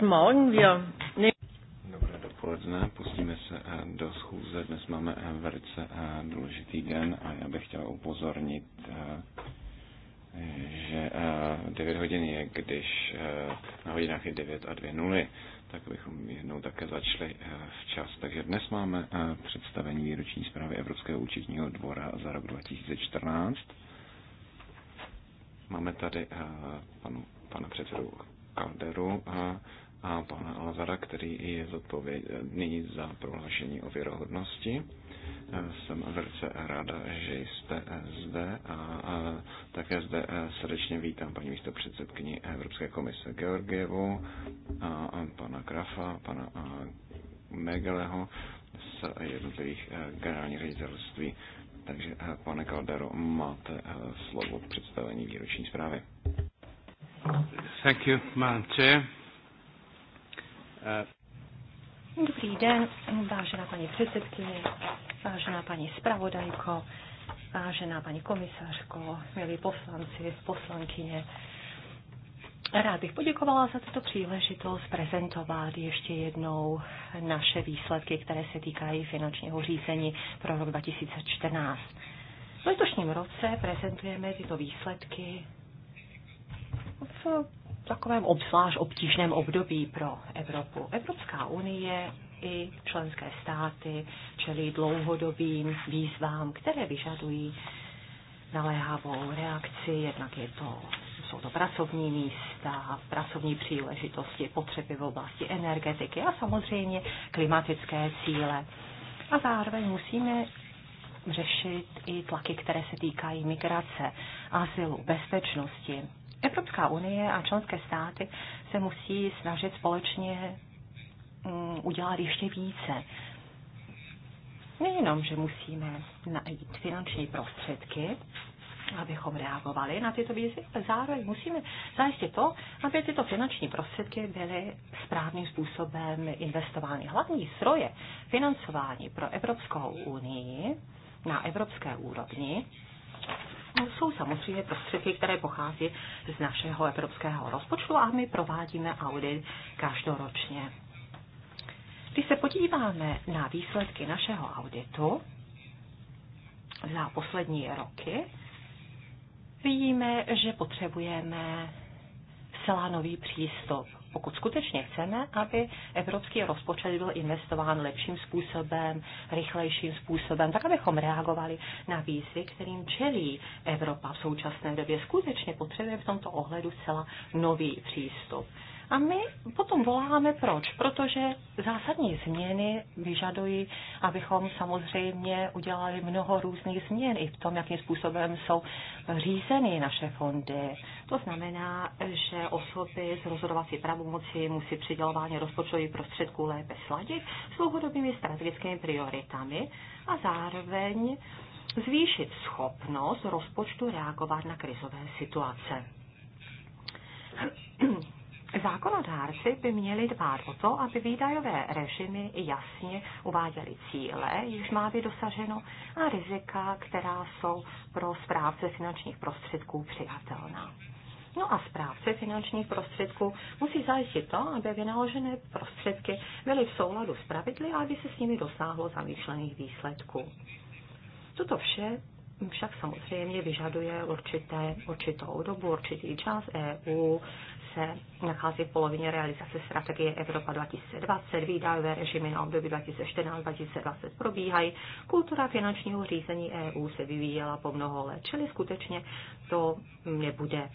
Guten Morgen, wir Dobré dopoledne, pustíme se eh, do schůze. Dnes máme eh, velice eh, důležitý den a já bych chtěl upozornit, že 9 hodin je, když na hodinách je 9 a 2 nuly, tak bychom jednou také začali včas. Takže dnes máme představení výroční zprávy Evropského účetního dvora za rok 2014. Máme tady panu, pana předsedu Calderu a pana Alvara, který je zodpovědný za prohlášení o věrohodnosti. Jsem velice ráda, že jste zde a také zde srdečně vítám paní předsedkyni Evropské komise Georgievu a pana Krafa, pana Megeleho z jednotlivých eh, generálních ředitelství. Takže, eh, pane Caldero, máte eh, slovo k představení výroční zprávy. Thank you, Madam Dobrý den, vážená paní předsedkyně, vážená paní zpravodajko, vážená paní komisařko, milí poslanci, poslankyně. Rád bych poděkovala za tuto příležitost prezentovat ještě jednou naše výsledky, které se týkají finančního řízení pro rok 2014. V letošním roce prezentujeme tyto výsledky v takovém obzvlášť obtížném období pro Evropu. Evropská unie i členské státy čelí dlouhodobým výzvám, které vyžadují naléhavou reakci. Jednak je to, jsou to pracovní místa, pracovní příležitosti, potřeby v oblasti energetiky a samozřejmě klimatické cíle. A zároveň musíme řešit i tlaky, které se týkají migrace, azylu, bezpečnosti, Evropská unie a členské státy se musí snažit společně mm, udělat ještě více. Nejenom, že musíme najít finanční prostředky, abychom reagovali na tyto výzvy, ale zároveň musíme zajistit to, aby tyto finanční prostředky byly správným způsobem investovány. Hlavní zdroje financování pro Evropskou unii na evropské úrovni jsou samozřejmě prostředky, které pochází z našeho evropského rozpočtu a my provádíme audit každoročně. Když se podíváme na výsledky našeho auditu za poslední roky, vidíme, že potřebujeme celá nový přístup pokud skutečně chceme, aby evropský rozpočet byl investován lepším způsobem, rychlejším způsobem, tak abychom reagovali na výzvy, kterým čelí Evropa v současné době. Skutečně potřebuje v tomto ohledu zcela nový přístup. A my potom voláme proč? Protože zásadní změny vyžadují, abychom samozřejmě udělali mnoho různých změn i v tom, jakým způsobem jsou řízeny naše fondy. To znamená, že osoby s rozhodovací pravomocí musí přidělování rozpočtových prostředků lépe sladit s dlouhodobými strategickými prioritami a zároveň zvýšit schopnost rozpočtu reagovat na krizové situace. Zákonodárci by měli dbát o to, aby výdajové režimy jasně uváděly cíle, již má být dosaženo, a rizika, která jsou pro správce finančních prostředků přijatelná. No a správce finančních prostředků musí zajistit to, aby vynaložené prostředky byly v souladu s pravidly a aby se s nimi dosáhlo zamýšlených výsledků. Toto vše však samozřejmě vyžaduje určité, určitou dobu, určitý čas. EU se nachází v polovině realizace strategie Evropa 2020, výdajové režimy na období 2014-2020 probíhají, kultura finančního řízení EU se vyvíjela po mnoho let, čili skutečně to nebude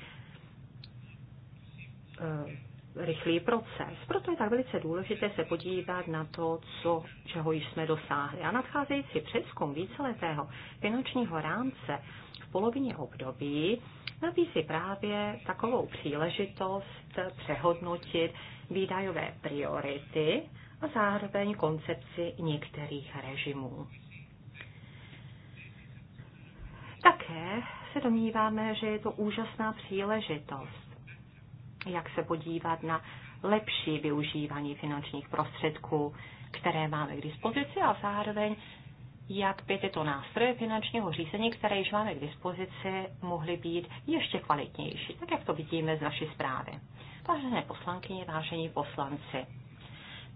eh, rychlý proces. Proto je tak velice důležité se podívat na to, co, čeho již jsme dosáhli. A nadcházející přeskum víceletého finančního rámce v polovině období si právě takovou příležitost přehodnotit výdajové priority a zároveň koncepci některých režimů. Také se domníváme, že je to úžasná příležitost, jak se podívat na lepší využívání finančních prostředků, které máme k dispozici a zároveň jak by tyto nástroje finančního řízení, které již máme k dispozici, mohly být ještě kvalitnější, tak jak to vidíme z naší zprávy. Vážené poslankyně, vážení poslanci,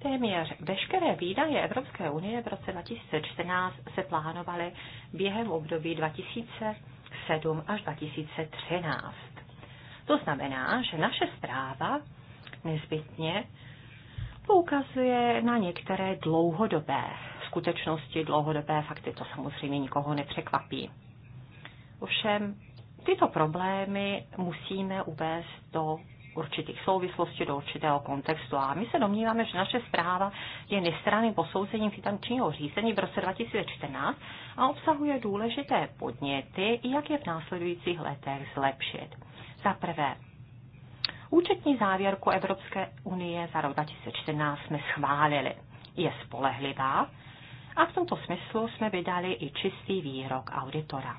téměř veškeré výdaje Evropské unie v roce 2014 se plánovaly během období 2007 až 2013. To znamená, že naše zpráva nezbytně poukazuje na některé dlouhodobé skutečnosti dlouhodobé fakty, to samozřejmě nikoho nepřekvapí. Ovšem, tyto problémy musíme uvést do určitých souvislostí, do určitého kontextu. A my se domníváme, že naše zpráva je nestranným posouzením finančního řízení v roce 2014 a obsahuje důležité podněty, jak je v následujících letech zlepšit. Za prvé, účetní závěrku Evropské unie za rok 2014 jsme schválili. Je spolehlivá a v tomto smyslu jsme vydali i čistý výrok auditora.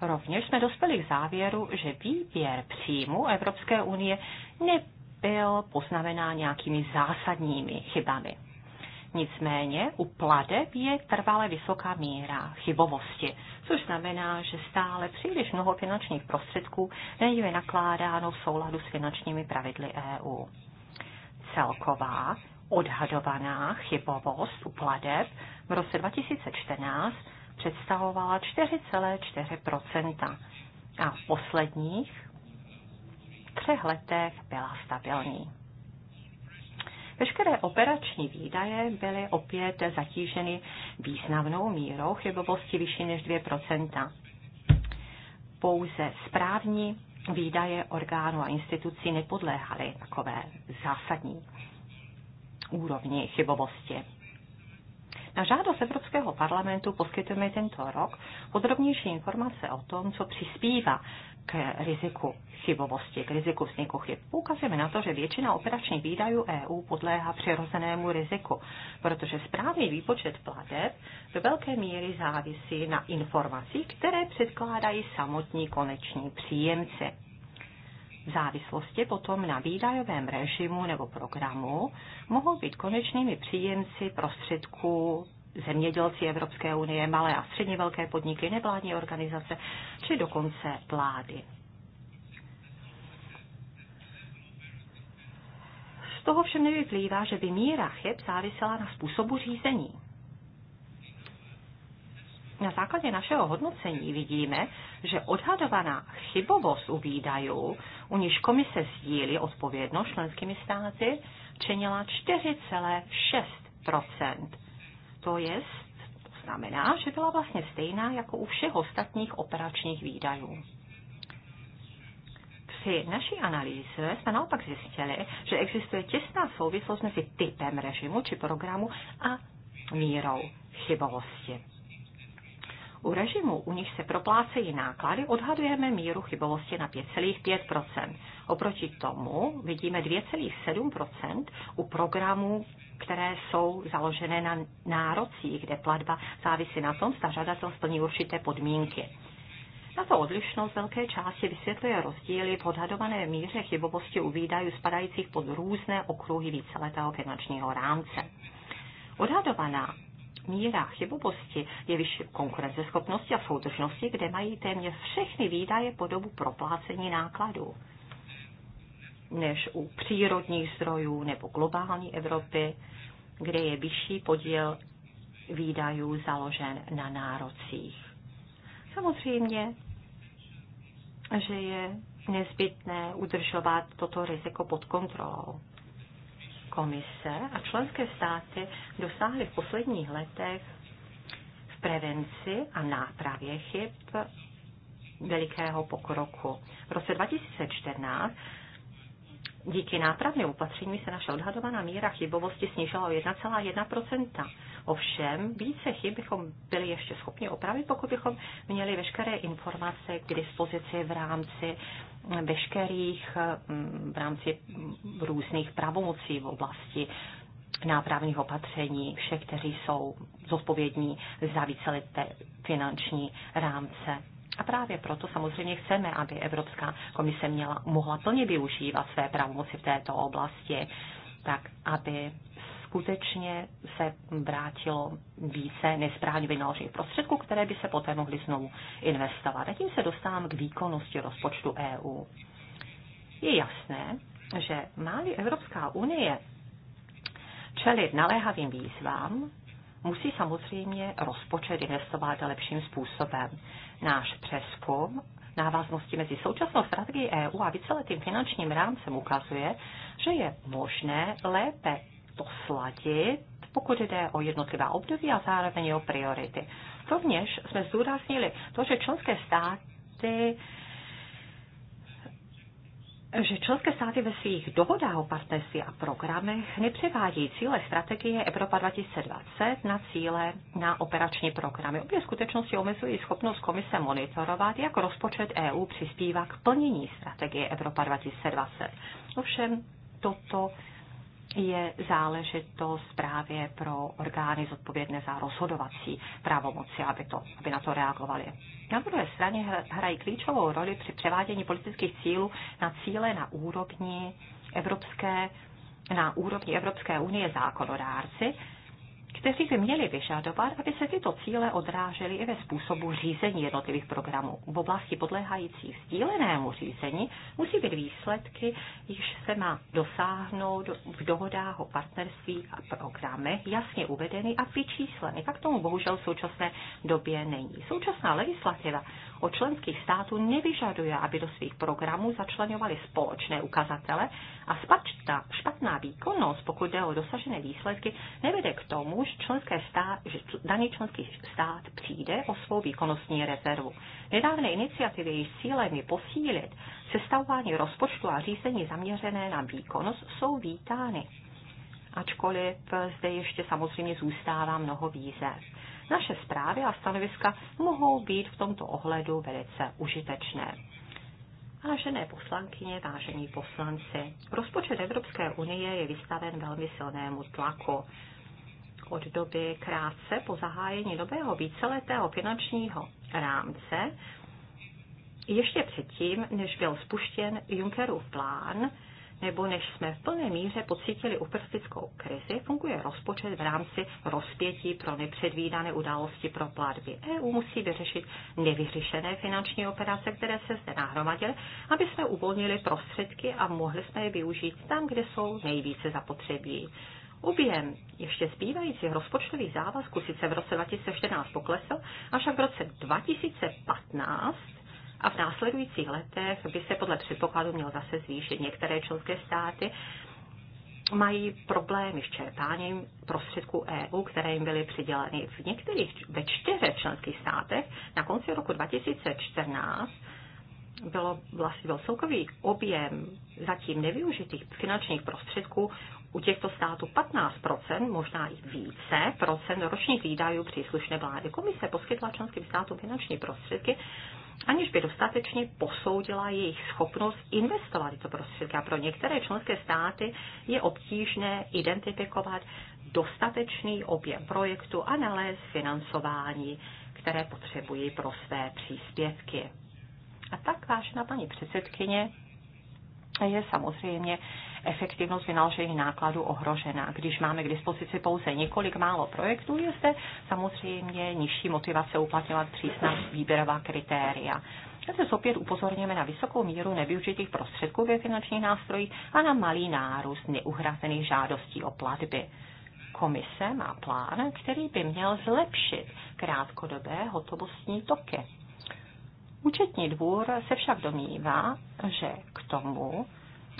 Rovněž jsme dospěli k závěru, že výběr příjmu Evropské unie nebyl poznamená nějakými zásadními chybami. Nicméně u pladeb je trvale vysoká míra chybovosti, což znamená, že stále příliš mnoho finančních prostředků není vynakládáno v souladu s finančními pravidly EU. Celková odhadovaná chybovost u pladeb v roce 2014 představovala 4,4 a v posledních třech letech byla stabilní. Veškeré operační výdaje byly opět zatíženy významnou mírou chybovosti vyšší než 2 Pouze správní výdaje orgánů a institucí nepodléhaly takové zásadní úrovni chybovosti. Na žádost Evropského parlamentu poskytujeme tento rok podrobnější informace o tom, co přispívá k riziku chybovosti, k riziku vzniku chyb. Poukazujeme na to, že většina operačních výdajů EU podléhá přirozenému riziku, protože správný výpočet plateb do velké míry závisí na informacích, které předkládají samotní koneční příjemci závislosti potom na výdajovém režimu nebo programu mohou být konečnými příjemci prostředků zemědělci Evropské unie, malé a středně velké podniky, nevládní organizace či dokonce vlády. Z toho všem nevyplývá, že by míra chyb závisela na způsobu řízení. Na základě našeho hodnocení vidíme, že odhadovaná chybovost u výdajů u níž komise sdílí odpovědnost členskými státy, činila 4,6 To je, znamená, že byla vlastně stejná jako u všech ostatních operačních výdajů. Při naší analýze jsme naopak zjistili, že existuje těsná souvislost mezi typem režimu či programu a mírou chybovosti. U režimů, u nich se proplácejí náklady, odhadujeme míru chybovosti na 5,5 Oproti tomu vidíme 2,7 u programů, které jsou založené na nárocích, kde platba závisí na tom, zda žadatel splní určité podmínky. Tato odlišnost velké části vysvětluje rozdíly v odhadované míře chybovosti u výdajů spadajících pod různé okruhy víceletého finančního rámce. Odhadovaná míra chybovosti je vyšší konkurenceschopnosti a soudržnosti, kde mají téměř všechny výdaje po dobu proplácení nákladů než u přírodních zdrojů nebo globální Evropy, kde je vyšší podíl výdajů založen na nárocích. Samozřejmě, že je nezbytné udržovat toto riziko pod kontrolou komise a členské státy dosáhly v posledních letech v prevenci a nápravě chyb velikého pokroku. V roce 2014 díky nápravným opatřením se naše odhadovaná míra chybovosti snížila o 1,1 Ovšem, více chyb bychom byli ještě schopni opravit, pokud bychom měli veškeré informace k dispozici v rámci veškerých, mm, v rámci různých pravomocí v oblasti nápravných opatření všech, kteří jsou zodpovědní za víceleté finanční rámce. A právě proto samozřejmě chceme, aby Evropská komise měla, mohla plně využívat své pravomoci v této oblasti, tak aby skutečně se vrátilo více nesprávně vynaložených prostředků, které by se poté mohly znovu investovat. A tím se dostávám k výkonnosti rozpočtu EU. Je jasné, že má Evropská unie čelit naléhavým výzvám, musí samozřejmě rozpočet investovat lepším způsobem. Náš přeskum návaznosti mezi současnou strategií EU a víceletým finančním rámcem ukazuje, že je možné lépe to sladit, pokud jde o jednotlivá období a zároveň o priority. Rovněž jsme zdůraznili to, že členské státy že členské státy ve svých dohodách o partnerství a programech nepřevádí cíle strategie Evropa 2020 na cíle na operační programy. Obě skutečnosti omezují schopnost komise monitorovat, jak rozpočet EU přispívá k plnění strategie Evropa 2020. Ovšem toto je záležitost právě pro orgány zodpovědné za rozhodovací pravomoci, aby, to, aby na to reagovali. Na druhé straně hrají klíčovou roli při převádění politických cílů na cíle na úrovni Evropské na úrovni Evropské unie zákonodárci kteří by měli vyžadovat, aby se tyto cíle odrážely i ve způsobu řízení jednotlivých programů. V oblasti podléhající sdílenému řízení musí být výsledky, již se má dosáhnout v dohodách o partnerství a programy, jasně uvedeny a vyčísleny. Tak tomu bohužel v současné době není. Současná legislativa od členských států nevyžaduje, aby do svých programů začlenovali společné ukazatele a spačta, špatná výkonnost, pokud jde o dosažené výsledky, nevede k tomu, že, členské stát, že daný členský stát přijde o svou výkonnostní rezervu. Nedávné iniciativy, jejich cílem je posílit sestavování rozpočtu a řízení zaměřené na výkonnost, jsou vítány ačkoliv zde ještě samozřejmě zůstává mnoho výzev. Naše zprávy a stanoviska mohou být v tomto ohledu velice užitečné. Vážené poslankyně, vážení poslanci, rozpočet Evropské unie je vystaven velmi silnému tlaku. Od doby krátce po zahájení nového víceletého finančního rámce, ještě předtím, než byl spuštěn Junckerův plán, nebo než jsme v plné míře pocítili uprchlickou krizi, funguje rozpočet v rámci rozpětí pro nepředvídané události pro platby. EU musí vyřešit nevyřešené finanční operace, které se zde nahromadily, aby jsme uvolnili prostředky a mohli jsme je využít tam, kde jsou nejvíce zapotřebí. Objem ještě zbývajících rozpočtových závazků sice v roce 2014 poklesl, avšak v roce 2015 a v následujících letech by se podle předpokladu mělo zase zvýšit. Některé členské státy mají problémy s čerpáním prostředků EU, které jim byly přiděleny v některých, ve čtyřech členských státech. Na konci roku 2014 bylo, vlastně byl celkový objem zatím nevyužitých finančních prostředků u těchto států 15%, možná i více procent ročních výdajů příslušné vlády. Komise poskytla členským státům finanční prostředky aniž by dostatečně posoudila jejich schopnost investovat tyto prostředky. A pro některé členské státy je obtížné identifikovat dostatečný objem projektu a nalézt financování, které potřebují pro své příspěvky. A tak, vážená paní předsedkyně, je samozřejmě efektivnost vynaložených nákladů ohrožena. Když máme k dispozici pouze několik málo projektů, je zde samozřejmě nižší motivace uplatňovat přísná výběrová kritéria. se opět upozorněme na vysokou míru nevyužitých prostředků ve finančních nástrojích a na malý nárůst neuhrazených žádostí o platby. Komise má plán, který by měl zlepšit krátkodobé hotovostní toky. Účetní dvůr se však domnívá, že k tomu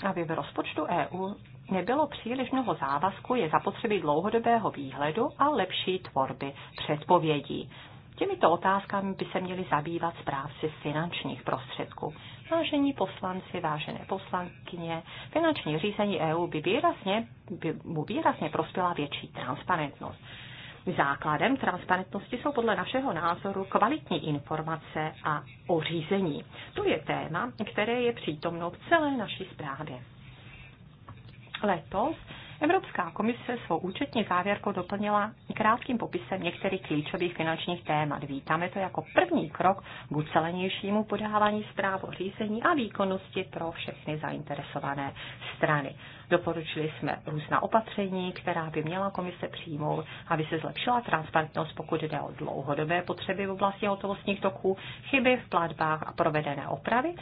aby v rozpočtu EU nebylo příliš mnoho závazku, je zapotřebí dlouhodobého výhledu a lepší tvorby předpovědí. Těmito otázkami by se měli zabývat správci finančních prostředků. Vážení poslanci, vážené poslankyně, finanční řízení EU by výrazně, by mu výrazně prospěla větší transparentnost. Základem transparentnosti jsou podle našeho názoru kvalitní informace a ořízení. To je téma, které je přítomno v celé naší zprávě. Letos Evropská komise svou účetní závěrku doplnila krátkým popisem některých klíčových finančních témat. Vítáme to jako první krok k ucelenějšímu podávání zpráv o řízení a výkonnosti pro všechny zainteresované strany. Doporučili jsme různá opatření, která by měla komise přijmout, aby se zlepšila transparentnost, pokud jde o dlouhodobé potřeby v oblasti hotovostních toků, chyby v platbách a provedené opravy.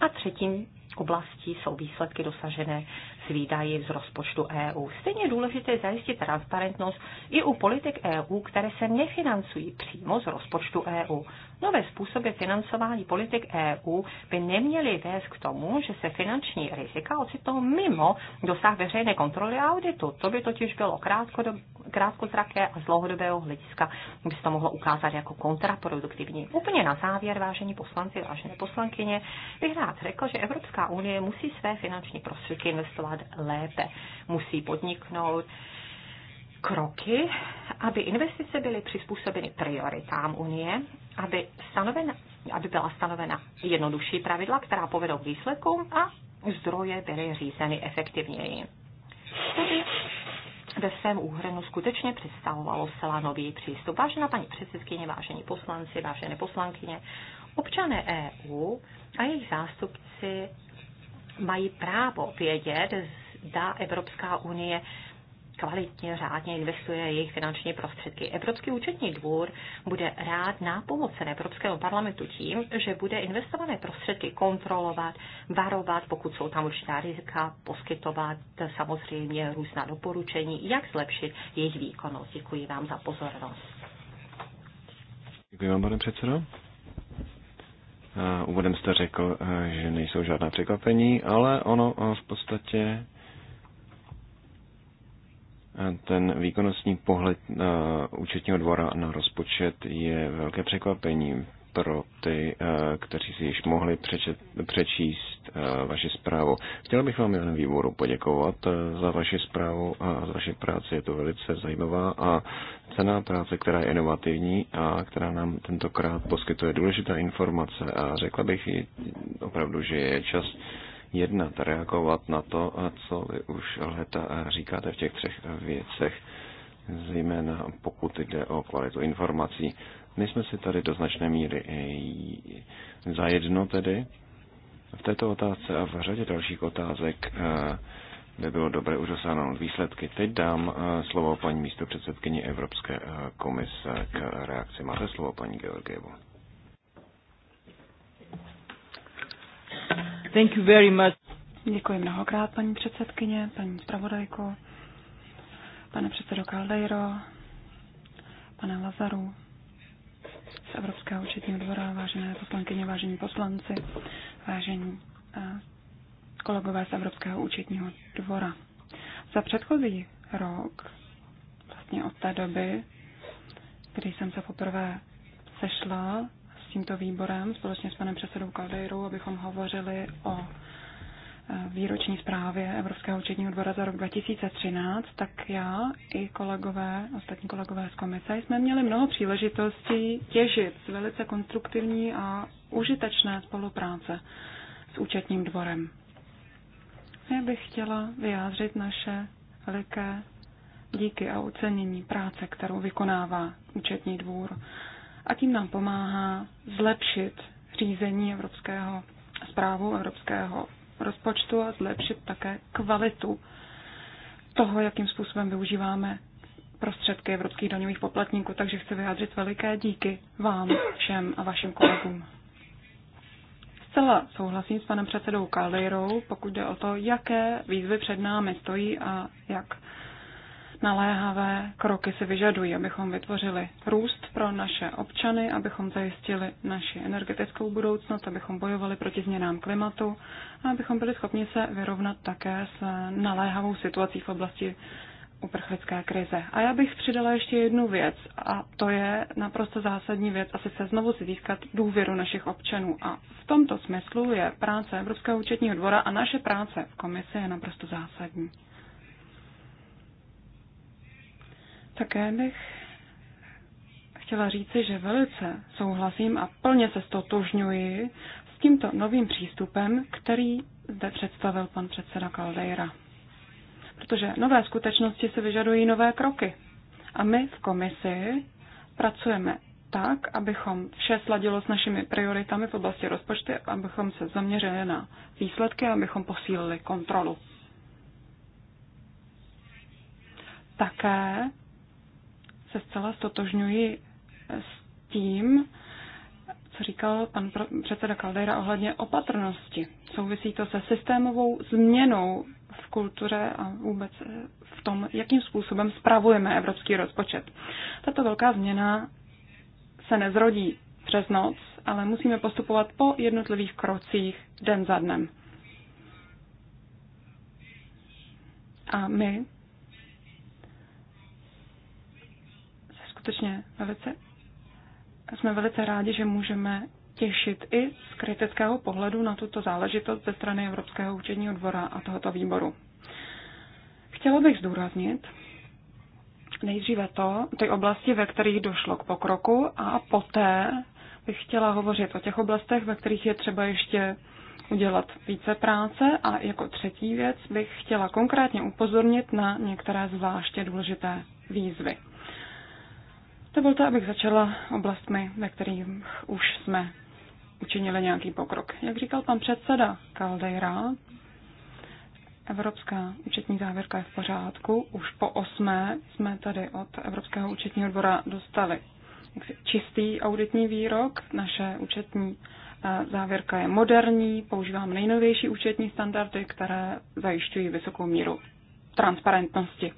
A třetím oblastí jsou výsledky dosažené s výdaji z rozpočtu EU. Stejně důležité je zajistit transparentnost i u politik EU, které se nefinancují přímo z rozpočtu EU. Nové způsoby financování politik EU by neměly vést k tomu, že se finanční rizika ocitnou mimo dosah veřejné kontroly a auditu. To by totiž bylo krátkozraké a z dlouhodobého hlediska by se to mohlo ukázat jako kontraproduktivní. Úplně na závěr, vážení poslanci, vážené poslankyně, bych rád řekl, že Evropská unie musí své finanční prostředky investovat dělat lépe. Musí podniknout kroky, aby investice byly přizpůsobeny prioritám Unie, aby, stanovena, aby byla stanovena jednodušší pravidla, která povedou k výsledkům a zdroje byly řízeny efektivněji. To by ve svém úhrnu skutečně představovalo zcela nový přístup. Vážená paní předsedkyně, vážení poslanci, vážené poslankyně, občané EU a jejich zástupci mají právo vědět, zda Evropská unie kvalitně, řádně investuje jejich finanční prostředky. Evropský účetní dvůr bude rád nápomocen Evropskému parlamentu tím, že bude investované prostředky kontrolovat, varovat, pokud jsou tam určitá rizika, poskytovat samozřejmě různá doporučení, jak zlepšit jejich výkonnost. Děkuji vám za pozornost. Děkuji vám, pane předsedo. Eh, úvodem jste řekl, eh, že nejsou žádná překvapení, ale ono eh, v podstatě ten výkonnostní pohled účetního dvora na rozpočet je velké překvapení pro ty, eh, kteří si již mohli přečet, přečíst eh, vaši zprávu. Chtěl bych vám jménem výboru poděkovat eh, za vaši zprávu a za vaši práci. Je to velice zajímavá a cená práce, která je inovativní a která nám tentokrát poskytuje důležité informace a řekla bych i opravdu, že je čas jednat, reagovat na to, co vy už leta říkáte v těch třech věcech zejména pokud jde o kvalitu informací. My jsme si tady do značné míry zajedno tedy. V této otázce a v řadě dalších otázek eh, by bylo dobré už dosáhnout výsledky. Teď dám eh, slovo paní místo předsedkyni Evropské eh, komise k reakci. Máte slovo, paní Georgievo. Thank you very much. Děkuji mnohokrát, paní předsedkyně, paní zpravodajko, pane předsedo Caldeiro, pane Lazaru, z Evropského účetního dvora, vážené poslankyně, vážení poslanci, vážení eh, kolegové z Evropského účetního dvora. Za předchozí rok, vlastně od té doby, kdy jsem se poprvé sešla s tímto výborem společně s panem předsedou Kaldejrou, abychom hovořili o výroční zprávě Evropského účetního dvora za rok 2013, tak já i kolegové, ostatní kolegové z komise jsme měli mnoho příležitostí těžit z velice konstruktivní a užitečné spolupráce s účetním dvorem. Já bych chtěla vyjádřit naše veliké díky a ocenění práce, kterou vykonává účetní dvůr a tím nám pomáhá zlepšit řízení evropského zprávu evropského rozpočtu a zlepšit také kvalitu toho, jakým způsobem využíváme prostředky evropských daňových poplatníků, takže chci vyjádřit veliké díky vám všem a vašim kolegům. Zcela souhlasím s panem předsedou Kaldejrou, pokud jde o to, jaké výzvy před námi stojí a jak naléhavé kroky se vyžadují, abychom vytvořili růst pro naše občany, abychom zajistili naši energetickou budoucnost, abychom bojovali proti změnám klimatu a abychom byli schopni se vyrovnat také s naléhavou situací v oblasti uprchlické krize. A já bych přidala ještě jednu věc a to je naprosto zásadní věc asi se znovu si získat důvěru našich občanů. A v tomto smyslu je práce Evropského účetního dvora a naše práce v komisi je naprosto zásadní. Také bych chtěla říci, že velice souhlasím a plně se stotožňuji s tímto novým přístupem, který zde představil pan předseda Caldeira. Protože nové skutečnosti se vyžadují nové kroky. A my v komisi pracujeme tak, abychom vše sladilo s našimi prioritami v oblasti rozpočtu, abychom se zaměřili na výsledky, a abychom posílili kontrolu. Také se zcela stotožňuji s tím, co říkal pan předseda Caldera ohledně opatrnosti. Souvisí to se systémovou změnou v kultuře a vůbec v tom, jakým způsobem spravujeme evropský rozpočet. Tato velká změna se nezrodí přes noc, ale musíme postupovat po jednotlivých krocích den za dnem. A my skutečně velice, jsme velice rádi, že můžeme těšit i z kritického pohledu na tuto záležitost ze strany Evropského účetního dvora a tohoto výboru. Chtěla bych zdůraznit nejdříve to, ty oblasti, ve kterých došlo k pokroku a poté bych chtěla hovořit o těch oblastech, ve kterých je třeba ještě udělat více práce a jako třetí věc bych chtěla konkrétně upozornit na některé zvláště důležité výzvy. Dovolte, abych začala oblastmi, ve kterých už jsme učinili nějaký pokrok. Jak říkal pan předseda Caldeira, Evropská účetní závěrka je v pořádku. Už po osmé jsme tady od Evropského účetního dvora dostali čistý auditní výrok. Naše účetní eh, závěrka je moderní, Používám nejnovější účetní standardy, které zajišťují vysokou míru transparentnosti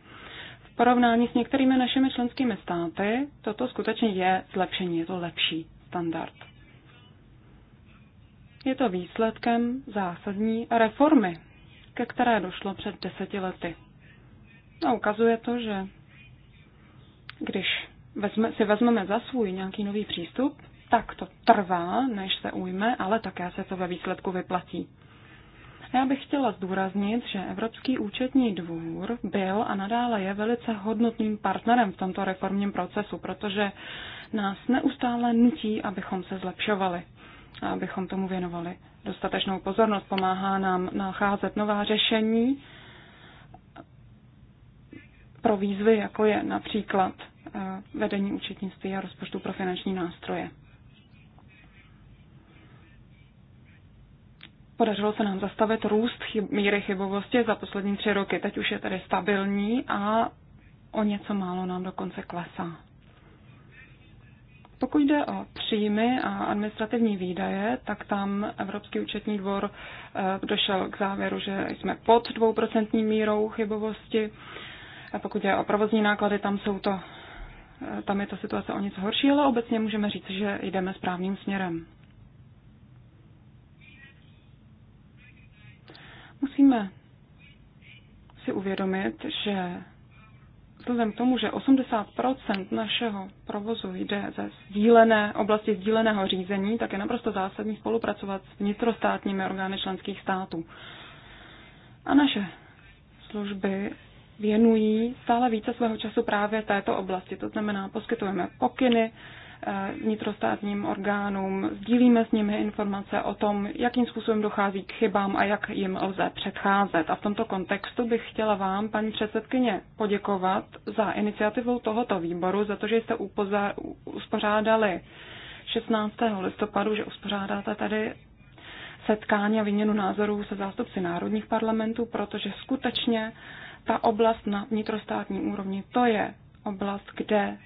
porovnání s některými našimi členskými státy toto skutečně je zlepšení, je to lepší standard. Je to výsledkem zásadní reformy, ke které došlo před deseti lety. A ukazuje to, že když vezme, si vezmeme za svůj nějaký nový přístup, tak to trvá, než se ujme, ale také se to ve výsledku vyplatí. Já bych chtěla zdůraznit, že Evropský účetní dvůr byl a nadále je velice hodnotným partnerem v tomto reformním procesu, protože nás neustále nutí, abychom se zlepšovali a abychom tomu věnovali dostatečnou pozornost. Pomáhá nám nacházet nová řešení pro výzvy, jako je například eh, vedení účetnictví a rozpočtu pro finanční nástroje. Podařilo se nám zastavit růst chyb, míry chybovosti za poslední tři roky. Teď už je tady stabilní a o něco málo nám dokonce klesá. Pokud jde o příjmy a administrativní výdaje, tak tam Evropský účetní dvor eh, došel k závěru, že jsme pod dvouprocentní mírou chybovosti. A pokud jde o provozní náklady, tam jsou to eh, tam je ta situace o něco horší, ale obecně můžeme říct, že jdeme správným směrem. Musíme si uvědomit, že vzhledem k tomu, že 80 našeho provozu jde ze sdílené oblasti sdíleného řízení, tak je naprosto zásadní spolupracovat s vnitrostátními orgány členských států. A naše služby věnují stále více svého času právě této oblasti. To znamená, poskytujeme pokyny, Eh, vnitrostátním orgánům, sdílíme s nimi informace o tom, jakým způsobem dochází k chybám a jak jim lze předcházet. A v tomto kontextu bych chtěla vám, paní předsedkyně, poděkovat za iniciativu tohoto výboru, za to, že jste uspořádali 16. listopadu, že uspořádáte tady setkání a výměnu názorů se zástupci národních parlamentů, protože skutečně ta oblast na vnitrostátní úrovni, to je oblast, kde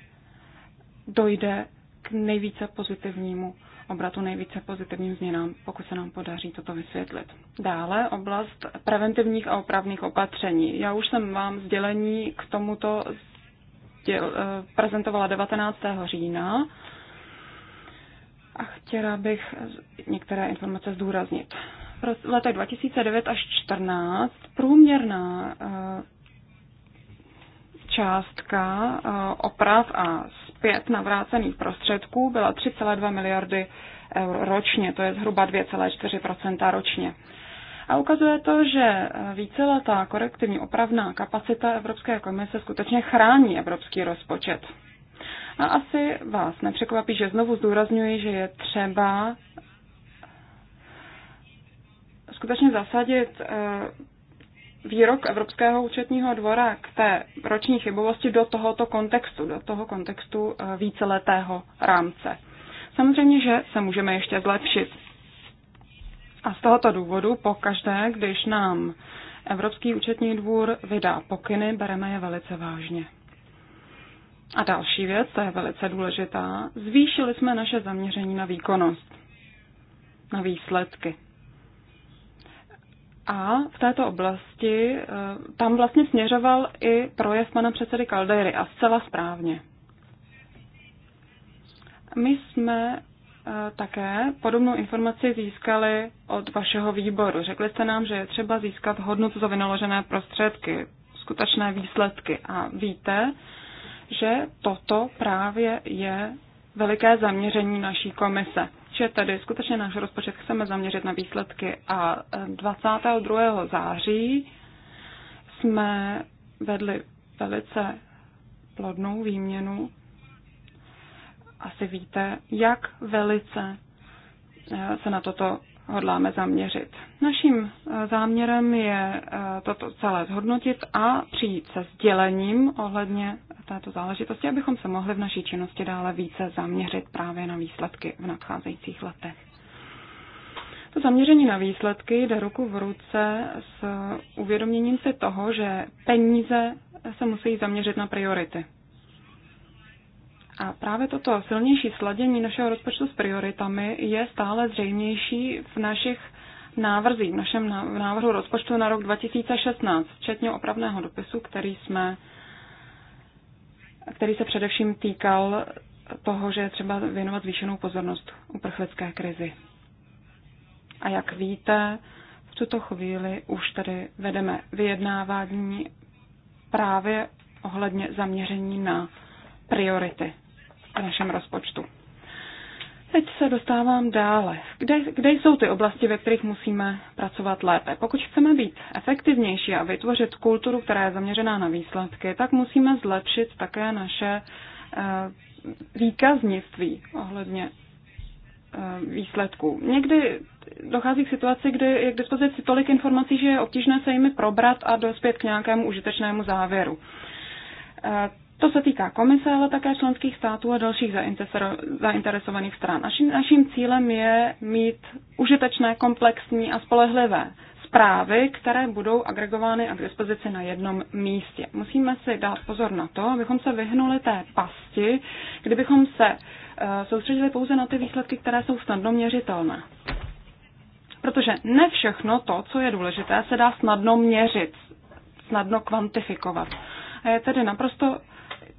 dojde k nejvíce pozitivnímu obratu, nejvíce pozitivním změnám, pokud se nám podaří toto vysvětlit. Dále oblast preventivních a opravných opatření. Já už jsem vám sdělení k tomuto děl, eh, prezentovala 19. října a chtěla bych některé informace zdůraznit. V letech 2009 až 2014 průměrná eh, částka eh, oprav a 5 navrácených prostředků byla 3,2 miliardy eur ročně, to je zhruba 2,4 ročně. A ukazuje to, že víceletá korektivní opravná kapacita Evropské komise skutečně chrání evropský rozpočet. A asi vás nepřekvapí, že znovu zdůrazňuji, že je třeba skutečně zasadit eh, výrok Evropského účetního dvora k té roční chybovosti do tohoto kontextu, do toho kontextu eh, víceletého rámce. Samozřejmě, že se můžeme ještě zlepšit. A z tohoto důvodu pokaždé, když nám Evropský účetní dvůr vydá pokyny, bereme je velice vážně. A další věc, to je velice důležitá, zvýšili jsme naše zaměření na výkonnost, na výsledky. A v této oblasti eh, tam vlastně směřoval i projev pana předsedy Kaldery a zcela správně. My jsme eh, také podobnou informaci získali od vašeho výboru. Řekli jste nám, že je třeba získat hodnotu za vynaložené prostředky, skutečné výsledky. A víte, že toto právě je veliké zaměření naší komise že tady skutečně náš rozpočet chceme zaměřit na výsledky a 22. Eh, září jsme vedli velice plodnou výměnu. Asi víte, jak velice eh, se na toto hodláme zaměřit. Naším eh, záměrem je eh, toto celé zhodnotit a přijít se sdělením ohledně této záležitosti, abychom se mohli v naší činnosti dále více zaměřit právě na výsledky v nadcházejících letech. To zaměření na výsledky jde ruku v ruce s uvědoměním si toho, že peníze se musí zaměřit na priority. A právě toto silnější sladění našeho rozpočtu s prioritami je stále zřejmější v našich návrzích, v našem návrhu rozpočtu na rok 2016, včetně opravného dopisu, který jsme který se především týkal toho, že je třeba věnovat zvýšenou pozornost uprchlické krizi. A jak víte, v tuto chvíli už tady vedeme vyjednávání právě ohledně zaměření na priority v našem rozpočtu. Teď se dostávám dále. Kde, kde jsou ty oblasti, ve kterých musíme pracovat lépe? Pokud chceme být efektivnější a vytvořit kulturu, která je zaměřená na výsledky, tak musíme zlepšit také naše eh, výkaznictví ohledně eh, výsledků. Někdy dochází k situaci, kdy je k dispozici tolik informací, že je obtížné se jimi probrat a dospět k nějakému užitečnému závěru. Eh, to se týká komise, ale také členských států a dalších zainteresovaných stran. Naším, naším cílem je mít užitečné, komplexní a spolehlivé zprávy, které budou agregovány a k dispozici na jednom místě. Musíme si dát pozor na to, abychom se vyhnuli té pasti, kdybychom se eh, soustředili pouze na ty výsledky, které jsou snadno měřitelné. Protože ne všechno to, co je důležité, se dá snadno měřit, snadno kvantifikovat. A je tedy naprosto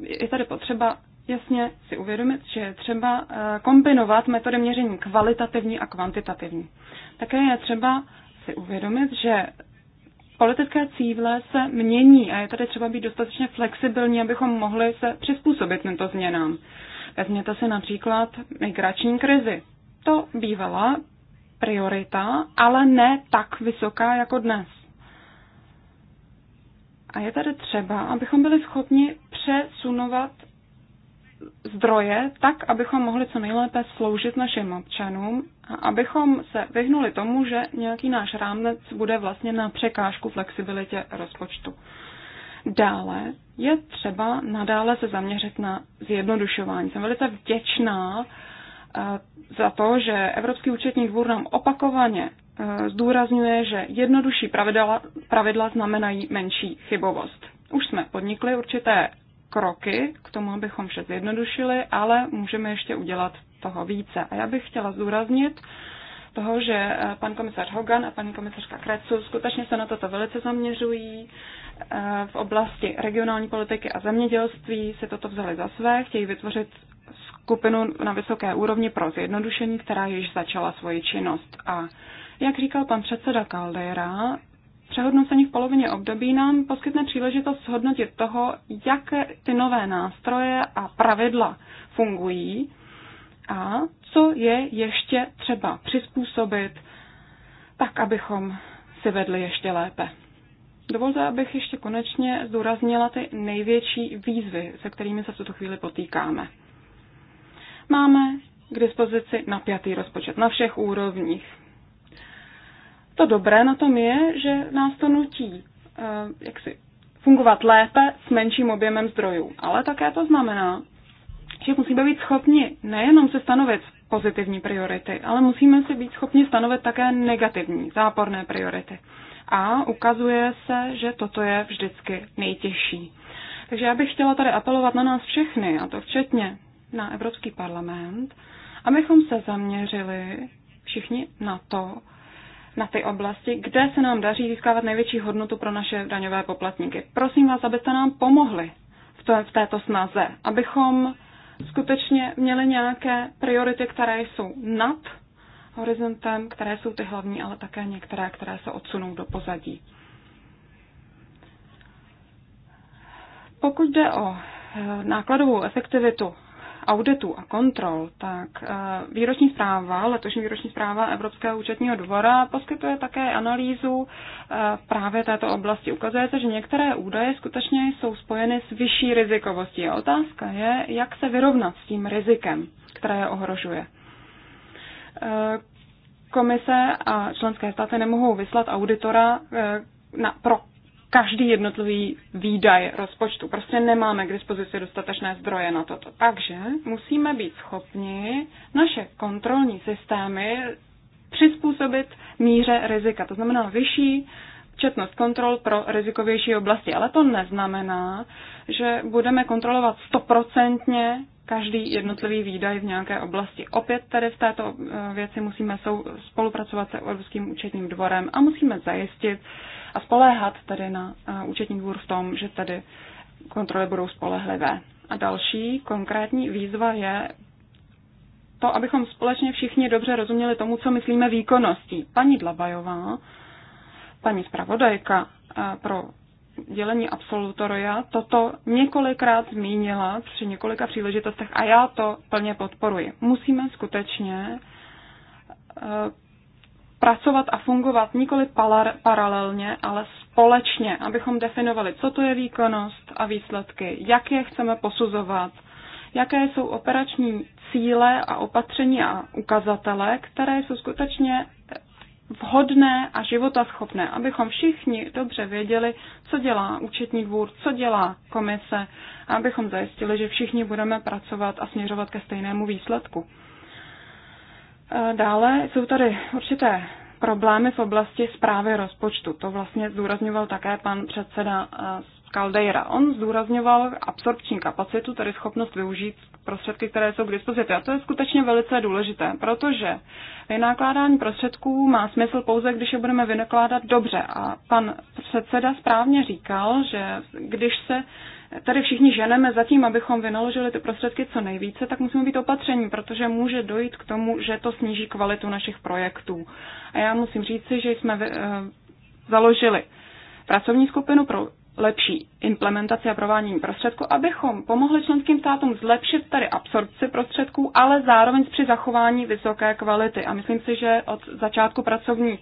je tady potřeba jasně si uvědomit, že je třeba eh, kombinovat metody měření kvalitativní a kvantitativní. Také je třeba si uvědomit, že politické cíle se mění a je tady třeba být dostatečně flexibilní, abychom mohli se přizpůsobit těmto změnám. Vezměte si například migrační krizi. To bývala priorita, ale ne tak vysoká jako dnes. A je tady třeba, abychom byli schopni přesunovat zdroje tak, abychom mohli co nejlépe sloužit našim občanům a abychom se vyhnuli tomu, že nějaký náš rámec bude vlastně na překážku flexibilitě rozpočtu. Dále je třeba nadále se zaměřit na zjednodušování. Jsem velice vděčná eh, za to, že Evropský účetní dvůr nám opakovaně Eh, zdůrazňuje, že jednodušší pravidla, pravidla znamenají menší chybovost. Už jsme podnikli určité kroky k tomu, abychom vše zjednodušili, ale můžeme ještě udělat toho více. A já bych chtěla zdůraznit toho, že eh, pan komisař Hogan a paní komisařka Krecu skutečně se na toto velice zaměřují. Eh, v oblasti regionální politiky a zemědělství se toto vzali za své, chtějí vytvořit skupinu na vysoké úrovni pro zjednodušení, která již začala svoji činnost. A jak říkal pan předseda Caldera, přehodnocení v polovině období nám poskytne příležitost shodnotit toho, jak ty nové nástroje a pravidla fungují a co je ještě třeba přizpůsobit, tak abychom si vedli ještě lépe. Dovolte, abych ještě konečně zdůraznila ty největší výzvy, se kterými se v tuto chvíli potýkáme. Máme k dispozici napjatý rozpočet na všech úrovních. To dobré na tom je, že nás to nutí eh, jak si, fungovat lépe s menším objemem zdrojů. Ale také to znamená, že musíme být schopni nejenom se stanovit pozitivní priority, ale musíme si být schopni stanovit také negativní, záporné priority. A ukazuje se, že toto je vždycky nejtěžší. Takže já bych chtěla tady apelovat na nás všechny, a to včetně na Evropský parlament, abychom se zaměřili všichni na to, na ty oblasti, kde se nám daří získávat největší hodnotu pro naše daňové poplatníky. Prosím vás, abyste nám pomohli v, to, v této snaze, abychom skutečně měli nějaké priority, které jsou nad horizontem, které jsou ty hlavní, ale také některé, které se odsunou do pozadí. Pokud jde o eh, nákladovou efektivitu auditů a kontrol, tak eh, výroční zpráva, letošní výroční zpráva Evropského účetního dvora poskytuje také analýzu eh, právě této oblasti. Ukazuje se, že některé údaje skutečně jsou spojeny s vyšší rizikovostí. A otázka je, jak se vyrovnat s tím rizikem, které je ohrožuje. Eh, komise a členské státy nemohou vyslat auditora na, pro každý jednotlivý výdaj rozpočtu. Prostě nemáme k dispozici dostatečné zdroje na toto. Takže musíme být schopni naše kontrolní systémy přizpůsobit míře rizika. To znamená vyšší četnost kontrol pro rizikovější oblasti. Ale to neznamená, že budeme kontrolovat stoprocentně každý jednotlivý výdaj v nějaké oblasti. Opět tedy v této eh, věci musíme spolupracovat se Evropským účetním dvorem a musíme zajistit, a spoléhat tedy na eh, účetní dvůr v tom, že tady kontroly budou spolehlivé. A další konkrétní výzva je to, abychom společně všichni dobře rozuměli tomu, co myslíme výkonností. Paní Dlabajová, paní zpravodajka eh, pro dělení absolutoria toto několikrát zmínila při několika příležitostech a já to plně podporuji. Musíme skutečně eh, pracovat a fungovat nikoli palar, paralelně, ale společně, abychom definovali, co to je výkonnost a výsledky, jak je chceme posuzovat, jaké jsou operační cíle a opatření a ukazatele, které jsou skutečně vhodné a životaschopné, abychom všichni dobře věděli, co dělá účetní dvůr, co dělá komise, abychom zajistili, že všichni budeme pracovat a směřovat ke stejnému výsledku. Eh, dále jsou tady určité problémy v oblasti zprávy rozpočtu. To vlastně zdůrazňoval také pan předseda eh, Caldeira. On zdůrazňoval absorpční kapacitu, tedy schopnost využít prostředky, které jsou k dispozici. A to je skutečně velice důležité, protože vynakládání prostředků má smysl pouze, když je budeme vynakládat dobře. A pan předseda správně říkal, že když se tady všichni ženeme tím, abychom vynaložili ty prostředky co nejvíce, tak musíme být opatření, protože může dojít k tomu, že to sníží kvalitu našich projektů. A já musím říci, že jsme eh, založili pracovní skupinu pro lepší implementaci a provádění prostředků, abychom pomohli členským státům zlepšit tady absorpci prostředků, ale zároveň při zachování vysoké kvality. A myslím si, že od začátku pracovní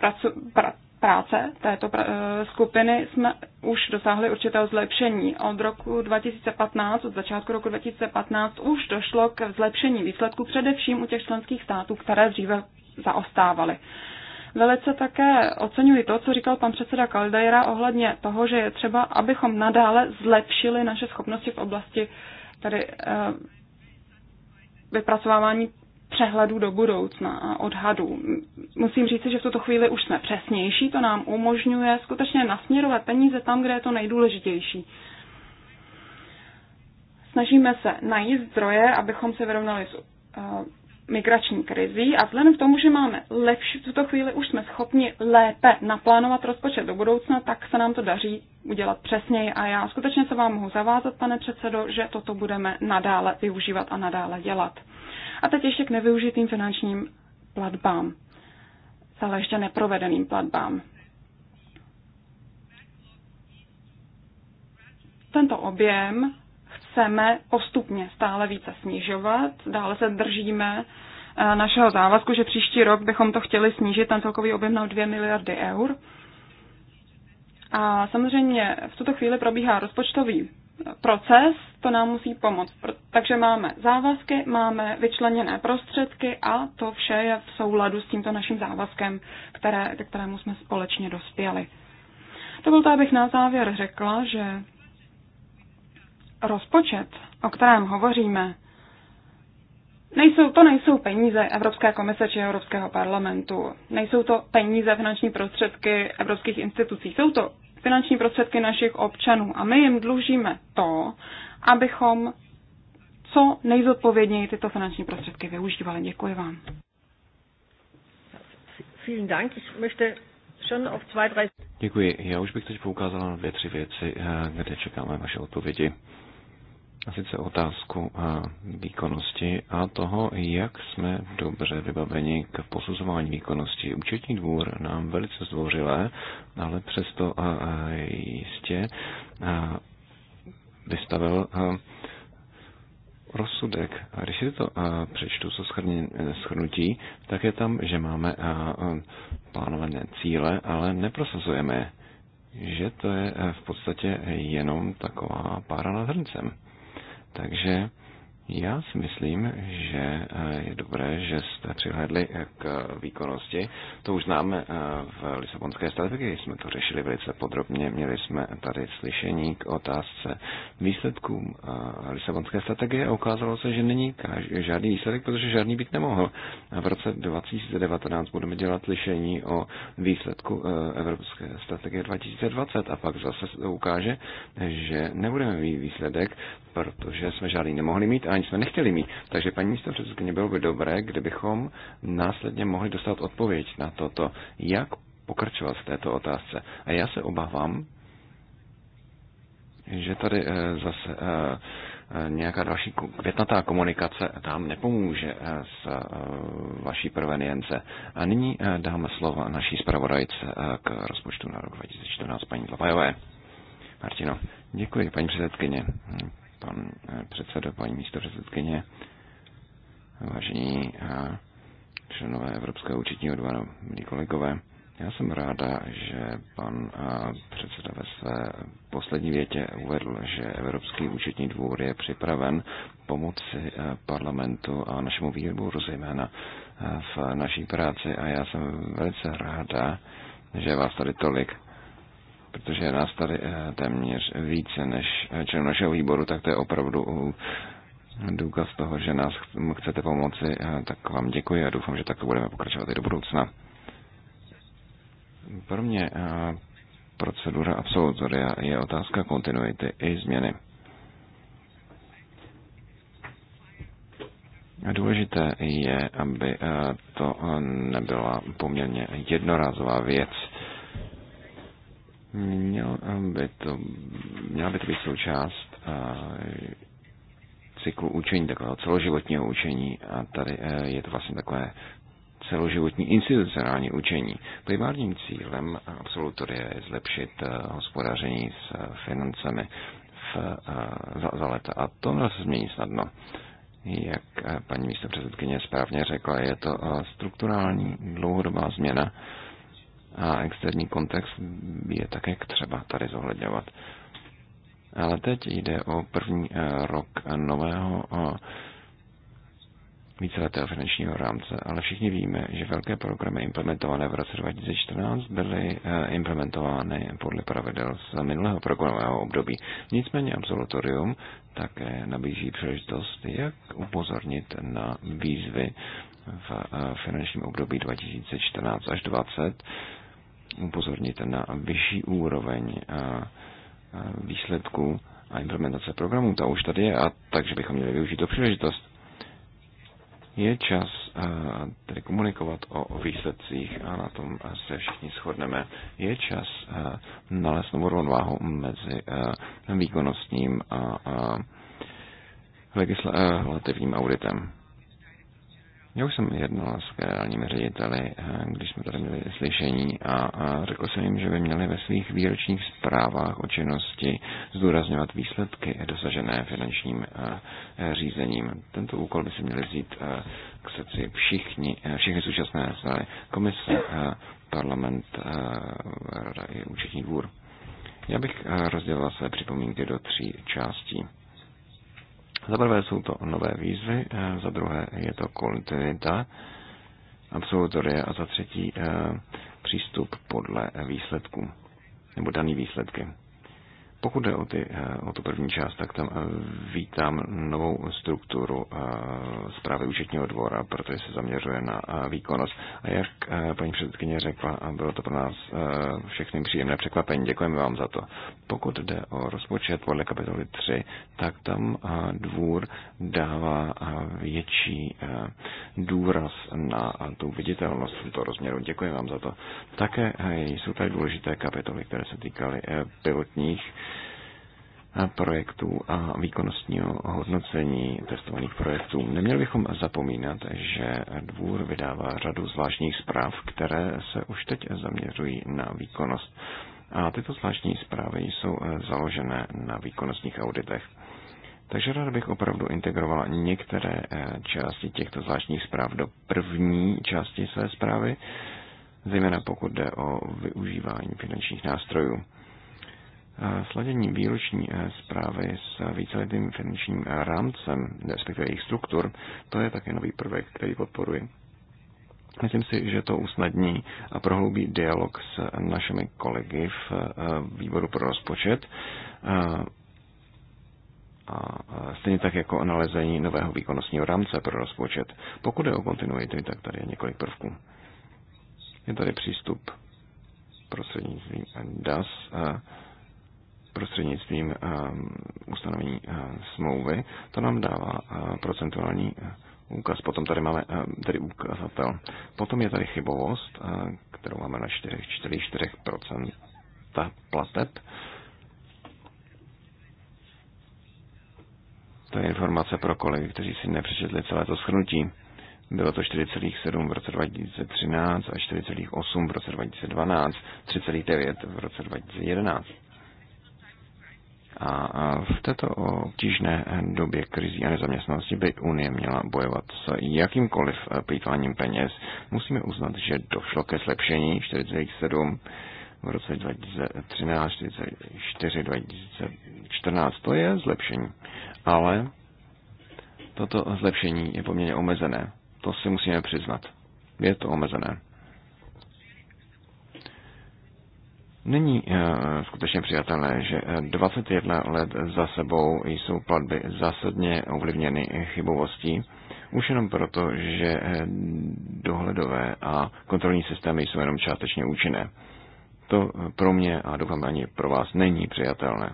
pracu, pra, práce této eh, skupiny jsme už dosáhli určitého zlepšení. Od roku 2015, od začátku roku 2015 už došlo k zlepšení výsledků především u těch členských států, které dříve zaostávaly. Velice také oceňuji to, co říkal pan předseda Kaldeira ohledně toho, že je třeba, abychom nadále zlepšili naše schopnosti v oblasti tady eh, vypracovávání přehledů do budoucna a odhadů. Musím říct, že v tuto chvíli už jsme přesnější, to nám umožňuje skutečně nasměrovat peníze tam, kde je to nejdůležitější. Snažíme se najít zdroje, abychom se vyrovnali s eh, migrační krizí a vzhledem k tomu, že máme lepší, v tuto chvíli už jsme schopni lépe naplánovat rozpočet do budoucna, tak se nám to daří udělat přesněji a já skutečně se vám mohu zavázat, pane předsedo, že toto budeme nadále využívat a nadále dělat a teď ještě k nevyužitým finančním platbám, ale ještě neprovedeným platbám. Tento objem chceme postupně stále více snižovat, dále se držíme eh, našeho závazku, že příští rok bychom to chtěli snížit ten celkový objem na 2 miliardy eur. A samozřejmě v tuto chvíli probíhá rozpočtový proces, to nám musí pomoct. Takže máme závazky, máme vyčleněné prostředky a to vše je v souladu s tímto naším závazkem, které, kterému jsme společně dospěli. to, abych na závěr řekla, že rozpočet, o kterém hovoříme, Nejsou, to nejsou peníze Evropské komise či Evropského parlamentu. Nejsou to peníze, finanční prostředky evropských institucí. Jsou to finanční prostředky našich občanů. A my jim dlužíme to, abychom co nejzodpovědněji tyto finanční prostředky využívali. Děkuji vám. Děkuji. Já už bych teď poukázala na dvě, tři věci, eh, kde čekáme vaše odpovědi a sice otázku a eh, výkonnosti a toho, jak jsme dobře vybaveni k posuzování výkonnosti. Účetní dvůr nám velice zdvořilé, ale přesto a, eh, a jistě a, eh, vystavil a, rozsudek. A když si to a, přečtu, co schrnutí, tak je tam, že máme a, a, plánované cíle, ale neprosazujeme že to je v podstatě jenom taková pára nad hrncem. Takže já si myslím, že eh, je dobré, že jste přihledli eh, k výkonnosti. To už známe eh, v Lisabonské strategii, jsme to řešili velice podrobně. Měli jsme tady slyšení k otázce výsledkům Lisabonské strategie a ukázalo se, že není žádný výsledek, protože žádný být nemohl. V roce 2019 budeme dělat slyšení o výsledku Evropské strategie 2020 a pak zase ukáže, že nebudeme mít výsledek, protože jsme žádný nemohli mít a ani jsme nechtěli mít. Takže paní místo předsedkyně, bylo by dobré, kdybychom následně mohli dostat odpověď na toto, jak pokračovat v této otázce. A já se obávám, že tady eh, zase eh, eh, nějaká další květnatá komunikace tam nepomůže s vaší provenience. A nyní dáme slova naší zpravodajce k rozpočtu na rok 2014, paní Zlapajové. Martino, děkuji, paní předsedkyně pan eh, předsedo, paní předsedkyně, vážení eh, členové Evropského účetního dvora, milí kolegové. Já jsem ráda, že pan eh, předseda ve své poslední větě uvedl, že Evropský účetní dvůr je připraven pomoci parlamentu a našemu výboru zejména v naší práci a já jsem velice ráda, že vás tady tolik protože je nás tady eh, téměř více než eh, členů našeho výboru, tak to je opravdu eh, důkaz toho, že nás chcete pomoci, tak vám děkuji a doufám, že tak budeme pokračovat i do budoucna. Pro mě procedura absolutoria je otázka kontinuity i změny. Důležité je, aby to nebyla poměrně jednorázová věc, Měl by to, měla by to být součást eh, cyklu učení, takového celoživotního učení a tady eh, je to vlastně takové celoživotní institucionální učení. Primárním cílem absolutoria je zlepšit eh, hospodaření s financemi v, za, za leta a to se změní snadno. Jak paní místopředsedkyně správně řekla, je to strukturální dlouhodobá změna a externí kontext je také třeba tady zohledňovat. Ale teď jde o první eh, rok nového eh, víceletého finančního rámce, ale všichni víme, že velké programy implementované v roce 2014 byly eh, implementovány podle pravidel z minulého programového období. Nicméně absolutorium také nabízí příležitost, jak upozornit na výzvy v finančním období 2014 až 2020 upozornit na vyšší úroveň eh, eh, výsledků a implementace programů. Ta už tady je, a takže bychom měli využít tu příležitost. Je čas eh, tedy komunikovat o výsledcích a na tom se všichni shodneme. Je čas nalézt novou rovnováhu mezi výkonnostním a legislativním auditem. Já už jsem jednal s generálními řediteli, eh, když jsme tady měli slyšení a, řekl jsem jim, že by měli ve svých výročních zprávách o činnosti zdůrazňovat výsledky dosažené finančním eh, řízením. Tento úkol by se měli vzít eh, k srdci všichni, všichni současné strany, komise, parlament, rada i účetní dvůr. Já bych rozdělila své připomínky do tří částí. Za prvé jsou to nové výzvy, eh, za druhé je to kontinuita absolutoria a za třetí eh, přístup podle výsledků nebo daný výsledky. Pokud jde o, ty, eh, o tu první část, tak tam eh, vítám novou strukturu eh, zprávy účetního dvora, protože se zaměřuje na výkonnost. A jak paní předsedkyně řekla, bylo to pro nás všechny příjemné překvapení. Děkujeme vám za to. Pokud jde o rozpočet podle kapitoly 3, tak tam dvůr dává větší důraz na tu viditelnost v tomto rozměru. Děkuji vám za to. Také jsou tady důležité kapitoly, které se týkaly pilotních projektů a výkonnostního hodnocení testovaných projektů. Neměli bychom zapomínat, že dvůr vydává řadu zvláštních zpráv, které se už teď zaměřují na výkonnost. A tyto zvláštní zprávy jsou založené na výkonnostních auditech. Takže rád bych opravdu integroval některé eh, části těchto zvláštních zpráv do první části své zprávy, zejména pokud jde o využívání finančních nástrojů. Sladění výroční eh, zprávy s víceletým finančním eh, rámcem, respektive jejich struktur, to je také nový prvek, který podporuji. Myslím si, že to usnadní a prohloubí dialog s eh, našimi kolegy v výboru pro rozpočet a stejně tak jako nalezení nového výkonnostního rámce pro rozpočet. Pokud je o kontinuity, tak tady je několik prvků. Je tady přístup prostřednictvím DAS, prostřednictvím ehm, ustanovení ehm, smlouvy. To nám dává eh, procentuální eh, úkaz. Potom tady máme ehm, tady ukazatel. Potom je tady chybovost, eh, kterou máme na 4,4% plateb. To je informace pro kolegy, kteří si nepřečetli celé to shrnutí. Bylo to 4,7 v roce 2013 a 4,8 v roce 2012, 3,9 v roce 2011. A v této obtížné době krizí a nezaměstnanosti by Unie měla bojovat s jakýmkoliv eh, plýtváním peněz. Musíme uznat, že došlo ke zlepšení 4,7 v roce 2013, 44, 2014. To je zlepšení. Ale toto zlepšení je poměrně omezené. To si musíme přiznat. Je to omezené. Není eh, skutečně přijatelné, že 21 eh, let za sebou jsou platby zásadně ovlivněny chybovostí, už jenom proto, že eh, dohledové a kontrolní systémy jsou jenom částečně účinné. To pro mě a doufám ani pro vás není přijatelné.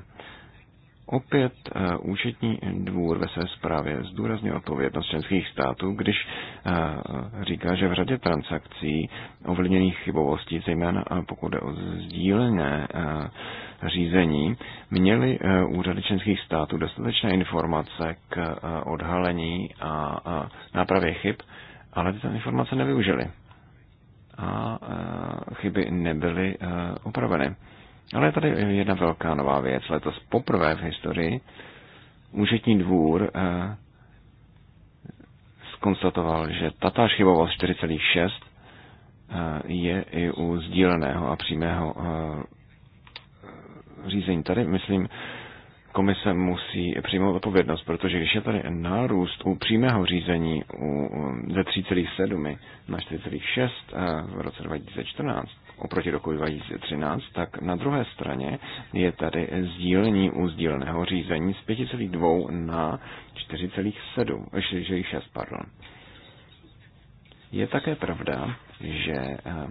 Opět eh, účetní dvůr ve své zprávě zdůrazně odpovědnost členských států, když eh, říká, že v řadě transakcí ovlivněných chybovostí, zejména eh, pokud jde o sdílené řízení, měly úřady členských států dostatečné informace k odhalení a nápravě chyb, ale tyto informace nevyužily a chyby nebyly opraveny. Ale je tady jedna velká nová věc. Letos poprvé v historii účetní dvůr eh, skonstatoval, že tato chybovost 4,6 eh, je i u sdíleného a přímého eh, řízení. Tady, myslím, komise musí přijmout odpovědnost, protože když je tady nárůst u přímého řízení u, ze 3,7 na 4,6 v roce 2014, oproti roku 2013, tak na druhé straně je tady sdílení u sdíleného řízení z 5,2 na 4,7, 4,6, pardon. Je také pravda, že eh,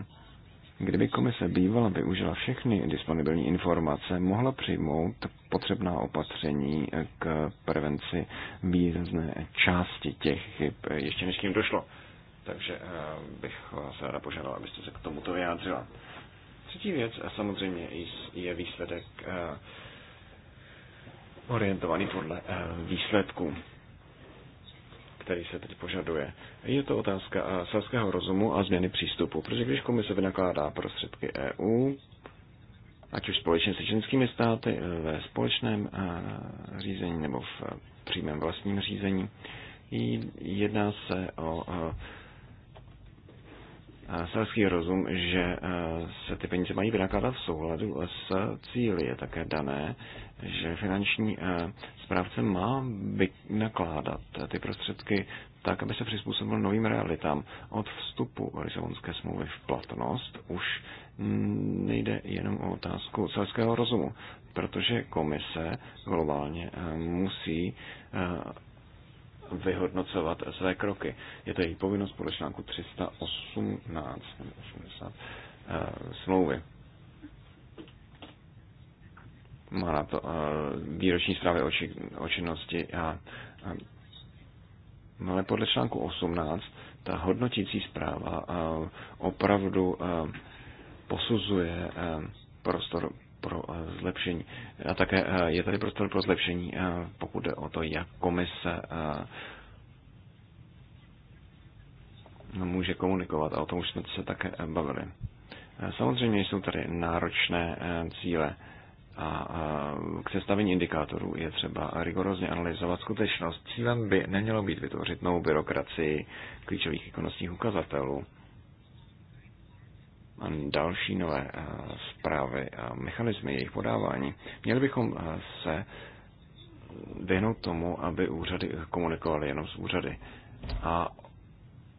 Kdyby komise bývala využila všechny disponibilní informace, mohla přijmout potřebná opatření eh, k prevenci výrazné části těch chyb, eh, ještě než k ním došlo. Takže eh, bych vás ráda požádal, abyste se k tomuto vyjádřila. Třetí věc samozřejmě je výsledek eh, orientovaný podle eh, výsledků který se teď požaduje. Je to otázka selského rozumu a změny přístupu, protože když komise vynakládá prostředky EU, ať už společně se členskými státy, ve společném řízení nebo v přímém vlastním řízení, jedná se o selský rozum, že e, se ty peníze mají vynakládat v souladu s cíly. Je také dané, že finanční e, správce má vynakládat ty prostředky tak, aby se přizpůsobil novým realitám. Od vstupu Lisabonské smlouvy v platnost už nejde jenom o otázku selského rozumu, protože komise globálně e, musí vyhodnocovat své kroky. Je to její povinnost podle článku 318 nebo 80, eh, smlouvy. Má na to eh, výroční zprávy o, či, o činnosti a, a ale podle článku 18 ta hodnotící zpráva eh, opravdu posuzuje prostor pro eh, zlepšení. A také eh, je tady prostor pro zlepšení, eh, pokud jde o to, jak komise může komunikovat. A o tom už jsme se také bavili. Samozřejmě jsou tady náročné cíle a k sestavení indikátorů je třeba rigorozně analyzovat skutečnost. Cílem by nemělo být vytvořit novou byrokracii klíčových ekonomických ukazatelů další nové eh, zprávy a mechanismy jejich podávání, měli bychom eh, se věnout tomu, aby úřady komunikovaly jenom s úřady. A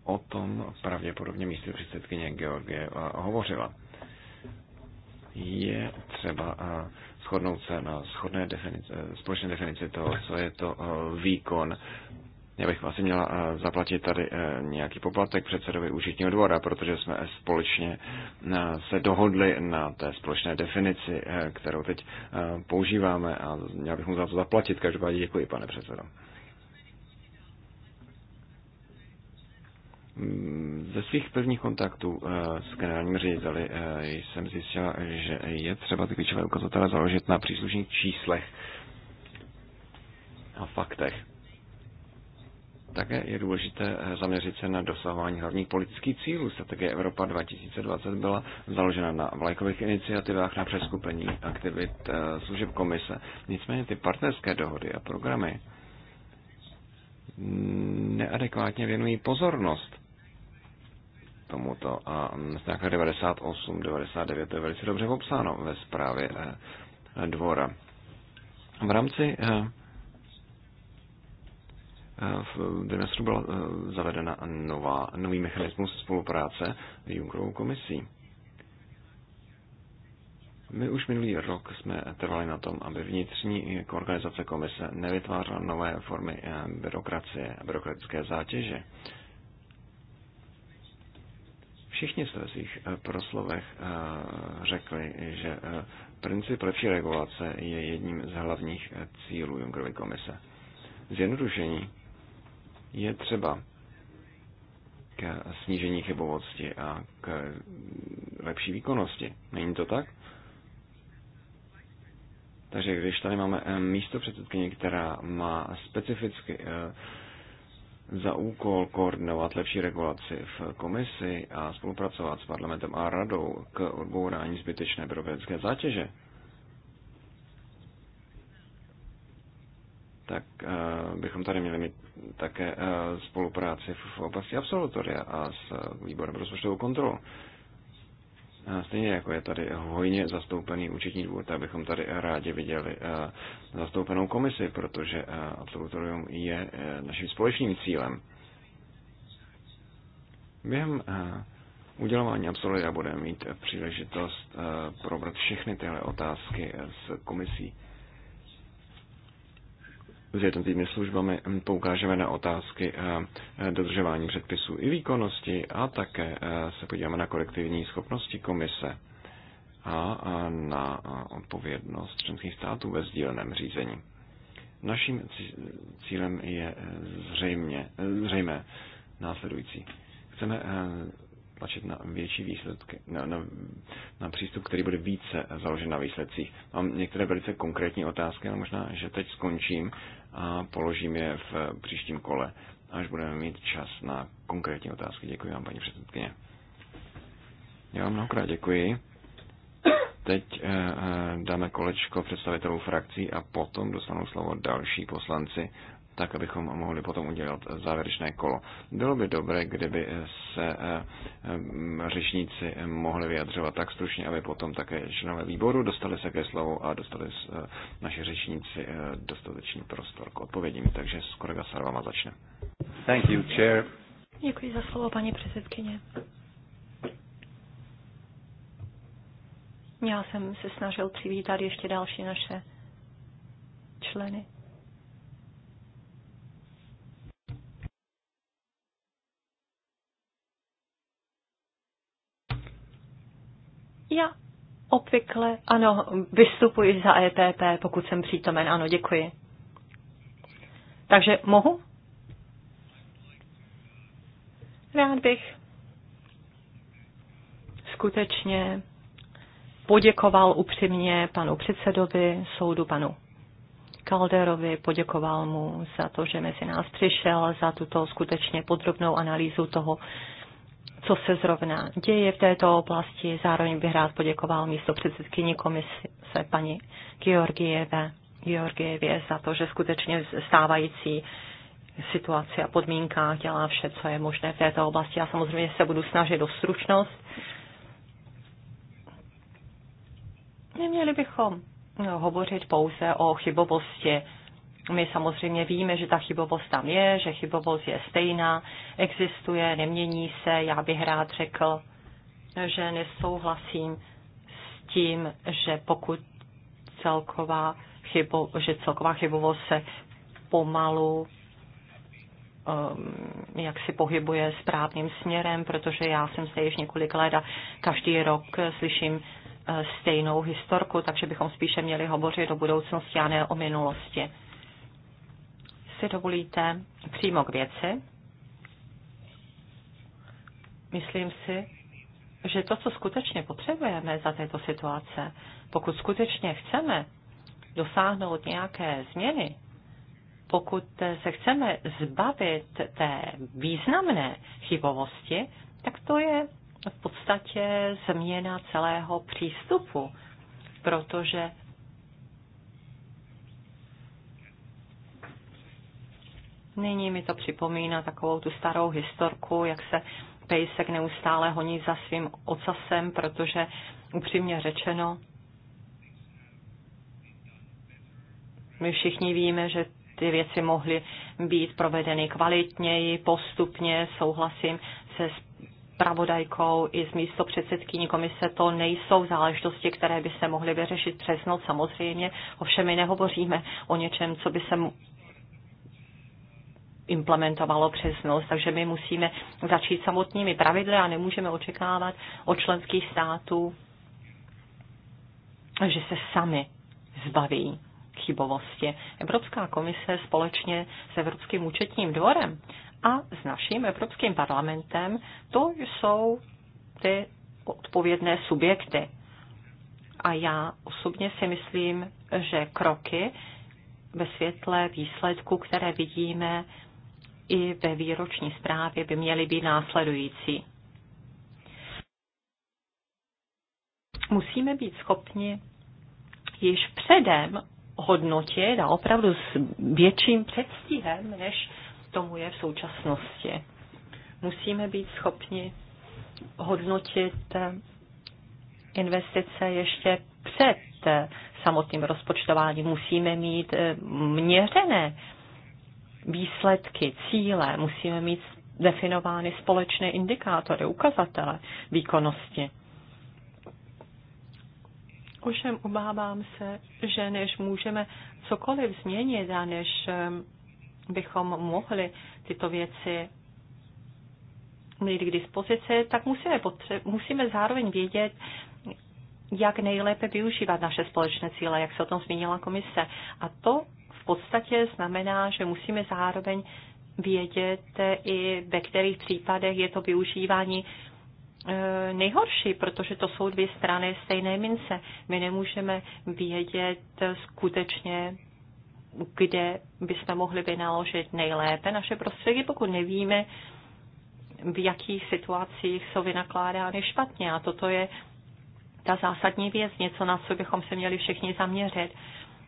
o tom pravděpodobně místní předsedkyně Georgie eh, hovořila. Je třeba shodnout se na shodné definice, společné definici toho, co je to výkon já bych asi měla eh, zaplatit tady eh, nějaký poplatek předsedovi účetního dvora, protože jsme společně eh, se dohodli na té společné definici, kterou teď používáme a měla bych mu za to zaplatit. Každopádně děkuji, pane předsedo. Mm, ze svých prvních kontaktů s generálním řediteli jsem zjistila, že je třeba ty klíčové ukazatele založit na příslušných číslech a faktech. Také je důležité eh, zaměřit se na dosahování hlavních politických cílů. Strategie Evropa 2020 byla založena na vlajkových iniciativách, na přeskupení aktivit eh, služeb komise. Nicméně ty partnerské dohody a programy neadekvátně věnují pozornost tomuto a stránka 98, 99 to je velice dobře popsáno ve zprávě eh, dvora. V rámci v Dimestru byla eh, zavedena nová, nový mechanismus spolupráce Junckerovou komisí. My už minulý rok jsme trvali na tom, aby vnitřní organizace komise nevytvářela nové formy eh, byrokracie a byrokratické zátěže. Všichni jste ve svých eh, proslovech řekli, že princip lepší regulace je jedním z hlavních cílů Junckerovy komise. Zjednodušení je třeba k snížení chybovosti a k lepší výkonnosti. Není to tak? Takže když tady máme eh, místo předsedkyně, která má specificky eh, za úkol koordinovat lepší regulaci v komisi a spolupracovat s parlamentem a radou k odbourání zbytečné byrokratické zátěže, tak eh, bychom tady měli mít také eh, spolupráci v oblasti absolutoria a s eh, výborem rozpočtovou kontrolu. A stejně jako je tady hojně zastoupený účetní dvůr, tak bychom tady rádi viděli eh, zastoupenou komisi, protože absolutorium je naším společným cílem. Během udělování absolutoria budeme mít příležitost probrat všechny tyhle otázky s komisí s jednotlivými službami poukážeme na otázky eh, eh, dodržování předpisů i výkonnosti a také eh, se podíváme na kolektivní schopnosti komise a na odpovědnost členských států ve sdíleném řízení. Naším cílem je zřejmě, zřejmé následující. Chceme tlačit na větší výsledky, na, na, na přístup, který bude více založen na výsledcích. Mám některé velice konkrétní otázky, ale možná, že teď skončím a položím je v příštím kole, až budeme mít čas na konkrétní otázky. Děkuji vám, paní předsedkyně. Já vám mnohokrát děkuji. Teď eh, eh, dáme kolečko představitelů frakcí a potom dostanou slovo další poslanci tak abychom mohli potom udělat závěrečné kolo. Bylo by dobré, kdyby se eh, eh, řečníci mohli vyjadřovat tak stručně, aby potom také členové výboru dostali se ke slovu a dostali eh, naši řečníci dostatečný prostor k odpovědím. Takže s kolega Sarvama začne. Thank you, chair. Děkuji za slovo, paní předsedkyně. Já jsem se snažil přivítat ještě další naše členy Já obvykle, ano, vystupuji za ETP, pokud jsem přítomen, ano, děkuji. Takže mohu? Rád bych skutečně poděkoval upřímně panu předsedovi soudu, panu Kalderovi, poděkoval mu za to, že mezi nás přišel, za tuto skutečně podrobnou analýzu toho, co se zrovna děje v této oblasti. Zároveň bych rád poděkoval místo předsedkyni komise paní Georgieve, Georgievě za to, že skutečně stávající situaci a podmínka dělá vše, co je možné v této oblasti. Já samozřejmě se budu snažit o stručnost. Neměli bychom hovořit pouze o chybovosti my samozřejmě víme, že ta chybovost tam je, že chybovost je stejná, existuje, nemění se. Já bych rád řekl, že nesouhlasím s tím, že pokud celková, chybo, že celková chybovost se pomalu um, jak si pohybuje správným směrem, protože já jsem zde již několik let a každý rok slyším eh, stejnou historku, takže bychom spíše měli hovořit o budoucnosti a ne o minulosti jestli dovolíte, přímo k věci. Myslím si, že to, co skutečně potřebujeme za této situace, pokud skutečně chceme dosáhnout nějaké změny, pokud se chceme zbavit té významné chybovosti, tak to je v podstatě změna celého přístupu, protože Nyní mi to připomíná takovou tu starou historku, jak se pejsek neustále honí za svým ocasem, protože upřímně řečeno, my všichni víme, že ty věci mohly být provedeny kvalitněji, postupně, souhlasím se pravodajkou i z místo předsedkyní komise, to nejsou záležitosti, které by se mohly vyřešit přes noc. Samozřejmě, ovšem my nehovoříme o něčem, co by se implementovalo přes nos, takže my musíme začít samotnými pravidly a nemůžeme očekávat od členských států, že se sami zbaví chybovosti. Evropská komise společně s Evropským účetním dvorem a s naším Evropským parlamentem, to jsou ty odpovědné subjekty. A já osobně si myslím, že kroky ve světle výsledku, které vidíme, i ve výroční zprávě by měly být následující. Musíme být schopni již předem hodnotit a opravdu s větším předstihem, než tomu je v současnosti. Musíme být schopni hodnotit investice ještě před samotným rozpočtováním. Musíme mít eh, měřené výsledky, cíle, musíme mít definovány společné indikátory, ukazatele výkonnosti. Ovšem obávám se, že než můžeme cokoliv změnit a než ehm, bychom mohli tyto věci mít k dispozici, tak musíme, potře- musíme zároveň vědět, jak nejlépe využívat naše společné cíle, jak se o tom zmínila komise. A to v podstatě znamená, že musíme zároveň vědět i ve kterých případech je to využívání e, nejhorší, protože to jsou dvě strany stejné mince. My nemůžeme vědět skutečně, kde bychom mohli vynaložit nejlépe naše prostředky, pokud nevíme, v jakých situacích jsou vynakládány špatně. A toto je ta zásadní věc, něco, na co bychom se měli všichni zaměřit.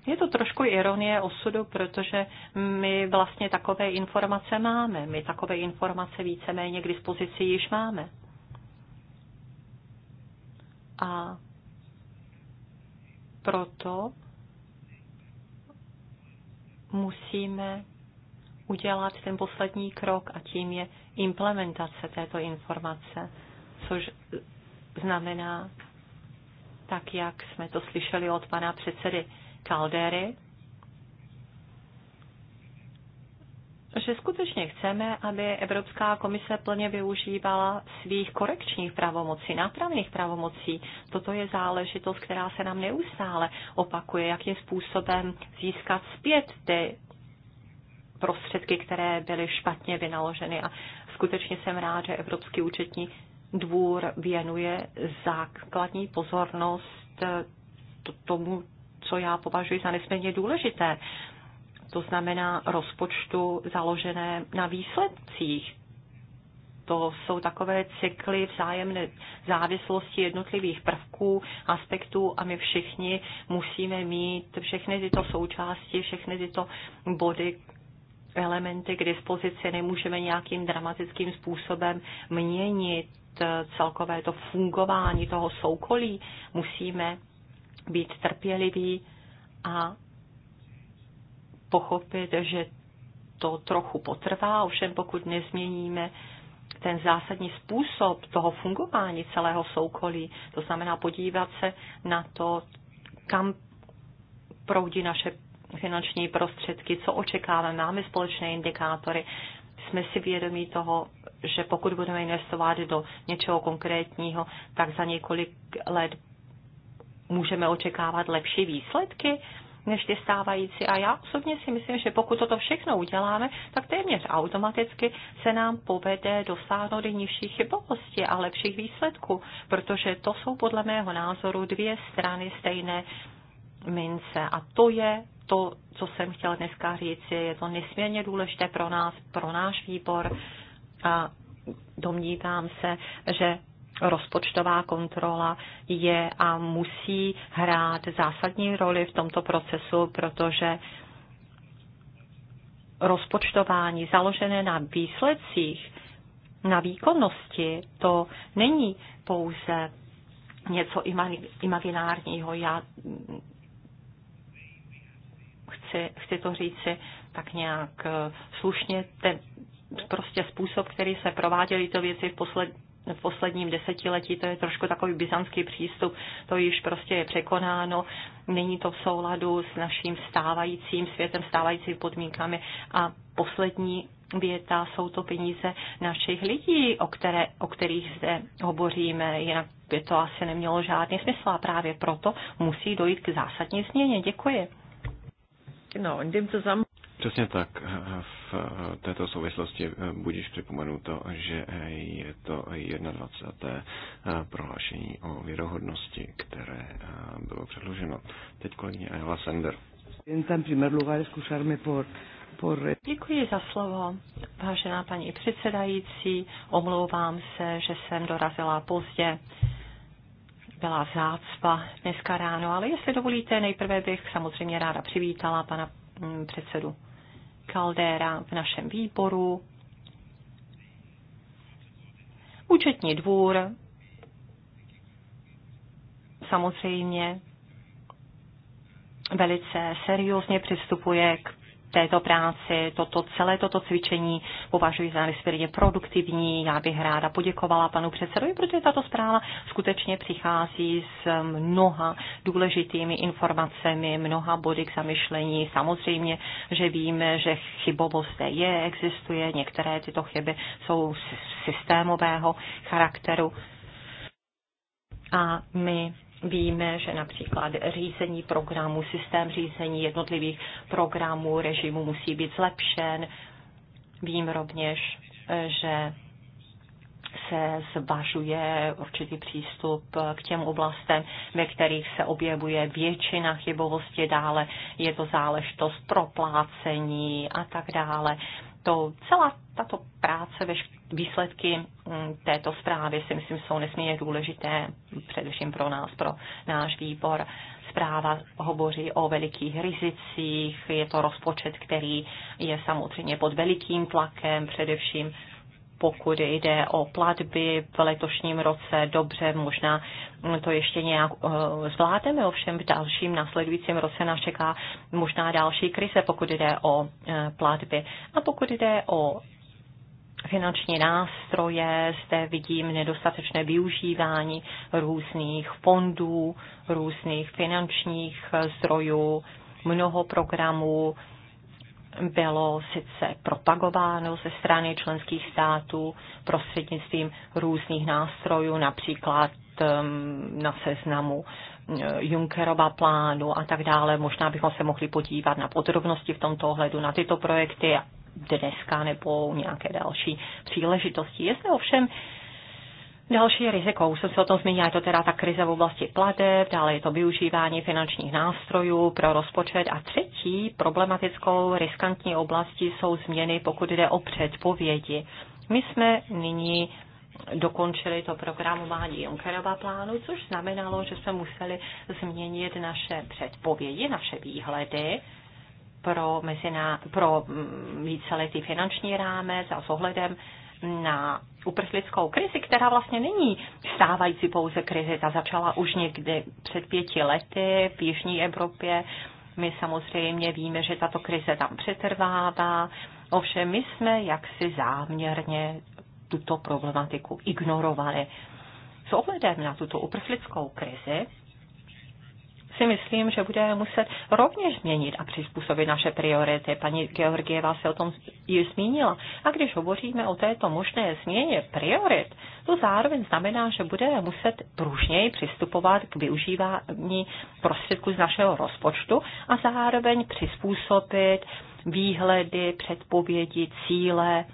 Je to trošku ironie osudu, protože my vlastně takové informace máme. My takové informace víceméně k dispozici již máme. A proto musíme udělat ten poslední krok a tím je implementace této informace, což znamená, tak jak jsme to slyšeli od pana předsedy Kaldery, že skutečně chceme, aby Evropská komise plně využívala svých korekčních pravomocí, nápravných pravomocí. Toto je záležitost, která se nám neustále opakuje, jakým způsobem získat zpět ty prostředky, které byly špatně vynaloženy. A skutečně jsem rád, že Evropský účetní dvůr věnuje základní pozornost tomu, co já považuji za nesmírně důležité. To znamená rozpočtu založené na výsledcích. To jsou takové cykly vzájemné závislosti jednotlivých prvků, aspektů a my všichni musíme mít všechny tyto součásti, všechny tyto body, elementy k dispozici, nemůžeme nějakým dramatickým způsobem měnit eh, celkové to fungování toho soukolí, musíme být trpělivý a pochopit, že to trochu potrvá, ovšem pokud nezměníme ten zásadní způsob toho fungování celého soukolí, to znamená podívat se na to, kam proudí naše finanční prostředky, co očekáváme, máme společné indikátory, jsme si vědomí toho, že pokud budeme investovat do něčeho konkrétního, tak za několik let můžeme očekávat lepší výsledky než ty stávající. A já osobně si myslím, že pokud toto všechno uděláme, tak téměř automaticky se nám povede dosáhnout i nižší chybovosti a lepších výsledků, protože to jsou podle mého názoru dvě strany stejné mince. A to je to, co jsem chtěla dneska říct, je to nesmírně důležité pro nás, pro náš výbor. A domnívám se, že rozpočtová kontrola je a musí hrát zásadní roli v tomto procesu, protože rozpočtování založené na výsledcích, na výkonnosti, to není pouze něco imaginárního. Já chci, chci to říci tak nějak eh, slušně, ten prostě způsob, který se prováděly tyto věci v posledních v posledním desetiletí, to je trošku takový byzantský přístup, to již prostě je překonáno, není to v souladu s naším stávajícím světem, stávajícími podmínkami a poslední věta, jsou to peníze našich lidí, o, které, o kterých zde hovoříme, jinak by to asi nemělo žádný smysl a právě proto musí dojít k zásadní změně. Děkuji. No, in dem Přesně tak. V této souvislosti eh, budíš připomenu to, že eh, je to 21. Eh, prohlášení o věrohodnosti, které bylo předloženo. Teď kolegyně Ayala Sender. Děkuji za slovo, vážená paní předsedající. Omlouvám se, že jsem dorazila pozdě byla zácpa dneska ráno, ale jestli dovolíte, nejprve bych samozřejmě ráda přivítala pana mm, předsedu Caldera v našem výboru. Účetní dvůr samozřejmě velice seriózně přistupuje k této práci, toto celé toto cvičení považuji za nesmírně produktivní. Já bych ráda poděkovala panu předsedovi, protože tato zpráva skutečně přichází s mnoha důležitými informacemi, mnoha body k zamyšlení. Samozřejmě, že víme, že chybovost je, existuje, některé tyto chyby jsou systémového charakteru. A my Víme, že například řízení programů, systém řízení jednotlivých programů, režimu musí být zlepšen. Vím rovněž, že se zvažuje určitý přístup k těm oblastem, ve kterých se objevuje většina chybovosti, dále je to záležitost proplácení a tak dále. To celá tato práce, výsledky mm, této zprávy si myslím jsou nesmírně důležité, především pro nás, pro náš výbor. Zpráva hovoří o velikých rizicích, je to rozpočet, který je samozřejmě pod velikým tlakem, především pokud jde o platby v letošním roce, dobře, možná to ještě nějak eh, zvládneme, ovšem v dalším následujícím roce nás čeká možná další krize, pokud jde o eh, platby. A pokud jde o finanční nástroje, zde vidím nedostatečné využívání různých fondů, různých finančních zdrojů, mnoho programů bylo sice propagováno ze strany členských států prostřednictvím různých nástrojů, například na seznamu eh, Junckerova plánu a tak dále. Možná bychom se mohli podívat na podrobnosti v tomto ohledu, na tyto projekty dneska nebo nějaké další příležitosti. Je zde ovšem Další riziko, už jsem se o tom zmínila, je to teda ta krize v oblasti plateb, dále je to využívání finančních nástrojů pro rozpočet a třetí problematickou riskantní oblastí jsou změny, pokud jde o předpovědi. My jsme nyní dokončili to programování Junckerova plánu, což znamenalo, že jsme museli změnit naše předpovědi, naše výhledy pro, meziná, pro mm, víceletý finanční rámec a s ohledem na uprchlickou krizi, která vlastně není stávající pouze krize, ta začala už někdy před pěti lety v Jižní Evropě. My samozřejmě víme, že tato krize tam přetrvává, ovšem my jsme jaksi záměrně tuto problematiku ignorovali. S ohledem na tuto uprchlickou krizi si myslím, že budeme muset rovněž změnit a přizpůsobit naše priority. Paní Georgieva se o tom ji zmínila. A když hovoříme o této možné změně priorit, to zároveň znamená, že budeme muset pružněji přistupovat k využívání prostředků z našeho rozpočtu a zároveň přizpůsobit výhledy, předpovědi, cíle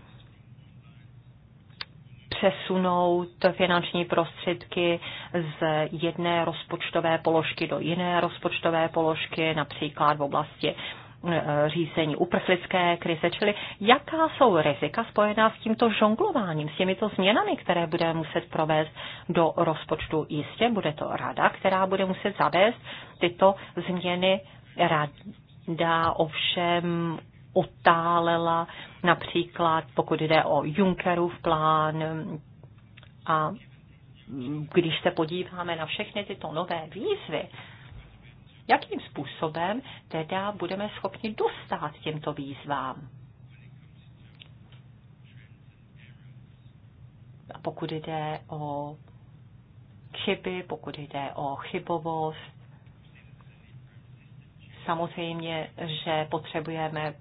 přesunout finanční prostředky z jedné rozpočtové položky do jiné rozpočtové položky, například v oblasti e, řízení uprchlické krize, čili jaká jsou rizika spojená s tímto žonglováním, s těmito změnami, které bude muset provést do rozpočtu. Jistě bude to rada, která bude muset zavést tyto změny rada ovšem otálela, například pokud jde o Junckerův plán a když se podíváme na všechny tyto nové výzvy, jakým způsobem teda budeme schopni dostat těmto výzvám. A pokud jde o chyby, pokud jde o chybovost, samozřejmě, že potřebujeme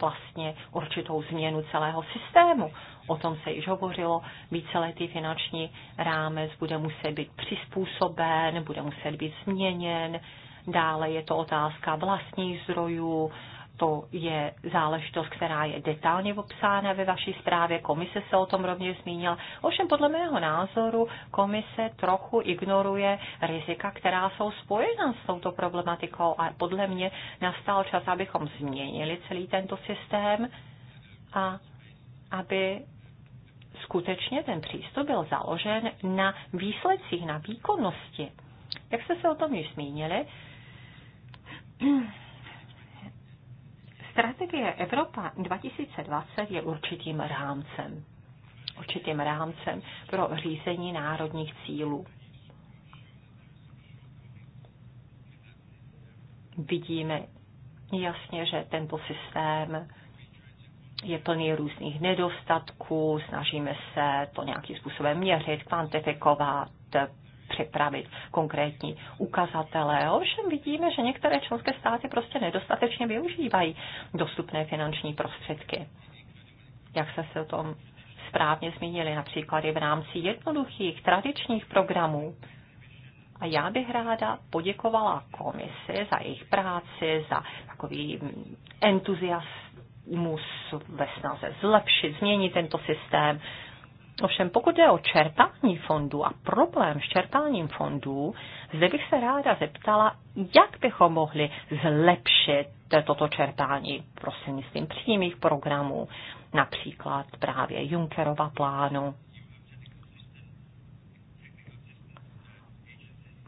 vlastně určitou změnu celého systému. O tom se již hovořilo. Víceletý finanční rámec bude muset být přizpůsoben, bude muset být změněn. Dále je to otázka vlastních zdrojů, to je záležitost, která je detailně popsána ve vaší zprávě. Komise se o tom rovněž zmínila. Ovšem podle mého názoru komise trochu ignoruje rizika, která jsou spojena s touto problematikou a podle mě nastal čas, abychom změnili celý tento systém a aby skutečně ten přístup byl založen na výsledcích, na výkonnosti. Jak jste se o tom již zmínili, Strategie Evropa 2020 je určitým rámcem, určitým rámcem pro řízení národních cílů. Vidíme jasně, že tento systém je plný různých nedostatků, snažíme se to nějakým způsobem měřit, kvantifikovat, připravit konkrétní ukazatele. Ovšem vidíme, že některé členské státy prostě nedostatečně využívají dostupné finanční prostředky. Jak se se o tom správně zmínili, například i v rámci jednoduchých tradičních programů. A já bych ráda poděkovala komisi za jejich práci, za takový entuziasmus ve snaze zlepšit, změnit tento systém, Ovšem, pokud je o čertání fondů a problém s čertáním fondů, zde bych se ráda zeptala, jak bychom mohli zlepšit toto čertání prostřednictvím přímých programů, například právě Junckerova plánu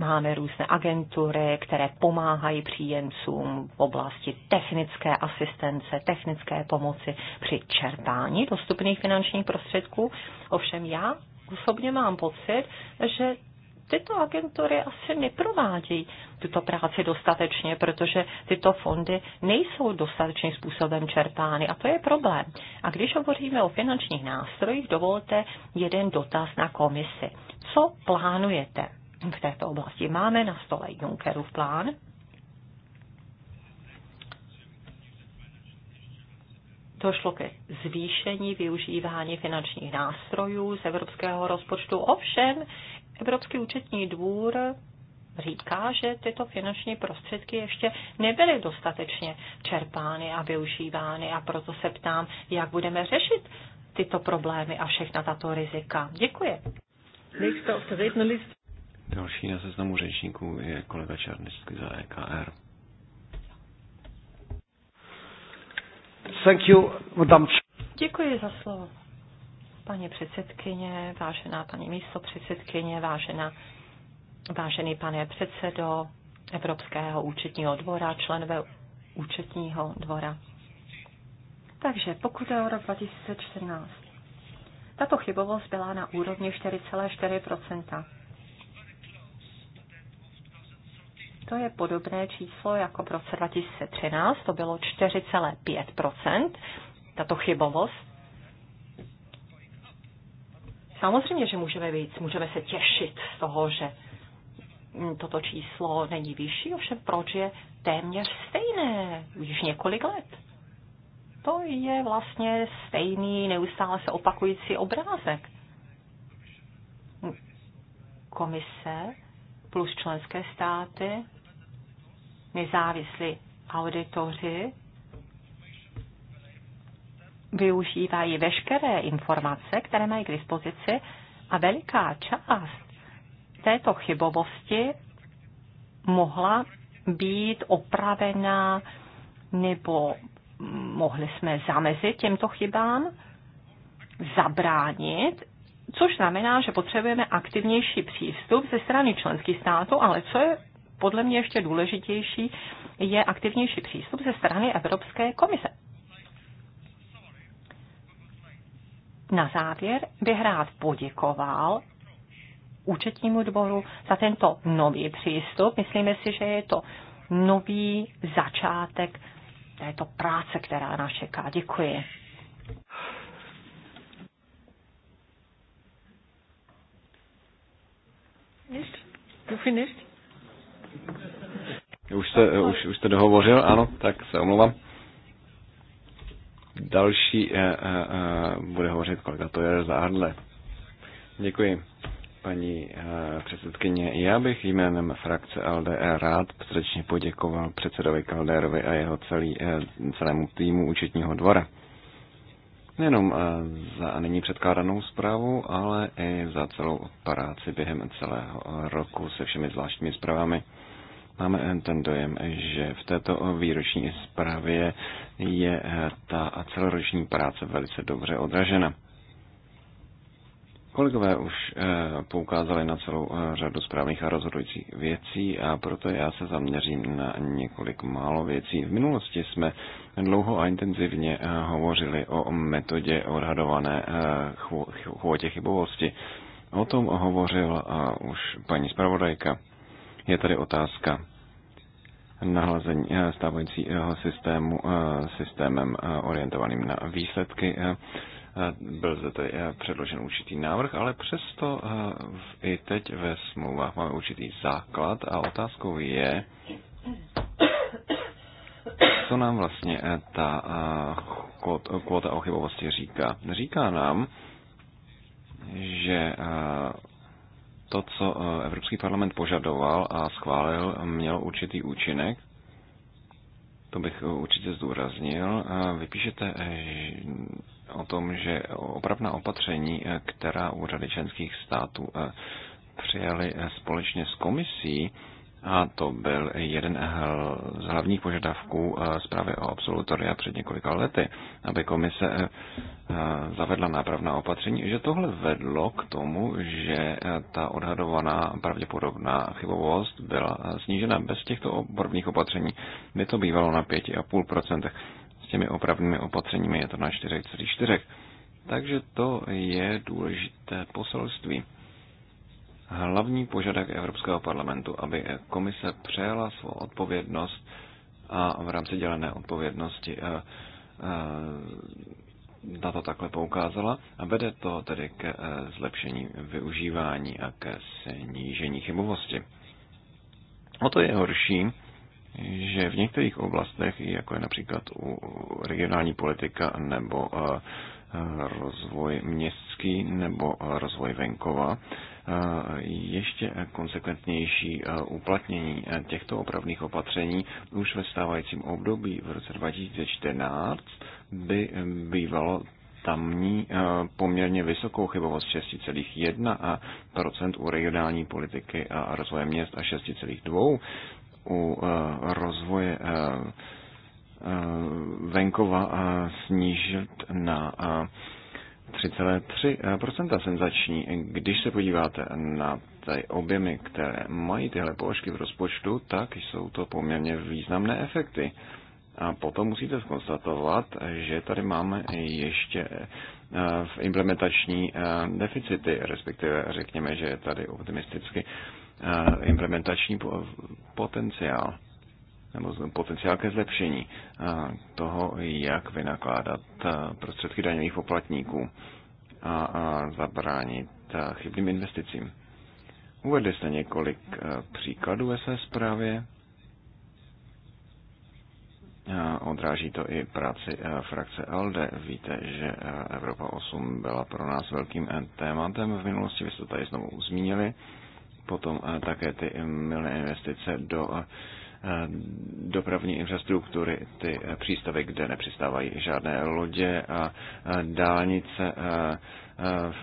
Máme různé agentury, které pomáhají příjemcům v oblasti technické asistence, technické pomoci při čerpání dostupných finančních prostředků. Ovšem já osobně mám pocit, že tyto agentury asi neprovádějí tuto práci dostatečně, protože tyto fondy nejsou dostatečným způsobem čerpány a to je problém. A když hovoříme o finančních nástrojích, dovolte jeden dotaz na komisi. Co plánujete v této oblasti. Máme na stole Junckerův plán. Došlo ke zvýšení využívání finančních nástrojů z evropského rozpočtu. Ovšem, Evropský účetní dvůr říká, že tyto finanční prostředky ještě nebyly dostatečně čerpány a využívány a proto se ptám, jak budeme řešit tyto problémy a všechna tato rizika. Děkuji. Další na seznamu řečníků je kolega Čarnický za EKR. Thank you, madame. Děkuji za slovo. Paní předsedkyně, vážená paní místo předsedkyně, vážená, vážený pane předsedo Evropského účetního dvora, členové účetního dvora. Takže pokud je o rok 2014, tato chybovost byla na úrovni 4,4 To je podobné číslo jako v roce 2013, to bylo 4,5 tato chybovost. Samozřejmě, že můžeme víc, můžeme se těšit z toho, že mm, toto číslo není vyšší, ovšem proč je téměř stejné už několik let. To je vlastně stejný, neustále se opakující obrázek. Komise plus členské státy nezávislí auditoři využívají veškeré informace, které mají k dispozici a veliká část této chybovosti mohla být opravená, nebo mohli jsme zamezit těmto chybám, zabránit, což znamená, že potřebujeme aktivnější přístup ze strany členských států, ale co je podle mě ještě důležitější je aktivnější přístup ze strany Evropské komise. Na závěr bych rád poděkoval účetnímu dvoru za tento nový přístup. Myslíme si, že je to nový začátek této práce, která nás čeká. Děkuji. Nicht? Du findest? Už, se, už, už jste dohovořil, ano, tak se omlouvám. Další eh, eh, eh bude hovořit kolega Tojer za Adle. Děkuji, paní eh, předsedkyně. Já bych jménem frakce LDR rád srdečně poděkoval předsedovi Kalderovi a jeho celý, eh, celému týmu účetního dvora nejenom eh, za nyní předkládanou zprávu, ale i za celou operaci během celého roku se všemi zvláštními zprávami. Máme eh, ten dojem, že v této výroční zprávě je eh, ta celoroční práce velice dobře odražena. Kolegové už eh, poukázali na celou eh, řadu správných a rozhodujících věcí a proto já se zaměřím na několik málo věcí. V minulosti jsme dlouho a intenzivně eh, hovořili o metodě odhadované chvotě chybovosti. O tom hovořil už paní zpravodajka. Je tady otázka nahlazení stávajícího systému systémem orientovaným na výsledky Eh, byl zde eh, předložen určitý návrh, ale přesto eh, i teď ve smlouvách máme určitý základ a otázkou je, co nám vlastně ta kvota o chybovosti říká. Říká nám, že to, co Evropský parlament požadoval a schválil, mělo určitý účinek. To bych určitě zdůraznil. Vypíšete o tom, že opravná opatření, eh, která řady členských států eh, přijali eh, společně s komisí, a to byl jeden z hlavních požadavků zprávy o absolutoria před několika lety, aby komise zavedla nápravná opatření, že tohle vedlo k tomu, že ta odhadovaná pravděpodobná chybovost byla snížena. Bez těchto prvních opatření by to bývalo na 5,5% těmi opravnými opatřeními je to na 4,4. Takže to je důležité poselství. Hlavní požadavek Evropského parlamentu, aby komise přejala svou odpovědnost a v rámci dělené odpovědnosti eh, eh, na to takhle poukázala a vede to tedy k eh, zlepšení využívání a ke snížení chybovosti. O to je horší, že v některých oblastech, jako je například u regionální politika nebo eh, rozvoj městský nebo eh, rozvoj venkova, eh, ještě konsekventnější uplatnění těchto opravných opatření už ve stávajícím období v roce 2014 by bývalo tamní poměrně vysokou chybovost 6,1% u regionální politiky a rozvoje měst a 6,2% u eh, rozvoje eh, eh, venkova snížit na 3,3% senzační. Když se podíváte na ty objemy, které mají tyhle položky v rozpočtu, tak jsou to poměrně významné efekty. A potom musíte skonstatovat, že tady máme ještě v implementační deficity, respektive řekněme, že je tady optimisticky Eh, implementační potenciál nebo potenciál ke zlepšení eh, toho, jak vynakládat eh, prostředky daňových poplatníků a zabránit chybným investicím. Uvedli jste několik příkladů ve své zprávě. Odráží to i práci frakce LD. Víte, že Evropa 8 byla pro nás velkým tématem v minulosti, vy jste to tady znovu zmínili potom eh, také ty milné investice do eh, dopravní infrastruktury, ty eh, přístavy, kde nepřistávají žádné lodě a dálnice,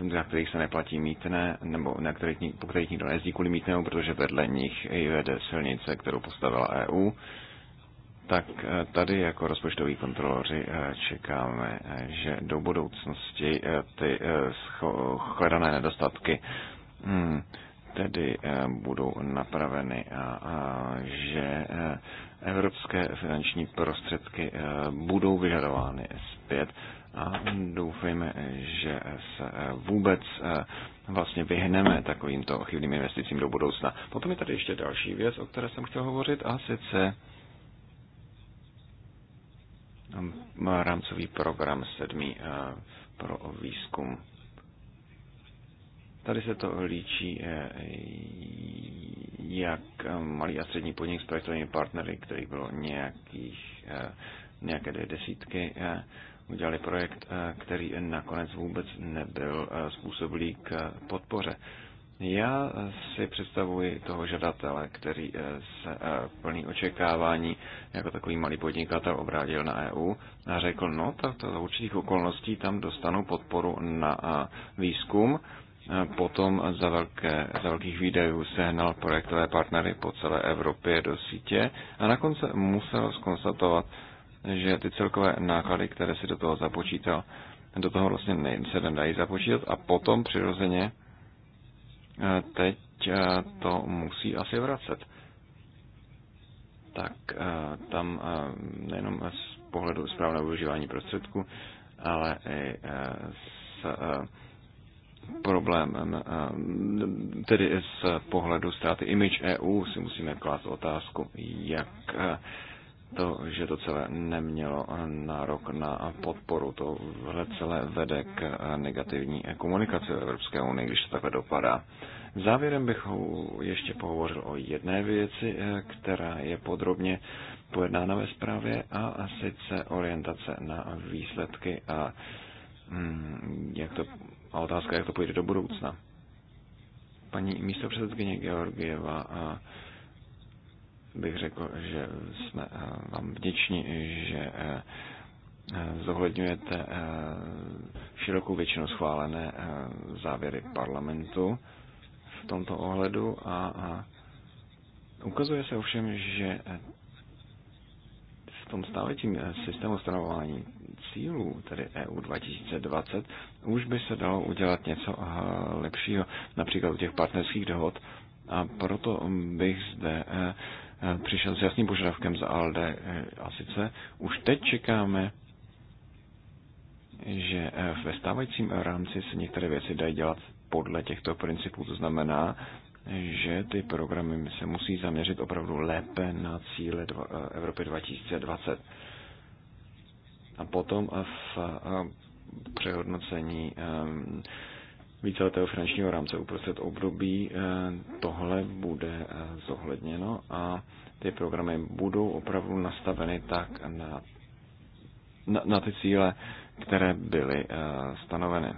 na kterých se neplatí mítné, nebo na kterých, po kterých nikdo nejezdí kvůli mítnému, protože vedle nich i vede silnice, kterou postavila EU, tak tady jako rozpočtoví kontroloři čekáme, že do budoucnosti ty shledané nedostatky hmm, tedy eh, budou napraveny a že eh, evropské finanční prostředky eh, budou vyžadovány zpět a doufejme, že se vůbec vlastně vyhneme takovýmto chybným investicím do budoucna. Potom je tady ještě další věc, o které jsem chtěl hovořit, a sice rámcový program sedmý pro výzkum Tady se to líčí eh, jak malý a střední podnik s projektovými partnery, kterých bylo nějakých, eh, nějaké dvě desítky, eh, udělali projekt, který nakonec vůbec nebyl způsobilý k podpoře. Já si představuji toho žadatele, který se plný očekávání jako takový malý podnikatel obrátil na EU a řekl, no tak to za určitých okolností tam dostanu podporu na výzkum potom za, velké, za velkých výdajů sehnal projektové partnery po celé Evropě do sítě a nakonec musel skonstatovat, že ty celkové náklady, které si do toho započítal, do toho vlastně se nedají započítat a potom přirozeně eh, teď eh, to musí asi vracet. Tak eh, tam nejenom z pohledu správného využívání prostředků, ale i z problémem. Tedy z pohledu ztráty image EU si musíme klást otázku, jak to, že to celé nemělo nárok na podporu, to celé vede k negativní komunikaci v Evropské unii, když to takhle dopadá. Závěrem bych ještě pohovořil o jedné věci, e, která je podrobně pojednána ve zprávě, a sice orientace na výsledky a mm, jak to a otázka, jak to půjde do budoucna. Paní místo předsedkyně Georgieva a bych řekl, že jsme vám vděční, že zohledňujete širokou většinu schválené závěry parlamentu v tomto ohledu a ukazuje se ovšem, že v tom stávajícím e, systému stanovování cílů, tedy EU 2020, už by se dalo udělat něco eh, lepšího, například u těch partnerských dohod. A proto mm, bych zde eh, eh, přišel s jasným požadavkem za ALDE a sice už teď čekáme že ve stávajícím rámci se některé věci dají dělat podle těchto principů. To znamená, že ty programy se musí zaměřit opravdu lépe na cíle Evropy 2020. A potom v přehodnocení ehm, víceletého finančního rámce uprostřed období ehm, tohle bude e, zohledněno a ty programy budou opravdu nastaveny tak na, na, na ty cíle, které byly e, stanoveny.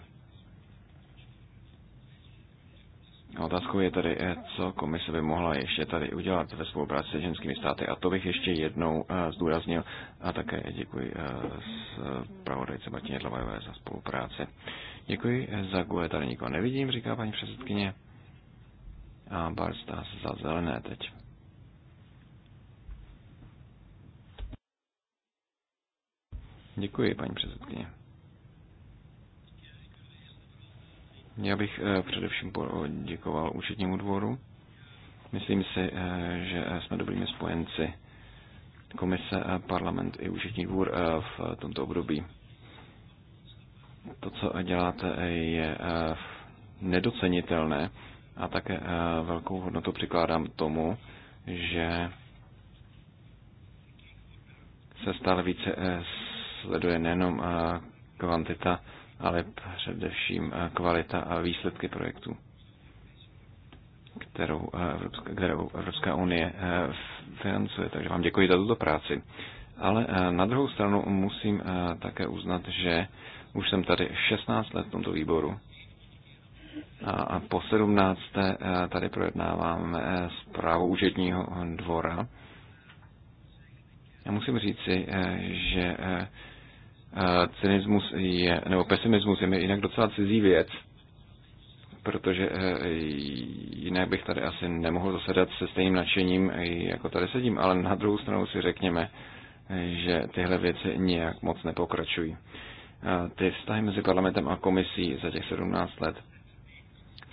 Otázkou je tady, eh, co komise by mohla ještě tady udělat ve spolupráci s ženskými státy. A to bych ještě jednou eh, zdůraznil. A také děkuji eh, zpravodajce Martině Dlavajové za spolupráci. Děkuji. Za GUE tady nikoho nevidím, říká paní předsedkyně. A Barsta za zelené teď. Děkuji, paní předsedkyně. Já bych eh, především poděkoval účetnímu dvoru. Myslím si, eh, že eh, jsme dobrými spojenci komise, parlament i účetní dvůr v tomto období. To, co děláte, je nedocenitelné a také velkou hodnotu přikládám tomu, že se stále více sleduje nejenom kvantita ale především eh, kvalita a výsledky projektů, kterou eh, Evropská, kterou Evropská unie eh, financuje. Takže vám děkuji za tuto práci. Ale na druhou stranu musím také uznat, že už jsem tady 16 let v tomto výboru a po 17. tady projednáváme zprávu úředního dvora. Já musím říci, že cynismus je, nebo pesimismus je mi jinak docela cizí věc, protože eh, jinak bych tady asi nemohl zasedat se stejným nadšením, jako tady sedím, ale na druhou stranu si řekněme, že tyhle věci nijak moc nepokračují. Ty vztahy mezi parlamentem a komisí za těch 17 let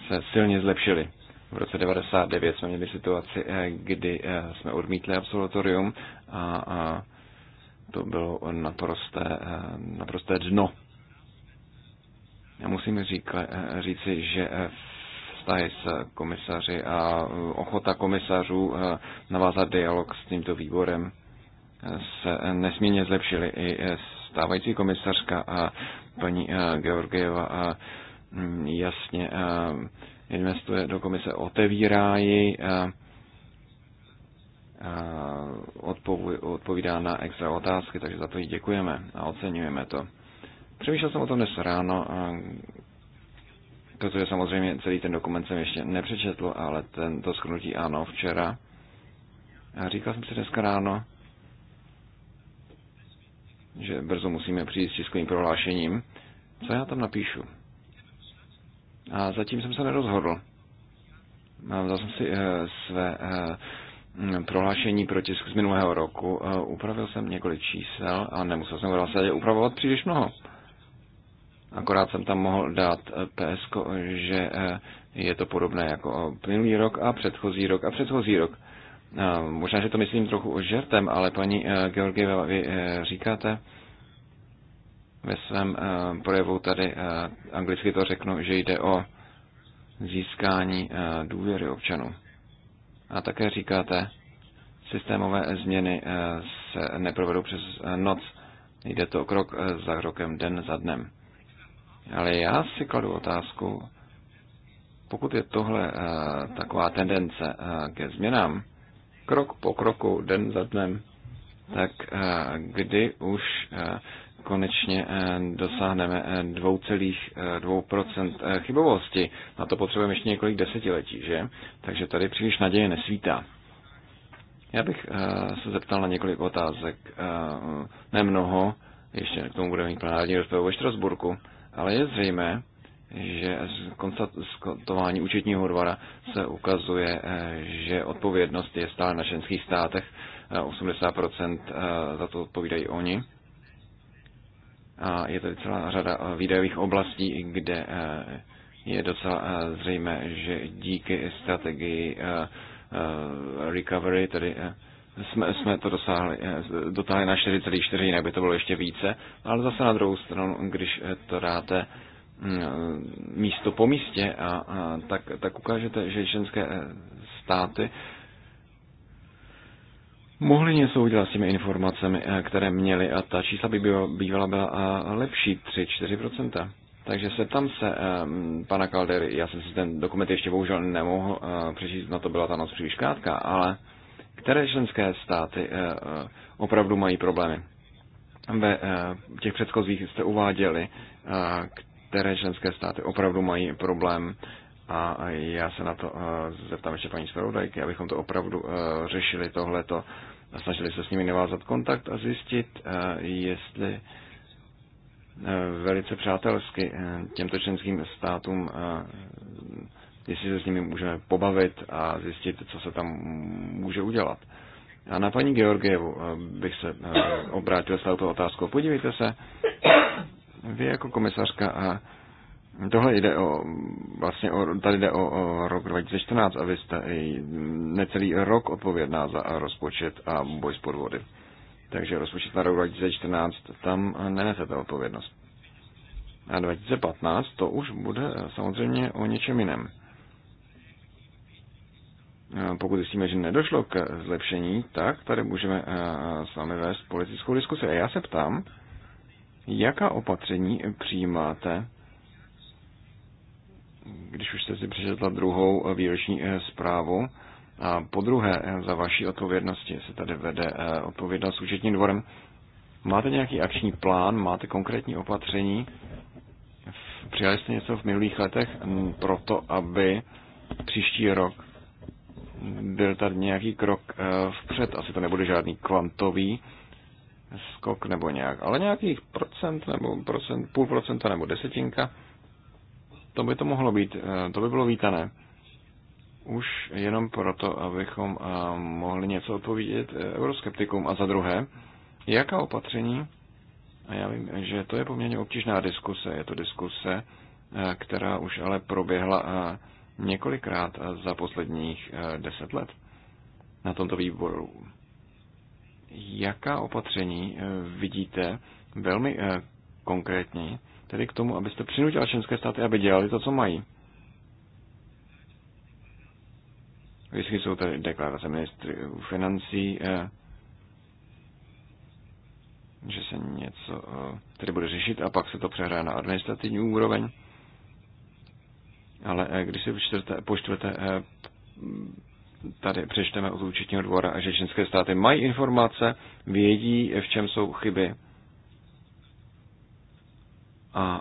se silně zlepšily. V roce 99 jsme měli situaci, eh, kdy eh, jsme odmítli absolutorium a, a to bylo naprosté, eh, naprosté dno. Já musím říkle, eh, říci, že eh, vztahy s komisaři a ochota komisařů navázat dialog s tímto výborem se nesmírně zlepšily. I stávající komisařka a paní Georgieva a mm, jasně investuje do komise, otevírá ji, odpovídá na extra otázky, takže za to jí děkujeme a oceňujeme to. Přemýšlel jsem o tom dnes ráno, protože samozřejmě celý ten dokument jsem ještě nepřečetl, ale tento shrnutí ano, včera. A říkal jsem si dneska ráno, že brzo musíme přijít s tiskovým prohlášením, co já tam napíšu. A zatím jsem se nerozhodl. Mám zase si e, své e, Mm, prohlášení proti z minulého roku eh, upravil jsem několik čísel a nemusel jsem v zásadě upravovat příliš mnoho. Akorát jsem tam mohl dát eh, PSK, že eh, je to podobné jako minulý rok a předchozí rok a předchozí rok. Možná, že to myslím trochu o žertem, ale paní Georgieva, vy říkáte ve svém projevu tady, anglicky to řeknu, že jde o získání důvěry občanů. A také říkáte, systémové změny eh, se neprovedou přes eh, noc. Jde to krok eh, za krokem, den za dnem. Ale já si kladu otázku, pokud je tohle taková tendence ke změnám, krok po kroku, den za dnem, tak kdy už konečně eh, dosáhneme 2,2% eh, eh, chybovosti. Na to potřebujeme ještě několik desetiletí, že? Takže tady příliš naděje nesvítá. Já bych se zeptal na několik otázek. Nemnoho, ještě k tomu budeme mít plenární rozpravu ve Štrasburku, ale je zřejmé, že z konstatování účetního dvora se ukazuje, že odpovědnost je stále na členských státech, 80% za to odpovídají oni, a je to celá řada eh, výdajových oblastí, kde eh, je docela eh, zřejmé, že díky strategii recovery, tedy jsme, jsme to dosáhli, dotáhli na 4,4, jinak by to bylo ještě více, ale zase na druhou stranu, když to dáte mm, místo po místě, a, a, tak, tak ukážete, že členské státy mohli něco udělat s těmi informacemi, eh, které měli a ta čísla by bývala byla eh, lepší, 3-4%. Takže se tam se um, pana Kaldery, já jsem si ten dokument ještě bohužel nemohl uh, přečíst, na to byla ta noc příliš krátká, ale které členské státy uh, opravdu mají problémy? Ve uh, těch předchozích jste uváděli, uh, které členské státy opravdu mají problém a já se na to uh, zeptám ještě paní zpravodajky, abychom to opravdu uh, řešili tohleto snažili se s nimi navázat kontakt a zjistit, eh, jestli eh, velice přátelsky eh, těmto členským státům, jestli se s nimi můžeme pobavit a zjistit, co se tam může udělat. A na paní Georgievu bych se obrátil s touto otázkou. Podívejte se, vy jako komisařka a Tohle jde o, vlastně o, tady jde o, o rok 2014 a vy jste i necelý rok odpovědná za rozpočet a boj s podvody. Takže rozpočet na rok 2014 tam nenesete odpovědnost. A 2015 to už bude samozřejmě o něčem jiném. Pokud zjistíme, že nedošlo k zlepšení, tak tady můžeme s vámi vést politickou diskusi. A já se ptám, jaká opatření přijímáte když už jste si přečetla druhou eh, výroční eh, zprávu, a po druhé, eh, za vaší odpovědnosti se tady vede odpovědnost s účetním dvorem. Máte nějaký akční plán, máte konkrétní opatření? Přijali jste něco v minulých letech mm, pro to, aby příští rok byl tady nějaký krok vpřed? Asi to nebude žádný kvantový skok nebo nějak, ale nějakých procent nebo procent, půl procenta nebo desetinka to by to mohlo být, eh, to by bylo vítané. Už jenom proto, abychom eh, mohli něco odpovědět eh, euroskeptikům. A za druhé, jaká opatření, a já vím, že to je poměrně obtížná diskuse, je to diskuse, která už ale proběhla několikrát za posledních deset let na tomto výboru. Jaká opatření vidíte velmi konkrétní, Tedy k tomu, abyste přinutili členské státy, aby dělali to, co mají. Vždycky jsou tady deklarace ministrů financí, eh, že se něco eh, tedy bude řešit a pak se to přehrá na administrativní úroveň. Ale eh, když si čtvrté, po čtvrté tady přečteme od účetního dvora, že členské státy mají informace, vědí, v čem jsou chyby, a,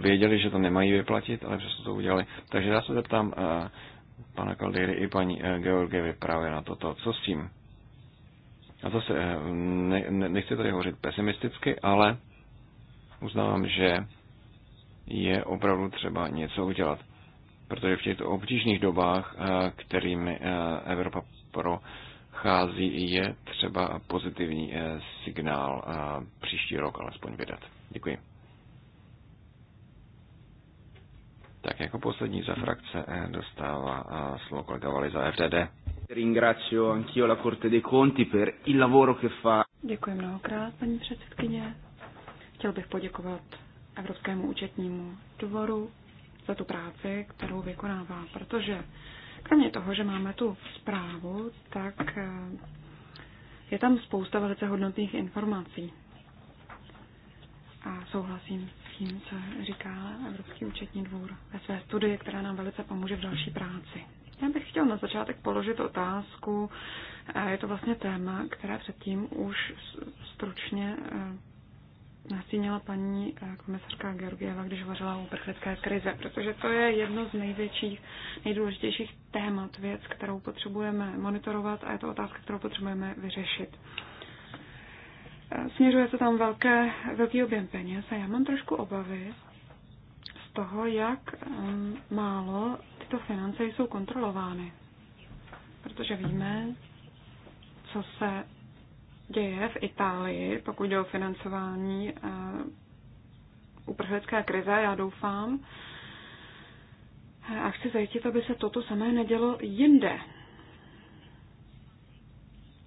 věděli, že to nemají vyplatit, ale přesto to udělali. Takže já se zeptám pana Kaldýry i paní e, Georgievy právě na toto. Co s tím? A zase e, ne, ne, nechci tady hovořit pesimisticky, ale uznávám, že je opravdu třeba něco udělat. Protože v těchto obtížných dobách, e, kterými Evropa prochází, je třeba pozitivní signál příští rok alespoň vydat. Děkuji. Tak jako poslední za frakce eh, dostává eh, slovo kolega Vali za FDD. Ringrazio anch'io la Corte dei Conti per il lavoro che fa. Děkuji mnohokrát, paní předsedkyně. Chtěl bych poděkovat Evropskému účetnímu dvoru za tu práci, kterou vykonává, protože kromě toho, že máme tu zprávu, tak eh, je tam spousta velice hodnotných informací. A souhlasím tím, vlastně, co říká Evropský účetní dvůr ve své studii, která nám velice pomůže v další práci. Já bych chtěl na začátek položit otázku. Eh, je to vlastně téma, které předtím už stručně eh, nasínila paní eh, komisařka Georgieva, když hovořila o uprchlické krize, protože to je jedno z největších, nejdůležitějších témat, věc, kterou potřebujeme monitorovat a je to otázka, kterou potřebujeme vyřešit. Směřuje se tam velké, velký objem peněz a já mám trošku obavy z toho, jak um, málo tyto finance jsou kontrolovány. Protože víme, co se děje v Itálii, pokud jde o financování uh, uprchlické krize, já doufám. A chci zajistit, aby se toto samé nedělo jinde.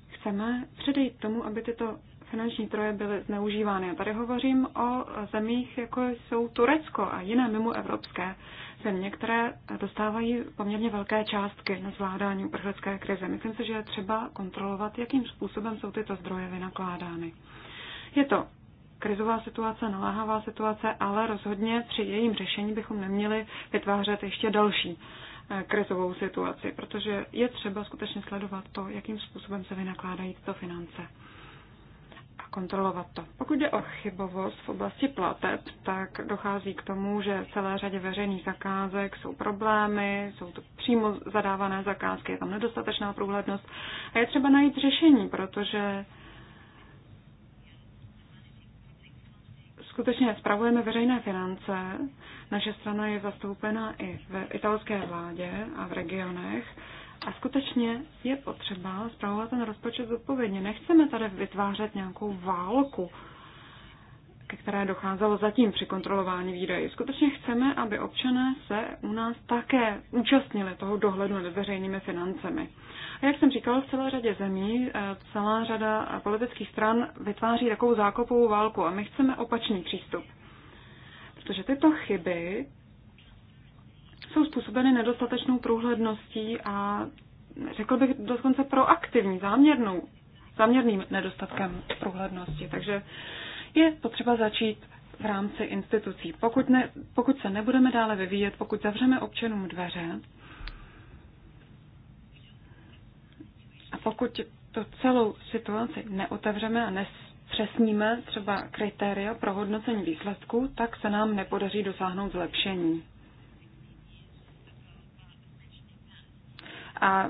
Chceme předejít tomu, aby tyto finanční troje byly zneužívány. A tady hovořím o zemích, jako jsou Turecko a jiné mimo evropské země, které dostávají poměrně velké částky na zvládání uprchlické krize. Myslím si, že je třeba kontrolovat, jakým způsobem jsou tyto zdroje vynakládány. Je to krizová situace, naléhavá situace, ale rozhodně při jejím řešení bychom neměli vytvářet ještě další eh, krizovou situaci, protože je třeba skutečně sledovat to, jakým způsobem se vynakládají tyto finance a kontrolovat to. Pokud jde o chybovost v oblasti plateb, tak dochází k tomu, že v celé řadě veřejných zakázek jsou problémy, jsou to přímo zadávané zakázky, je tam nedostatečná průhlednost a je třeba najít řešení, protože skutečně spravujeme veřejné finance. Naše strana je zastoupena i v italské vládě a v regionech a skutečně je potřeba zpravovat ten rozpočet zodpovědně. Nechceme tady vytvářet nějakou válku, ke které docházelo zatím při kontrolování výdajů. Skutečně chceme, aby občané se u nás také účastnili toho dohledu nad veřejnými financemi. A jak jsem říkal, v celé řadě zemí eh, celá řada politických stran vytváří takovou zákopovou válku a my chceme opačný přístup. Protože tyto chyby jsou způsobeny nedostatečnou průhledností a řekl bych dokonce proaktivní, záměrnou, záměrným nedostatkem průhlednosti. Takže je potřeba začít v rámci institucí. Pokud, ne, pokud se nebudeme dále vyvíjet, pokud zavřeme občanům dveře a pokud to celou situaci neotevřeme a nespřesníme třeba kritéria pro hodnocení výsledků, tak se nám nepodaří dosáhnout zlepšení. A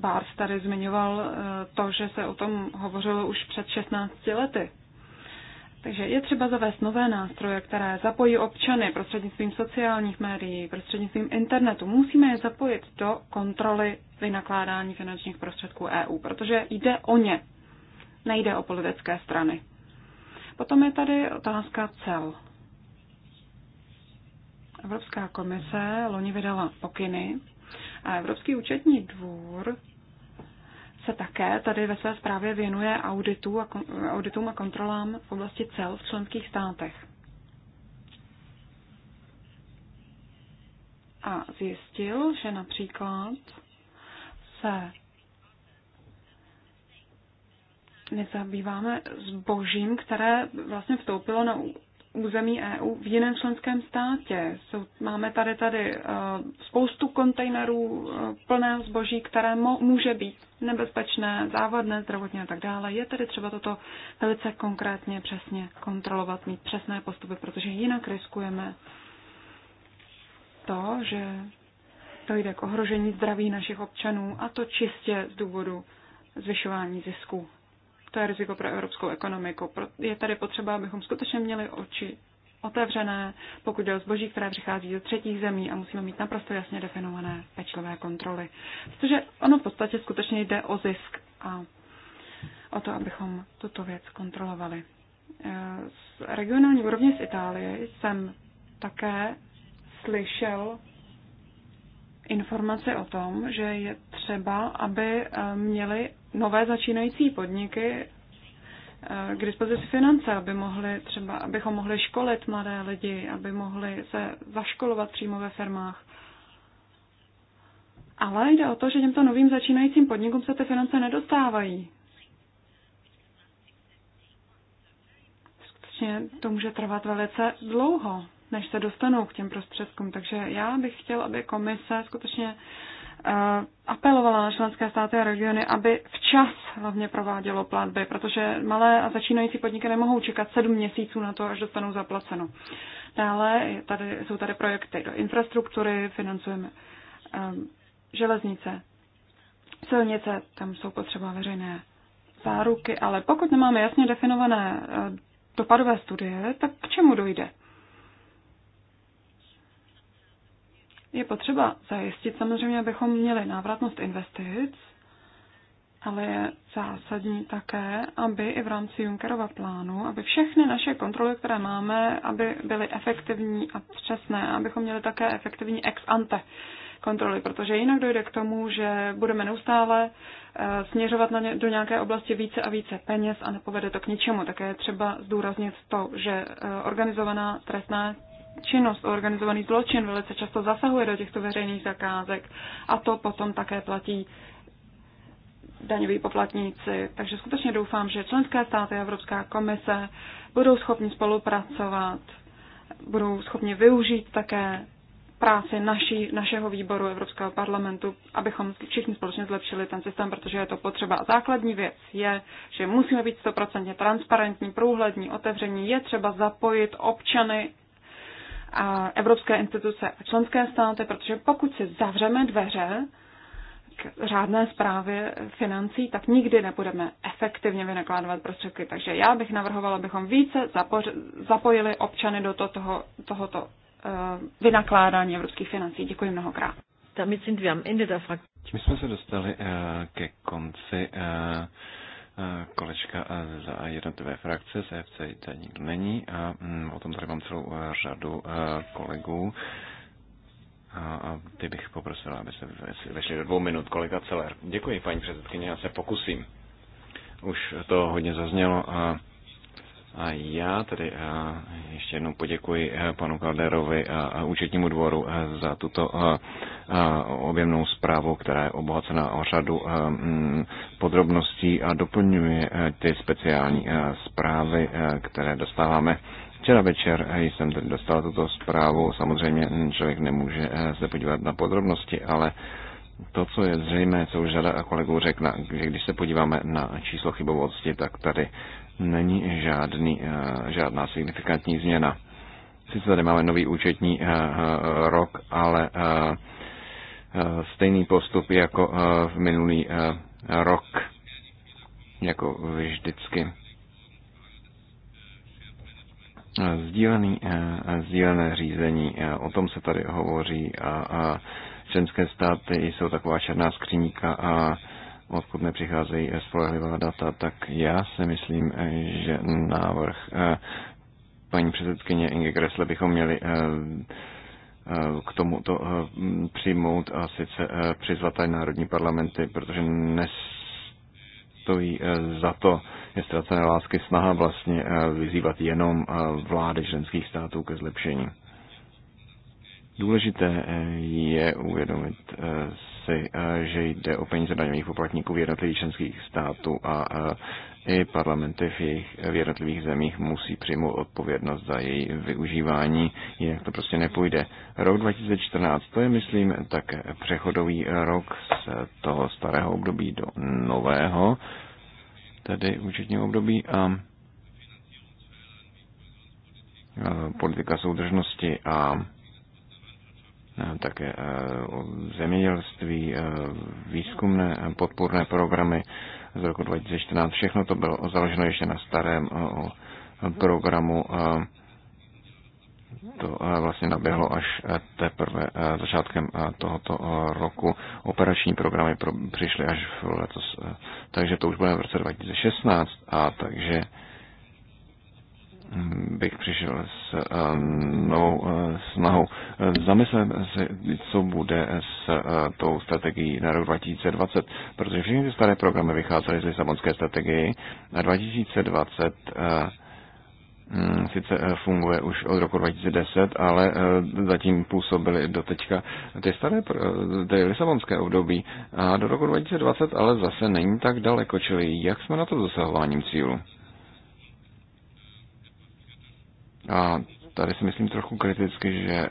Bárs tady zmiňoval eh, to, že se o tom hovořilo už před 16 lety. Takže je třeba zavést nové nástroje, které zapojí občany prostřednictvím sociálních médií, prostřednictvím internetu. Musíme je zapojit do kontroly vynakládání finančních prostředků EU, protože jde o ně, nejde o politické strany. Potom je tady otázka cel. Evropská komise loni vydala pokyny a Evropský účetní dvůr se také tady ve své zprávě věnuje auditu a, auditům a kontrolám v oblasti cel v členských státech. A zjistil, že například se nezabýváme zbožím, které vlastně vstoupilo na území EU v jiném členském státě. Jsou, máme tady tady eh, spoustu kontejnerů eh, plného zboží, které mo, může být nebezpečné, závadné, zdravotně a tak dále. Je tedy třeba toto velice konkrétně, přesně kontrolovat, mít přesné postupy, protože jinak riskujeme to, že to jde k ohrožení zdraví našich občanů a to čistě z důvodu zvyšování zisku to je riziko pro evropskou ekonomiku. Je tady potřeba, abychom skutečně měli oči otevřené, pokud jde o zboží, které přichází ze třetích zemí a musíme mít naprosto jasně definované pečlivé kontroly. Protože ono v podstatě skutečně jde o zisk a o to, abychom tuto věc kontrolovali. E, z regionální úrovně z Itálie jsem také slyšel informace o tom, že je třeba, aby e, měli nové začínající podniky eh, k dispozici finance, aby mohli třeba, abychom mohli školit mladé lidi, aby mohli se zaškolovat přímo ve firmách. Ale jde o to, že těmto novým začínajícím podnikům se ty finance nedostávají. Skutečně to může trvat velice dlouho, než se dostanou k těm prostředkům. Takže já bych chtěl, aby komise skutečně uh, Eh, apelovala na členské státy a regiony, aby včas hlavně provádělo platby, protože malé a začínající podniky nemohou čekat sedm měsíců na to, až dostanou zaplaceno. Dále tady, jsou tady projekty do infrastruktury, financujeme um, železnice, silnice, tam jsou potřeba veřejné záruky, ale pokud nemáme jasně definované eh, dopadové studie, tak k čemu dojde? je potřeba zajistit samozřejmě, abychom měli návratnost investic, ale je zásadní také, aby i v rámci Junckerova plánu, aby všechny naše kontroly, které máme, aby byly efektivní a přesné, abychom měli také efektivní ex ante kontroly, protože jinak dojde k tomu, že budeme neustále eh, směřovat na ně, do nějaké oblasti více a více peněz a nepovede to k ničemu. Také je třeba zdůraznit to, že eh, organizovaná trestná činnost, organizovaný zločin velice často zasahuje do těchto veřejných zakázek a to potom také platí daňoví poplatníci. Takže skutečně doufám, že členské státy a Evropská komise budou schopni spolupracovat, budou schopni využít také práci naší, našeho výboru Evropského parlamentu, abychom všichni společně zlepšili ten systém, protože je to potřeba. A základní věc je, že musíme být stoprocentně transparentní, průhlední, otevření. Je třeba zapojit občany a evropské instituce a členské státy, protože pokud si zavřeme dveře k řádné zprávě financí, tak nikdy nebudeme efektivně vynakládovat prostředky. Takže já bych navrhovala, abychom více zapojili občany do to, toho, tohoto uh, vynakládání evropských financí. Děkuji mnohokrát. Tam sind wir am Ende der Tím jsme se dostali uh, ke konci uh Eh, kolečka eh, za jednotlivé frakce, z FC tady nikdo není a mm, o tom tady mám celou eh, řadu kolegů. A ty bych poprosil, aby se vešli do dvou minut. Kolega Celer. Děkuji, paní předsedkyně, já se pokusím. Už to hodně zaznělo a a já tedy eh, ještě jednou poděkuji eh, panu Kalderovi a účetnímu dvoru eh, za tuto objemnou zprávu, která je obohacena o řadu mm, podrobností a doplňuje ty speciální zprávy, které dostáváme Včera večer jsem tedy dostal tuto zprávu. Samozřejmě mm, člověk nemůže se podívat na podrobnosti, ale to, co je zřejmé, co už řada kolegů řekla, že když se podíváme na číslo chybovosti, tak tady není žádný, eh, žádná signifikantní změna. Sice tady máme nový účetní eh, eh, rok, ale stejný postup jako v minulý rok, jako vždycky. Sdílený, sdílené řízení, o tom se tady hovoří a, a členské státy jsou taková černá skříníka a odkud nepřicházejí spolehlivá data, tak já si myslím, že návrh eh, paní předsedkyně Inge Gressle bychom měli eh, eh, k tomuto přijmout a sice přizvat tady národní parlamenty, protože nestojí za to, je ztracené lásky snaha vlastně vyzývat jenom vlády ženských států ke zlepšení. Důležité je uvědomit si, eh, že jde o peníze daňových poplatníků v jednotlivých členských států a eh, i parlamenty v, jejich, v jednotlivých zemích musí přijmout odpovědnost za její využívání, jinak to prostě nepůjde. Rok 2014 to je, myslím, tak přechodový rok z toho starého období do nového, tedy účetního období a eh, politika soudržnosti a Eh, také eh, zemědělství, eh, výzkumné podpůrné programy z roku 2014. Všechno to bylo založeno ještě na starém programu. To vlastně naběhlo až teprve začátkem tohoto roku. Operační programy přišly až v letos, takže to už bude v roce 2016 a takže bych přišel s eh, novou eh, snahou. Zamyslím se, co bude s eh, tou strategií na rok 2020, protože všechny ty staré programy vycházely z Lisabonské strategii a 2020 mm, sice funguje už od roku 2010, ale zatím působily do teďka ty staré, ty lisabonské období a do roku 2020 ale zase není tak daleko, čili jak jsme na to dosahováním cílu? A tady si myslím trochu kriticky, že eh,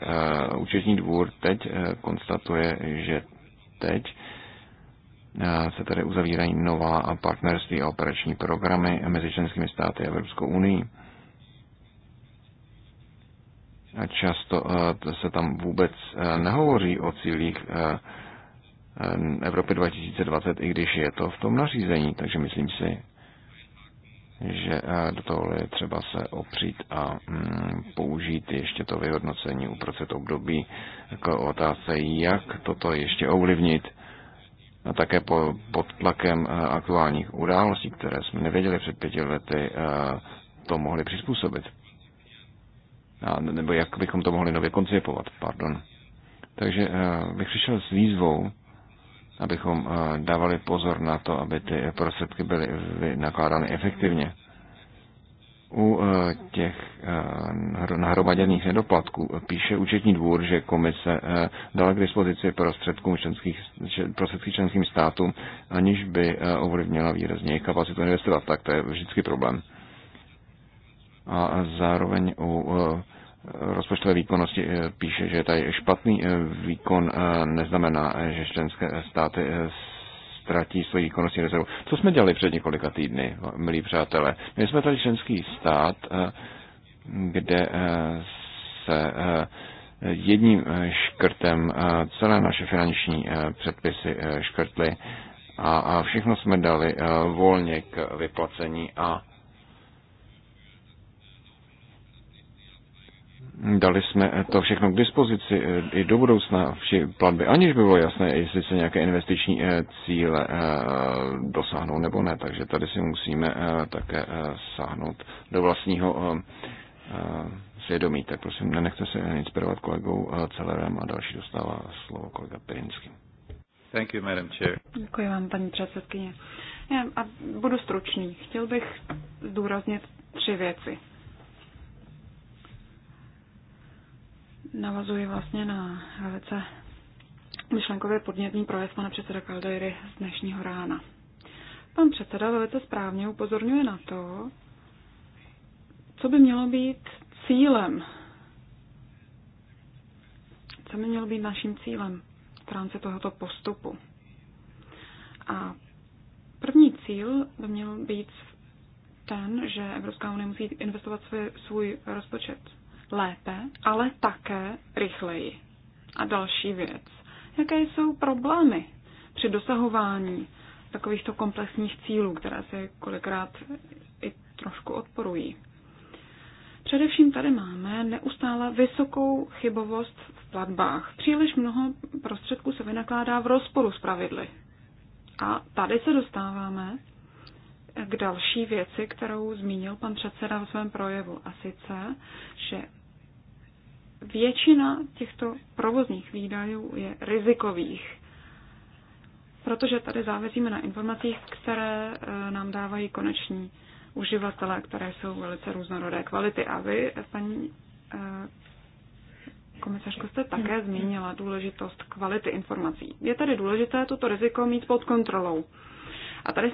účetní dvůr teď eh, konstatuje, že teď eh, se tady uzavírají nová partnerství a operační programy mezi členskými státy a Evropskou unii. A často se tam vůbec nehovoří o cílích Evropy 2020, i když je to v tom nařízení, takže myslím si, že eh, do toho je třeba se opřít a mm, použít ještě to vyhodnocení uprostřed období k otázce, jak toto ještě ovlivnit. A také po, pod tlakem eh, aktuálních událostí, které jsme nevěděli před pěti lety, eh, to mohli přizpůsobit. A, nebo jak bychom to mohli nově koncipovat, pardon. Takže bych přišel s výzvou, abychom eh, dávali pozor na to, aby ty prostředky byly nakládány efektivně. U eh, těch eh, nahromaděných nedoplatků píše účetní dvůr, že komise dala k dispozici prostředkům členských, prostředky členským státům, aniž by ovlivnila výrazně kapacitu investovat. Tak to je vždycky problém. A zároveň u rozpočtové výkonnosti eh, píše, že tady špatný eh, výkon eh, neznamená, že členské státy ztratí svoji výkonnostní rezervu. Co jsme dělali před několika týdny, milí přátelé? My jsme tady členský stát, kde se jedním škrtem celé naše finanční předpisy škrtly a všechno jsme dali volně k vyplacení a Dali jsme to všechno k dispozici eh, i do budoucna vši platby, aniž by bylo jasné, jestli se nějaké investiční eh, cíle eh, dosáhnou nebo ne. Takže tady si musíme také sáhnout do vlastního svědomí. Tak prosím, nenechte se inspirovat kolegou Celerem a další dostává slovo kolega Pirinský. Thank you, Madam Chair. Děkuji vám, paní předsedkyně. Já, a budu stručný. Chtěl bych zdůraznit tři věci. navazuji vlastně na velice myšlenkově podnětný projev pana předseda Kaldejry z dnešního rána. Pan předseda velice správně upozorňuje na to, co by mělo být cílem. Co by mělo být naším cílem v rámci tohoto postupu. A první cíl by měl být ten, že Evropská unie musí investovat svůj, svůj rozpočet lépe, ale také rychleji. A další věc. Jaké jsou problémy při dosahování takovýchto komplexních cílů, které se kolikrát i trošku odporují? Především tady máme neustále vysokou chybovost v platbách. Příliš mnoho prostředků se vynakládá v rozporu s pravidly. A tady se dostáváme k další věci, kterou zmínil pan předseda v svém projevu, a sice, že většina těchto provozních výdajů je rizikových, protože tady závisíme na informacích, které eh, nám dávají koneční uživatelé, které jsou velice různorodé kvality. A vy, paní eh, komisařko, jste také zmínila důležitost kvality informací. Je tady důležité toto riziko mít pod kontrolou. A tady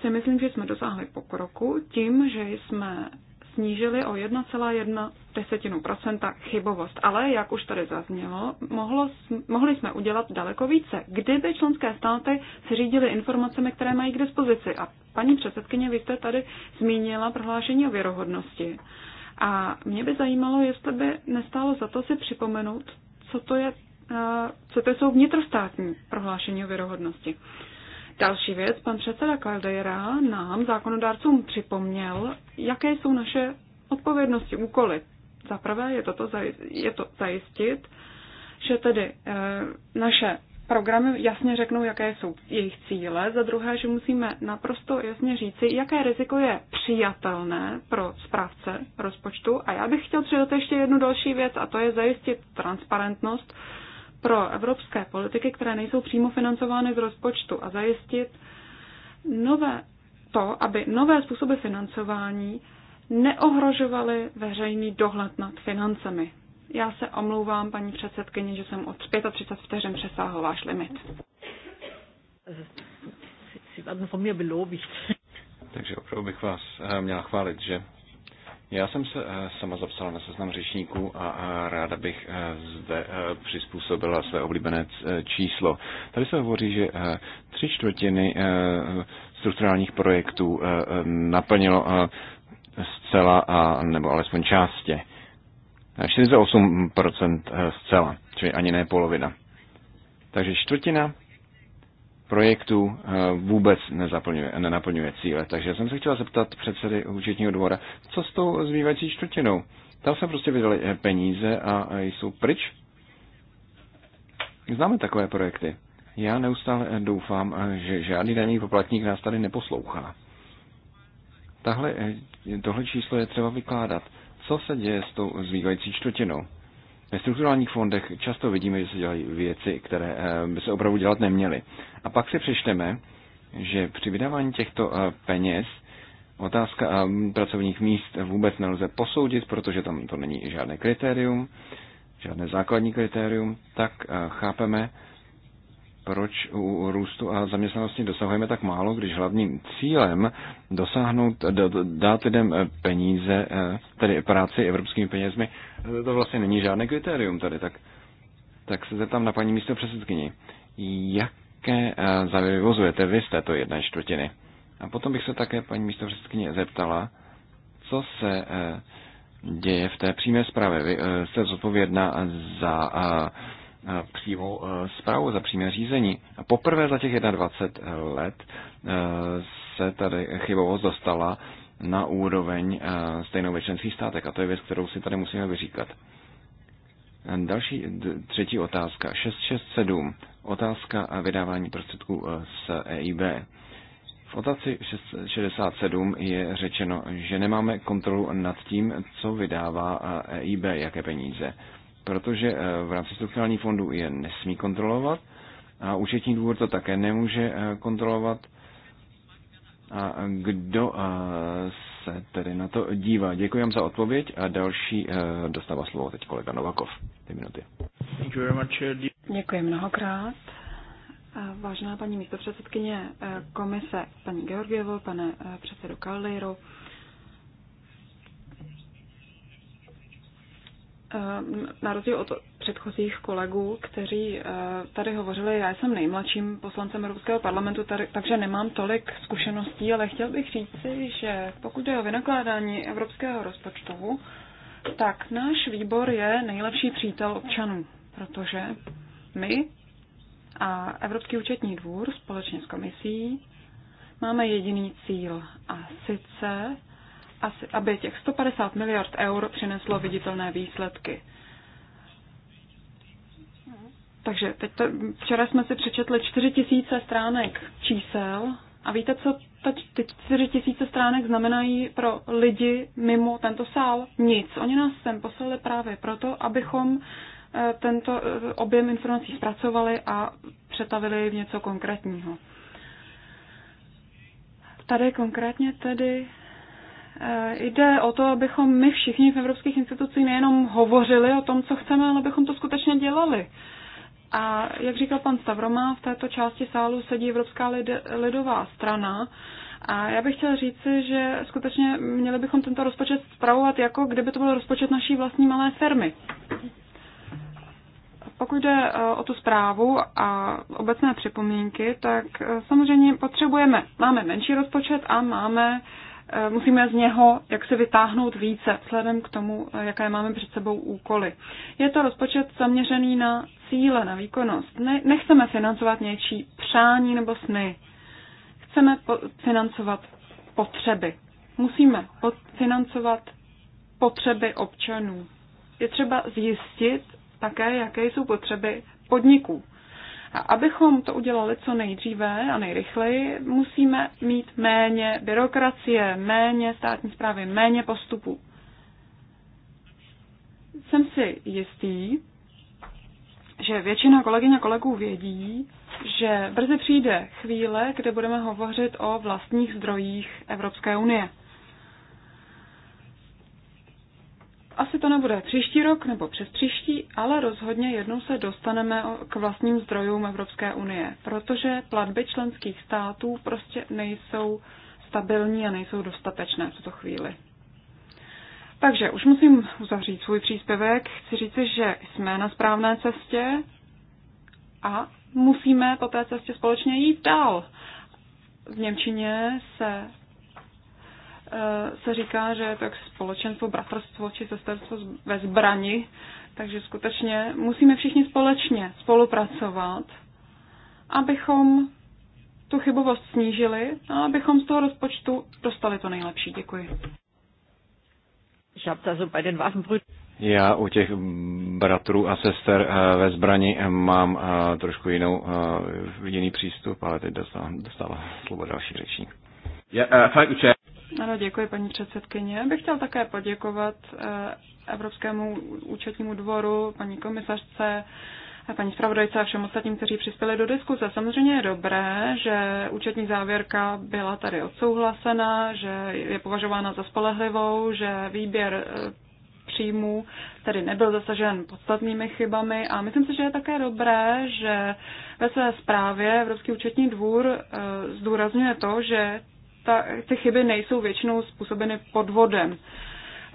si myslím, že jsme dosáhli pokroku tím, že jsme snížili o 1,1 chybovost. Ale, jak už tady zaznělo, mohlo, mohli jsme udělat daleko více, kdyby členské státy se řídily informacemi, které mají k dispozici. A paní předsedkyně, vy jste tady zmínila prohlášení o věrohodnosti. A mě by zajímalo, jestli by nestálo za to si připomenout, co to je eh, co to jsou vnitrostátní prohlášení o věrohodnosti. Další věc, pan předseda Caldera nám, zákonodárcům, připomněl, jaké jsou naše odpovědnosti, úkoly. Za prvé je, toto, je to zajistit, že tedy e, naše programy jasně řeknou, jaké jsou jejich cíle, za druhé, že musíme naprosto jasně říci, jaké riziko je přijatelné pro správce rozpočtu. A já bych chtěl přidat ještě jednu další věc, a to je zajistit transparentnost pro evropské politiky, které nejsou přímo financovány z rozpočtu a zajistit nové, to, aby nové způsoby financování neohrožovaly veřejný dohled nad financemi. Já se omlouvám, paní předsedkyně, že jsem od 35 vteřin přesáhl váš limit. Takže opravdu bych vás měla chválit, že já jsem se eh, sama zapsala na seznam řečníků a ráda bych eh, zde eh, přizpůsobila své oblíbené číslo. Tady se hovoří, že tři čtvrtiny strukturálních projektů naplnilo zcela a, nebo alespoň částě. 48% zcela, čili ani ne polovina. Takže čtvrtina Projektu eh, vůbec nezaplňuje, nenaplňuje cíle. Takže jsem se chtěla zeptat předsedy účetního dvora, co s tou zbývající čtvrtinou? Tam se prostě vydali eh, peníze a jsou pryč. Známe takové projekty. Já neustále eh, doufám, že žádný daný poplatník nás tady neposlouchá. Tahle, tohle číslo je třeba vykládat. Co se děje s tou zbývající čtvrtinou? Ve strukturálních fondech často vidíme, že se dělají věci, které eh, by se opravdu dělat neměly. A pak si přečteme, že při vydávání těchto eh, peněz otázka eh, pracovních míst vůbec nelze posoudit, protože tam to není žádné kritérium, žádné základní kritérium, tak chápeme, proč u růstu a zaměstnanosti dosahujeme tak málo, když hlavním cílem dosáhnout, dát lidem eh, peníze, eh, tedy práci evropskými penězmi, eh, to vlastně není žádné kritérium tady, tak, tak se zeptám na paní místo předsedkyni, jaké závěry vyvozujete vy z této jedné čtvrtiny? A potom bych se také paní místo předsedkyně zeptala, co se děje v té přímé zprávě. Vy jste zodpovědná za Eh, přímou eh, zprávu, za přímé řízení. A poprvé za těch 21 let eh, se tady chybovost dostala na úroveň stejnou ve členských A to je věc, kterou si tady musíme vyříkat. Další, třetí otázka. 667. Otázka a vydávání prostředků z EIB. V otázce 67 je řečeno, že nemáme kontrolu nad tím, co vydává EIB, e jaké peníze protože eh, v rámci strukturální fondu je nesmí kontrolovat a účetní důvod to také nemůže eh, kontrolovat. A kdo eh, se tedy na to dívá? Děkuji vám za odpověď a další dostává slovo teď kolega Novakov. Ty minuty. Děkuji mnohokrát. Vážená paní místopředsedkyně komise, paní Georgievo, pane předsedu Kalliru, Eh, na rozdíl od předchozích kolegů, kteří eh, tady hovořili, já jsem nejmladším poslancem Evropského parlamentu, tady, takže nemám tolik zkušeností, ale chtěl bych říci, že pokud je o vynakládání evropského rozpočtu, tak náš výbor je nejlepší přítel občanů, protože my a Evropský účetní dvůr společně s komisí máme jediný cíl a sice asi, aby těch 150 miliard eur přineslo viditelné výsledky. Takže teď to, včera jsme si přečetli 4 tisíce stránek čísel a víte, co ta, ty 4 tisíce stránek znamenají pro lidi mimo tento sál? Nic. Oni nás sem poslali právě proto, abychom eh, tento eh, objem informací zpracovali a přetavili v něco konkrétního. Tady konkrétně tedy Eh, jde o to, abychom my všichni v evropských institucích nejenom hovořili o tom, co chceme, ale abychom to skutečně dělali. A jak říkal pan Stavroma, v této části sálu sedí Evropská lidová strana. A já bych chtěla říci, že skutečně měli bychom tento rozpočet spravovat jako kdyby to byl rozpočet naší vlastní malé firmy. Pokud jde eh, o tu zprávu a obecné připomínky, tak eh, samozřejmě potřebujeme, máme menší rozpočet a máme uh, Eh, musíme z něho jak se vytáhnout více, vzhledem k tomu, eh, jaké máme před sebou úkoly. Je to rozpočet zaměřený na cíle, na výkonnost. Ne, nechceme financovat něčí přání nebo sny. Chceme po- financovat potřeby. Musíme pod- financovat potřeby občanů. Je třeba zjistit také, jaké jsou potřeby podniků. A abychom to udělali co nejdříve a nejrychleji, musíme mít méně byrokracie, méně státní zprávy, méně postupů. Jsem si jistý, že většina kolegyně a kolegů vědí, že brzy přijde chvíle, kde budeme hovořit o vlastních zdrojích Evropské unie. Asi to nebude příští rok nebo přes příští, ale rozhodně jednou se dostaneme k vlastním zdrojům Evropské unie, protože platby členských států prostě nejsou stabilní a nejsou dostatečné v tuto chvíli. Takže už musím uzavřít svůj příspěvek. Chci říct, že jsme na správné cestě a musíme po té cestě společně jít dál. V Němčině se Eh, se říká, že je to jak společenstvo, bratrstvo či sesterstvo ve zbrani, takže skutečně musíme všichni společně spolupracovat, abychom tu chybovost snížili a abychom z toho rozpočtu dostali to nejlepší. Děkuji. Já u těch bratrů a sester eh, ve zbrani eh, mám trošku jinou, jiný přístup, ale teď dostává, dostává slovo další řečník. Yeah, uh, ano, děkuji paní předsedkyně. Já bych chtěl také poděkovat eh, Evropskému účetnímu dvoru, paní komisařce, paní zpravodajce a všem ostatním, kteří přispěli do diskuze. Samozřejmě je dobré, že účetní závěrka byla tady odsouhlasena, že je považována za spolehlivou, že výběr eh, příjmů tedy nebyl zasažen podstatnými chybami a myslím si, že je také dobré, že ve své zprávě Evropský účetní dvůr eh, zdůrazňuje to, že ta, ty chyby nejsou většinou způsobeny podvodem.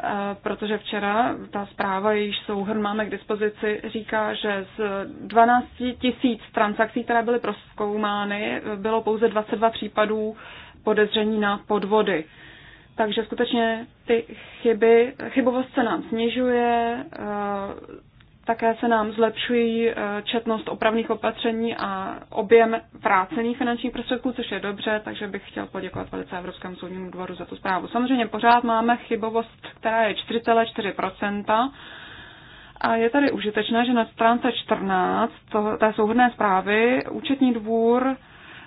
Eh, protože včera ta zpráva, jejíž souhrn máme k dispozici, říká, že z 12 tisíc transakcí, které byly proskoumány, bylo pouze 22 případů podezření na podvody. Takže skutečně ty chyby, chybovost se nám snižuje, eh, také se nám zlepšují eh, četnost opravných opatření a objem vrácených finančních prostředků, což je dobře, takže bych chtěl poděkovat velice Evropskému soudnímu dvoru za tu zprávu. Samozřejmě pořád máme chybovost, která je 4,4%. A je tady užitečné, že na stránce 14 to, té souhodné zprávy účetní dvůr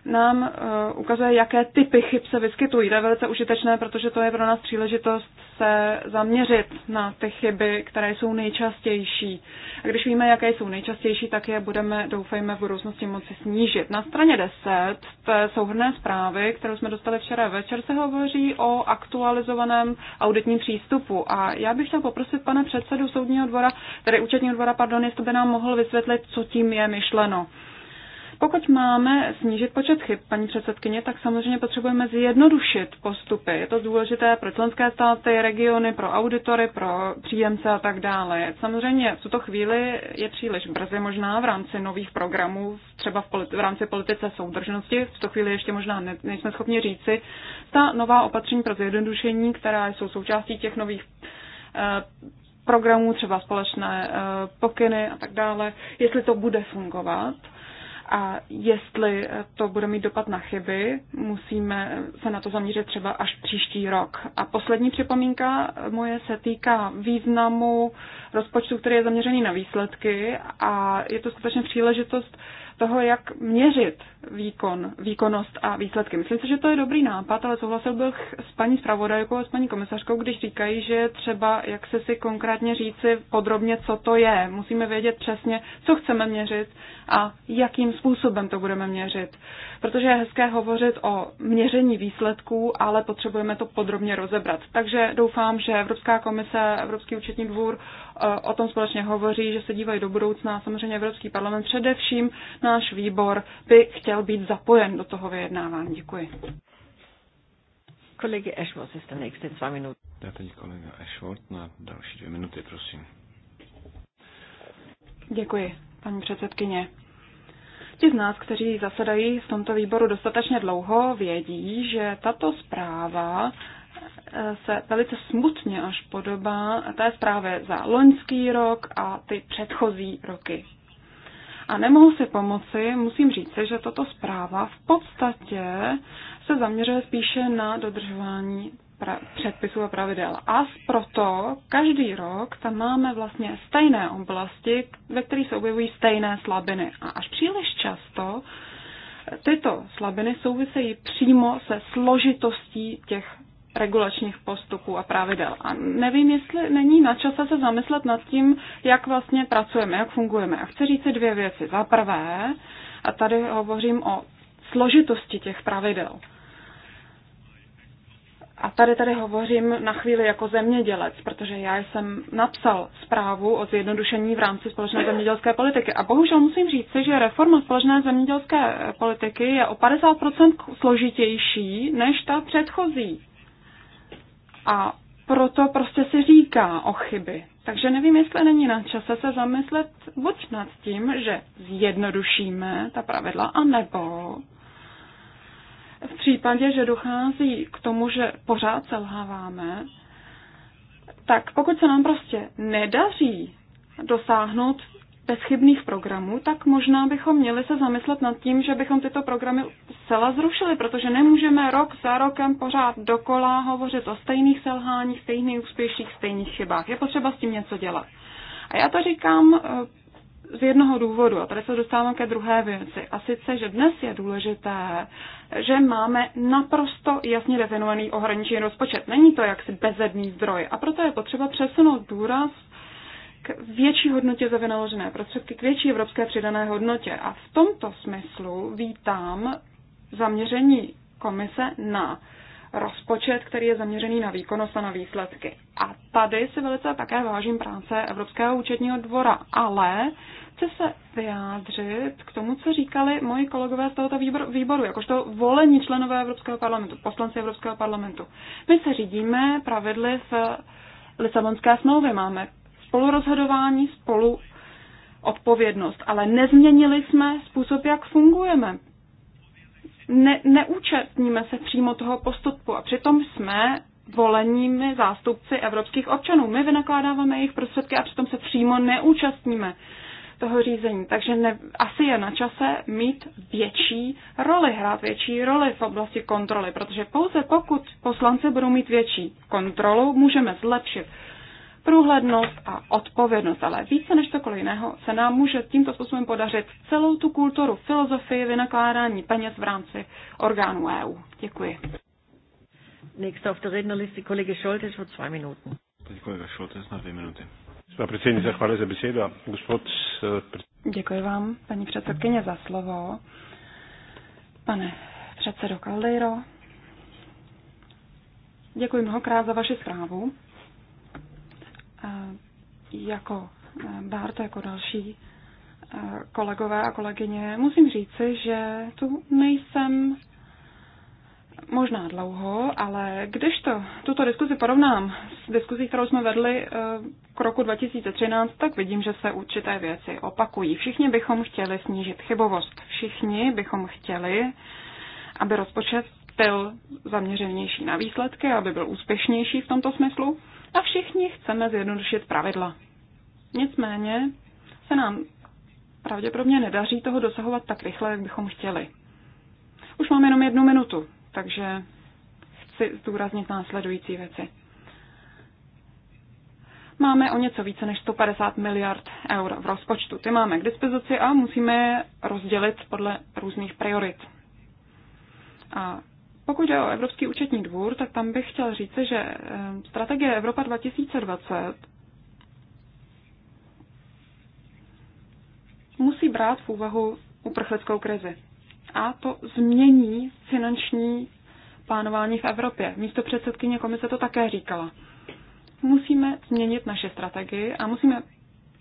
nám eh, ukazuje, jaké typy chyb se vyskytují. To je velice užitečné, protože to je pro nás příležitost se zaměřit na ty chyby, které jsou nejčastější. A když víme, jaké jsou nejčastější, tak je budeme, doufejme, v budoucnosti moci snížit. Na straně 10 té souhrné zprávy, kterou jsme dostali včera večer, se hovoří o aktualizovaném auditním přístupu. A já bych chtěl poprosit pana předsedu soudního dvora, tedy účetního dvora, pardon, jestli by nám mohl vysvětlit, co tím je myšleno. Pokud máme snížit počet chyb, paní předsedkyně, tak samozřejmě potřebujeme zjednodušit postupy. Je to důležité pro členské státy, regiony, pro auditory, pro příjemce a tak dále. Samozřejmě v tuto chvíli je příliš brzy možná v rámci nových programů, třeba v, politi- v rámci politice soudržnosti, v tuto chvíli ještě možná ne- nejsme schopni říci, ta nová opatření pro zjednodušení, která jsou součástí těch nových eh, programů, třeba společné eh, pokyny a tak dále, jestli to bude fungovat – a jestli to bude mít dopad na chyby, musíme se na to zaměřit třeba až příští rok. A poslední připomínka moje se týká významu rozpočtu, který je zaměřený na výsledky a je to skutečně příležitost toho, jak měřit výkon, výkonnost a výsledky. Myslím si, že to je dobrý nápad, ale souhlasil bych s paní zpravodajkou a s paní komisařkou, když říkají, že třeba, jak se si konkrétně říci podrobně, co to je. Musíme vědět přesně, co chceme měřit a jakým způsobem to budeme měřit. Protože je hezké hovořit o měření výsledků, ale potřebujeme to podrobně rozebrat. Takže doufám, že Evropská komise, Evropský účetní dvůr o tom společně hovoří, že se dívají do budoucna. Samozřejmě Evropský parlament, především náš výbor, by chtěl být zapojen do toho vyjednávání. Děkuji. Kolegy Ashworth jste nejste dva minuty. Já teď kolega Ashworth na další dvě minuty, prosím. Děkuji, paní předsedkyně. Ti z nás, kteří zasedají v tomto výboru dostatečně dlouho, vědí, že tato zpráva se velice smutně až podobá té zprávě za loňský rok a ty předchozí roky. A nemohu si pomoci, musím říct, že toto zpráva v podstatě se zaměřuje spíše na dodržování předpisů a pravidel. A proto každý rok tam máme vlastně stejné oblasti, ve kterých se objevují stejné slabiny. A až příliš často tyto slabiny souvisejí přímo se složitostí těch regulačních postupů a pravidel. A nevím, jestli není na čase se zamyslet nad tím, jak vlastně pracujeme, jak fungujeme. A chci říct dvě věci. Za prvé, a tady hovořím o složitosti těch pravidel. A tady tady hovořím na chvíli jako zemědělec, protože já jsem napsal zprávu o zjednodušení v rámci společné zemědělské politiky. A bohužel musím říct, že reforma společné zemědělské politiky je o 50% složitější než ta předchozí. A proto prostě si říká o chyby. Takže nevím, jestli není na čase se zamyslet buď nad tím, že zjednodušíme ta pravidla, anebo v případě, že dochází k tomu, že pořád selháváme, tak pokud se nám prostě nedaří dosáhnout bezchybných programů, tak možná bychom měli se zamyslet nad tím, že bychom tyto programy zcela zrušili, protože nemůžeme rok za rokem pořád dokola hovořit o stejných selháních, stejných neúspěších, stejných chybách. Je potřeba s tím něco dělat. A já to říkám eh, z jednoho důvodu, a tady se dostávám ke druhé věci, a sice, že dnes je důležité, že máme naprosto jasně definovaný ohraničený rozpočet. Není to jaksi bezedný zdroj a proto je potřeba přesunout důraz k větší hodnotě za vynaložené prostředky, k větší evropské přidané hodnotě. A v tomto smyslu vítám zaměření komise na rozpočet, který je zaměřený na výkonnost a na výsledky. A tady si velice také vážím práce Evropského účetního dvora, ale chci se vyjádřit k tomu, co říkali moji kolegové z tohoto výboru, jakožto volení členové Evropského parlamentu, poslanci Evropského parlamentu. My se řídíme pravidly v Lisabonské smlouvy. Máme spolurozhodování, spolu odpovědnost, ale nezměnili jsme způsob, jak fungujeme. Ne, neúčastníme se přímo toho postupu a přitom jsme volenými zástupci evropských občanů. My vynakládáváme jejich prostředky a přitom se přímo neúčastníme toho řízení. Takže ne, asi je na čase mít větší roli, hrát větší roli v oblasti kontroly, protože pouze pokud poslanci budou mít větší kontrolu, můžeme zlepšit průhlednost a odpovědnost. Ale více než cokoliv jiného se nám může tímto způsobem podařit celou tu kulturu, filozofii vynakládání peněz v rámci orgánů EU. Děkuji. Nächster auf der Rednerliste Kollege Scholtes für zwei Minuten. Kolega Šoltes na dvě minuty. Sva předsednice, chvále za besedu. Gospod... Eh, děkuji vám, paní předsedkyně, za slovo. Pane předsedo Caldeiro, děkuji mnohokrát za vaši zprávu jako e, Bárta, jako další e, kolegové a kolegyně, musím říci, že tu nejsem možná dlouho, ale když to, tuto diskuzi porovnám s diskuzí, kterou jsme vedli e, k roku 2013, tak vidím, že se určité věci opakují. Všichni bychom chtěli snížit chybovost. Všichni bychom chtěli, aby rozpočet byl zaměřenější na výsledky, aby byl úspěšnější v tomto smyslu. A všichni chceme zjednodušit pravidla. Nicméně se nám pravděpodobně nedaří toho dosahovat tak rychle, jak bychom chtěli. Už mám jenom jednu minutu, takže chci zdůraznit následující věci. Máme o něco více než 150 miliard eur v rozpočtu. Ty máme k dispozici a musíme je rozdělit podle různých priorit. A pokud jde o Evropský účetní dvůr, tak tam bych chtěl říct, že eh, strategie Evropa 2020 musí brát v úvahu uprchlickou krizi. A to změní finanční plánování v Evropě. Místo předsedkyně komise to také říkala. Musíme změnit naše strategii a musíme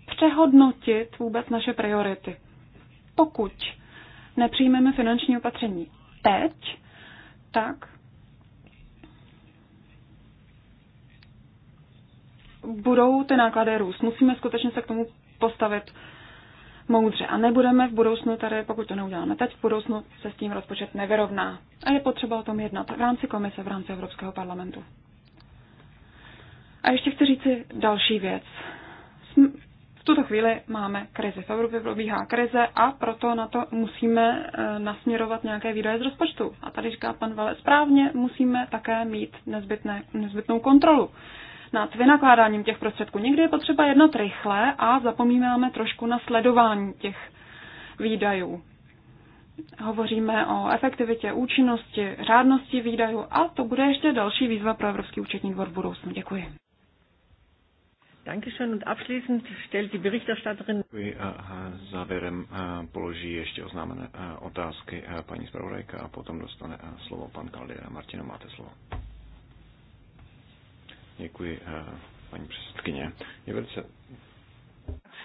přehodnotit vůbec naše priority. Pokud nepřijmeme finanční opatření teď, tak budou ty náklady růst. Musíme skutečně se k tomu postavit moudře. A nebudeme v budoucnu tady, pokud to neuděláme teď, v budoucnu se s tím rozpočet nevyrovná. A je potřeba o tom jednat v rámci komise, v rámci Evropského parlamentu. A ještě chci říci další věc tuto chvíli máme krizi. V Evropě probíhá krize a proto na to musíme eh, nasměrovat nějaké výdaje z rozpočtu. A tady říká pan Vale správně, musíme také mít nezbytné, nezbytnou kontrolu nad vynakládáním těch prostředků. Někdy je potřeba jednat rychle a zapomínáme trošku na sledování těch výdajů. Hovoříme o efektivitě, účinnosti, řádnosti výdajů a to bude ještě další výzva pro Evropský účetní dvor v budoucnu. Děkuji. Dankeschön. Und abschließend stellt die Berichterstatterin. Děkuji a závěrem položí ještě oznámené otázky paní zpravodajka a potom dostane slovo pan Kaldera. Martino, máte slovo. Děkuji, paní předsedkyně. Je velice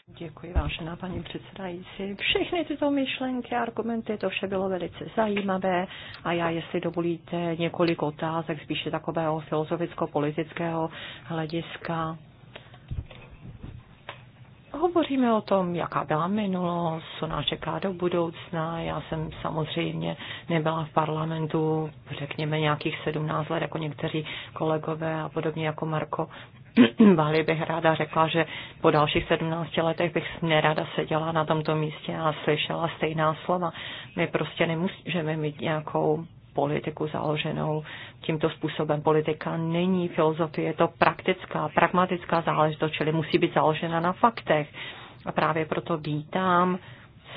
Děkuji, vážená paní předsedající. Všechny tyto myšlenky, argumenty, to vše bylo velice zajímavé a já, jestli dovolíte, několik otázek, spíše takového filozoficko-politického hlediska Hovoříme o tom, jaká byla minulost, co nás čeká do budoucna. Já jsem samozřejmě nebyla v parlamentu, řekněme, nějakých 17 let, jako někteří kolegové a podobně jako Marko Bali bych ráda řekla, že po dalších 17 letech bych nerada seděla na tomto místě a slyšela stejná slova. My prostě nemůžeme mít nějakou politiku založenou tímto způsobem. Politika není filozofie, je to praktická, pragmatická záležitost, čili musí být založena na faktech. A právě proto vítám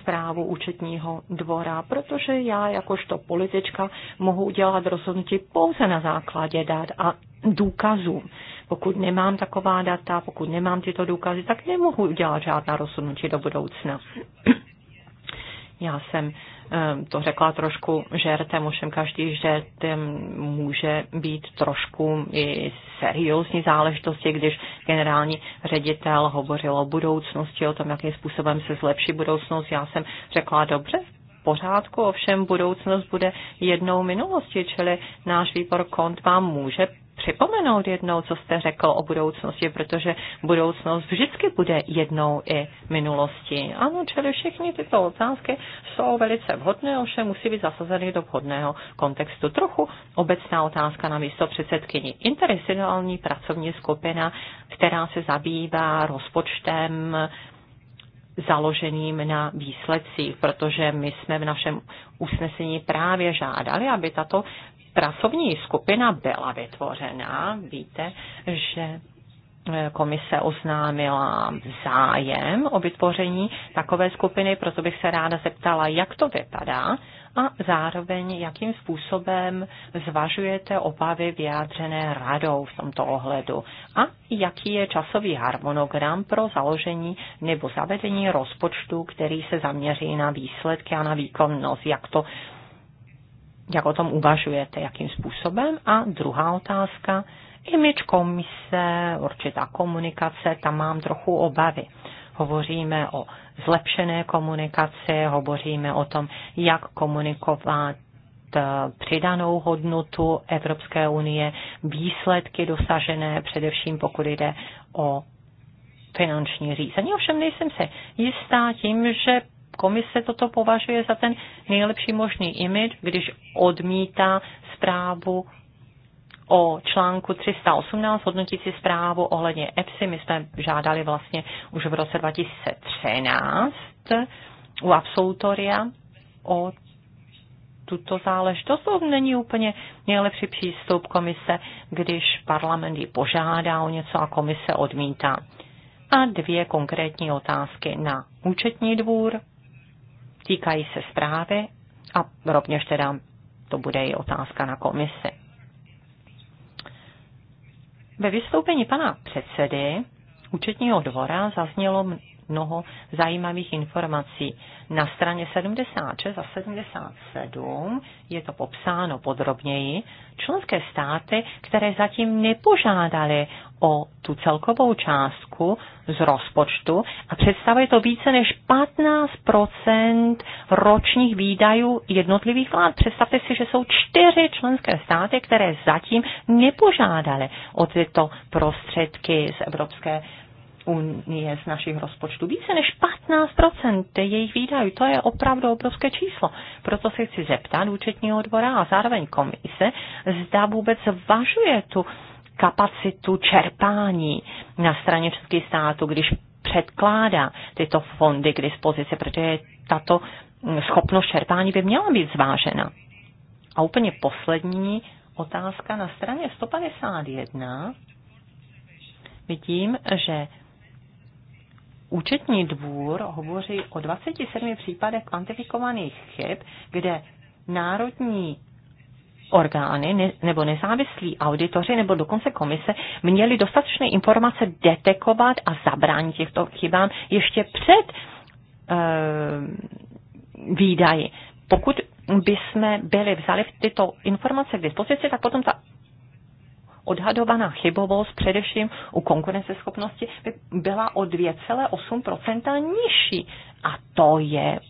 zprávu účetního dvora, protože já jakožto politička mohu udělat rozhodnutí pouze na základě dat a důkazů. Pokud nemám taková data, pokud nemám tyto důkazy, tak nemohu udělat žádná rozhodnutí do budoucna. Já jsem eh, to řekla trošku žertem, ovšem každý žert eh, může být trošku i seriózní záležitosti, když generální ředitel hovořil o budoucnosti, o tom, jakým způsobem se zlepší budoucnost. Já jsem řekla, dobře, pořádku, ovšem budoucnost bude jednou minulostí, čili náš výbor kont vám může připomenout jednou, co jste řekl o budoucnosti, protože budoucnost vždycky bude jednou i minulosti. Ano, čili všechny tyto otázky jsou velice vhodné, ovšem musí být zasazeny do vhodného kontextu. Trochu obecná otázka na místo předsedkyni. Interinstitucionální pracovní skupina, která se zabývá rozpočtem založeným na výsledcích, protože my jsme v našem usnesení právě žádali, aby tato pracovní skupina byla vytvořena. Víte, že e, komise oznámila zájem o vytvoření takové skupiny, proto bych se ráda zeptala, jak to vypadá a zároveň jakým způsobem zvažujete obavy vyjádřené radou v tomto ohledu a jaký je časový harmonogram pro založení nebo zavedení rozpočtu, který se zaměří na výsledky a na výkonnost, jak to jak o tom uvažujete, jakým způsobem. A druhá otázka, imič komise, určitá komunikace, tam mám trochu obavy. Hovoříme o zlepšené komunikaci, hovoříme o tom, jak komunikovat eh, přidanou hodnotu Evropské unie, výsledky dosažené, především pokud jde o finanční řízení. Ovšem nejsem se jistá tím, že komise toto považuje za ten nejlepší možný image, když odmítá zprávu o článku 318 hodnotící zprávu ohledně EPSI. My jsme žádali vlastně už v roce 2013 u absolutoria o tuto záležitost. To není úplně nejlepší přístup komise, když parlament ji požádá o něco a komise odmítá. A dvě konkrétní otázky na účetní dvůr týkají se zprávy a rovněž teda to bude i otázka na komisi. Ve vystoupení pana předsedy účetního dvora zaznělo mnoho zajímavých informací. Na straně 76 a 77 je to popsáno podrobněji. Členské státy, které zatím nepožádali o tu celkovou částku z rozpočtu a představuje to více než 15 ročních výdajů jednotlivých vlád. Představte si, že jsou čtyři členské státy, které zatím nepožádaly o tyto prostředky z Evropské unie z našich rozpočtů. Více než 15% jejich výdajů, to je opravdu obrovské číslo. Proto se chci zeptat účetního dvora a zároveň komise, zda vůbec zvažuje tu kapacitu čerpání na straně českých států, když předkládá tyto fondy k dispozici, protože tato schopnost čerpání by měla být zvážena. A úplně poslední otázka na straně 151. Vidím, že Účetní dvůr hovoří o 27 případech kvantifikovaných chyb, kde národní orgány nebo nezávislí auditoři nebo dokonce komise měli dostatečné informace detekovat a zabránit těchto chybám ještě před e, výdaji. Pokud by jsme byli vzali tyto informace k dispozici, tak potom ta odhadovaná chybovost především u konkurenceschopnosti by byla o 2,8 nižší. A to je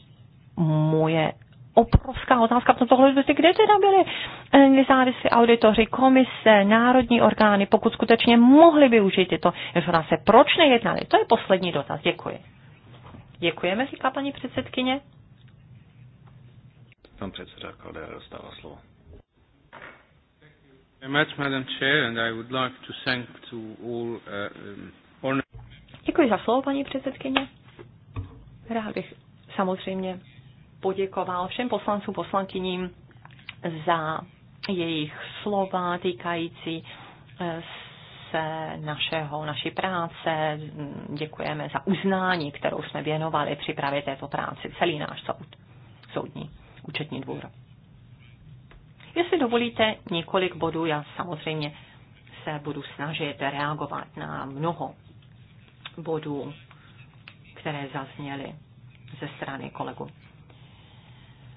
moje obrovská otázka v tomto hledu, kde teda byli eh, nezávislí auditoři, komise, národní orgány, pokud skutečně mohli využít tyto informace. Proč nejednali? To je poslední dotaz. Děkuji. Děkujeme, říká paní předsedkyně. Pan předseda Kaldera dostává slovo. Děkuji za slovo, paní předsedkyně. Rád bych samozřejmě poděkoval všem poslancům, poslankyním za jejich slova týkající eh, se našeho, naší práce. Děkujeme za uznání, kterou jsme věnovali právě této práci, celý náš soud, soudní účetní dvůr. Jestli dovolíte několik bodů, já samozřejmě se budu snažit reagovat na mnoho bodů, které zazněly ze strany kolegu.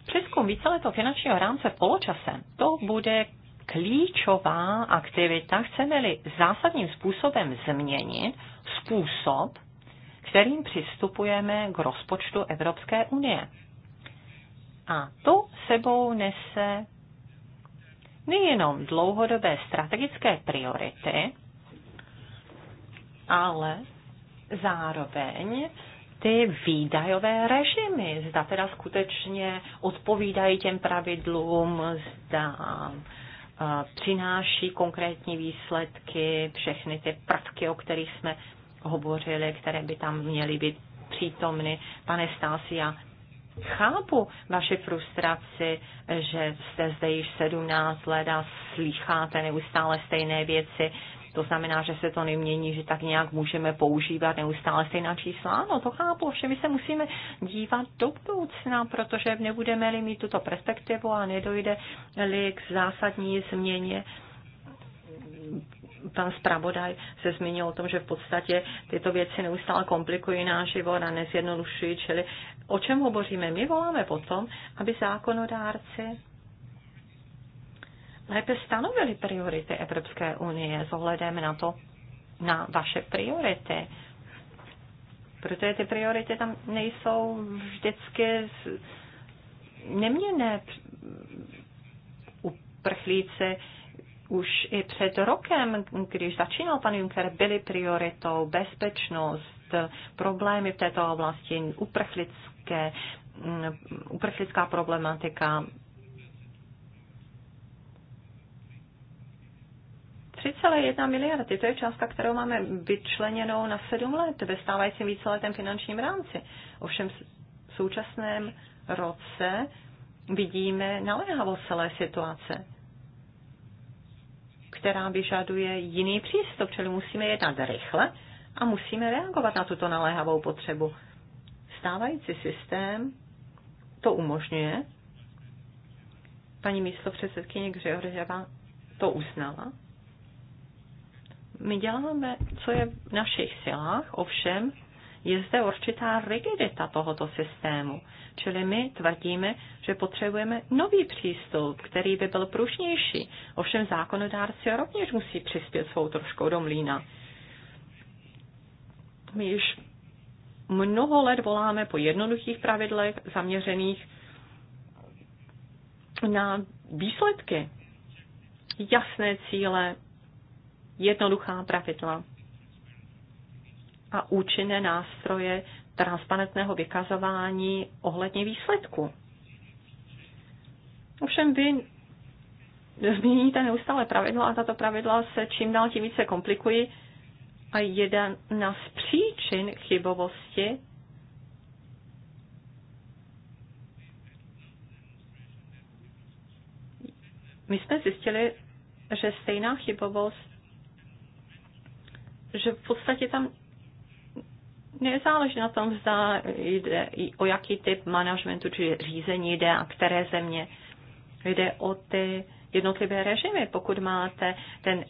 Přeskum víceletého finančního rámce v poločase, to bude klíčová aktivita, chceme-li zásadním způsobem změnit způsob, kterým přistupujeme k rozpočtu Evropské unie. A to sebou nese nejenom dlouhodobé strategické priority, ale zároveň ty výdajové režimy, zda teda skutečně odpovídají těm pravidlům, zda eh, přináší konkrétní výsledky, všechny ty prvky, o kterých jsme hovořili, které by tam měly být přítomny. Pane Stasi, já chápu vaši frustraci, že jste zde již 17 let a slycháte neustále stejné věci. To znamená, že se to nemění, že tak nějak můžeme používat neustále stejná čísla. Ano, to chápu, že my se musíme dívat do budoucna, protože nebudeme-li mít tuto perspektivu a nedojde-li k zásadní změně pan zpravodaj se zmínil o tom, že v podstatě tyto věci neustále komplikují náš život a nezjednodušují, čili o čem hovoříme? My voláme potom, aby zákonodárci lépe stanovili priority Evropské unie s ohledem na to, na vaše priority. Protože ty priority tam nejsou vždycky neměné. Uprchlíci už i před rokem, když začínal pan Juncker, byly prioritou bezpečnost, problémy v této oblasti, uprchlic, také mm, uprchlická problematika. jedna miliardy, to je částka, kterou máme vyčleněnou na sedm let ve stávajícím víceletém finančním rámci. Ovšem v současném roce vidíme naléhavost celé situace, která vyžaduje jiný přístup, čili musíme jednat rychle a musíme reagovat na tuto naléhavou potřebu. Stávající systém to umožňuje. Paní místo předsedkyně Gřehořeva to uznala. My děláme, co je v našich silách, ovšem je zde určitá rigidita tohoto systému. Čili my tvrdíme, že potřebujeme nový přístup, který by byl pružnější. Ovšem zákonodárci rovněž musí přispět svou troškou do mlína. My již mnoho let voláme po jednoduchých pravidlech zaměřených na výsledky, jasné cíle, jednoduchá pravidla a účinné nástroje transparentného vykazování ohledně výsledku. Ovšem vy změníte neustále pravidla a tato pravidla se čím dál tím více komplikují a jedna z příčin chybovosti My jsme zjistili, že stejná chybovost, že v podstatě tam nezáleží na tom, zda jde o jaký typ managementu či řízení jde a které země. Jde o ty jednotlivé režimy. Pokud máte ten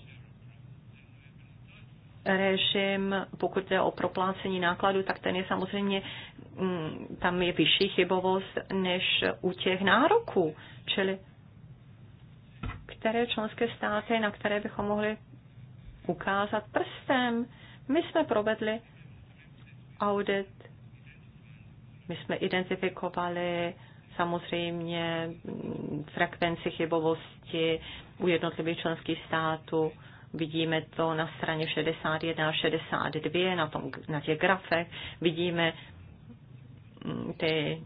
režim, pokud jde o proplácení nákladů, tak ten je samozřejmě, mm, tam je vyšší chybovost než u těch nároků. Čili které členské státy, na které bychom mohli ukázat prstem. My jsme provedli audit, my jsme identifikovali samozřejmě mm, frekvenci chybovosti u jednotlivých členských států Vidíme to na straně 61 a 62, na, tom, na těch grafech. Vidíme mm, ty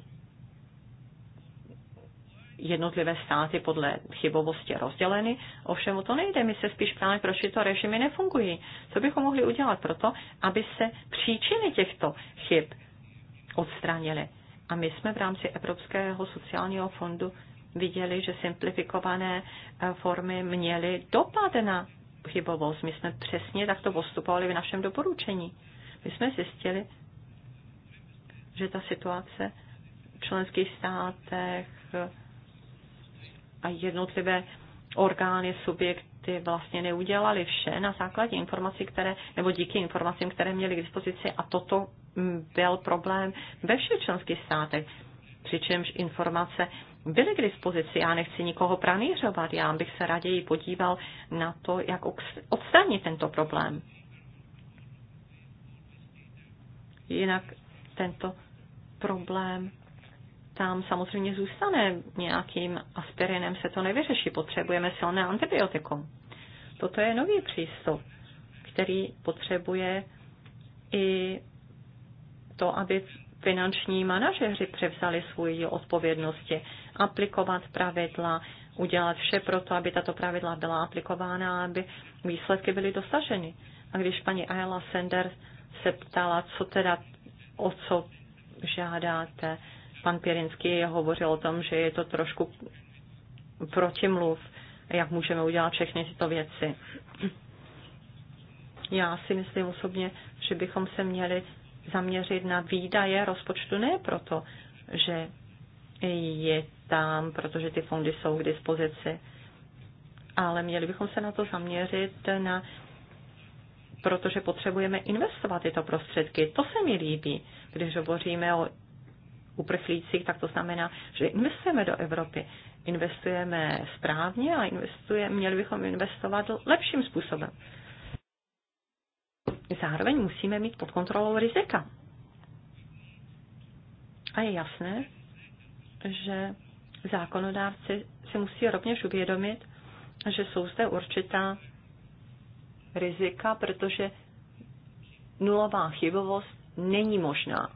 jednotlivé státy podle chybovosti rozděleny. Ovšem o to nejde, my se spíš ptáme, proč tyto režimy nefungují. Co bychom mohli udělat pro to, aby se příčiny těchto chyb odstranily. A my jsme v rámci Evropského sociálního fondu viděli, že simplifikované eh, formy měly dopad na chybovost. My jsme přesně takto postupovali v našem doporučení. My jsme zjistili, že ta situace v členských státech a jednotlivé orgány, subjekty vlastně neudělali vše na základě informací, které, nebo díky informacím, které měli k dispozici a toto byl problém ve všech členských státech. Přičemž informace byly k dispozici. Já nechci nikoho pranířovat, já bych se raději podíval na to, jak odstranit tento problém. Jinak tento problém tam samozřejmě zůstane. Nějakým aspirinem se to nevyřeší. Potřebujeme silné antibiotikum. Toto je nový přístup, který potřebuje i to, aby finanční manažeři převzali svoji odpovědnosti aplikovat pravidla, udělat vše pro to, aby tato pravidla byla aplikována, aby výsledky byly dosaženy. A když paní Ayala Sender se ptala, co teda, o co žádáte, pan Pěrinský hovořil o tom, že je to trošku protimluv, jak můžeme udělat všechny tyto věci. Já si myslím osobně, že bychom se měli zaměřit na výdaje rozpočtu, ne proto, že je tam, protože ty fondy jsou k dispozici, ale měli bychom se na to zaměřit na protože potřebujeme investovat tyto prostředky. To se mi líbí, když hovoříme o uprchlících, tak to znamená, že investujeme do Evropy. Investujeme správně a investuje, měli bychom investovat lepším způsobem zároveň musíme mít pod kontrolou rizika. A je jasné, že zákonodárci si musí rovněž uvědomit, že jsou zde určitá rizika, protože nulová chybovost není možná.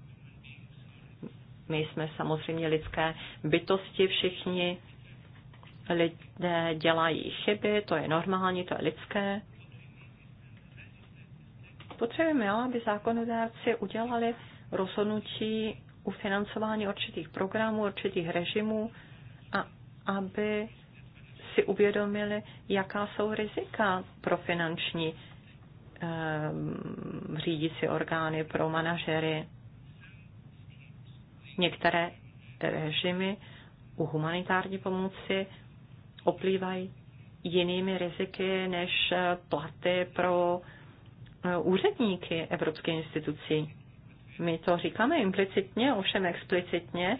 My jsme samozřejmě lidské bytosti, všichni lidé dělají chyby, to je normální, to je lidské. Potřebujeme, aby zákonodárci udělali rozhodnutí u financování určitých programů, určitých režimů a aby si uvědomili, jaká jsou rizika pro finanční eh, řídící orgány, pro manažery. Některé režimy u humanitární pomoci oplývají jinými riziky než platy pro eh, Eh, úředníky evropské institucí. My to říkáme implicitně, ovšem explicitně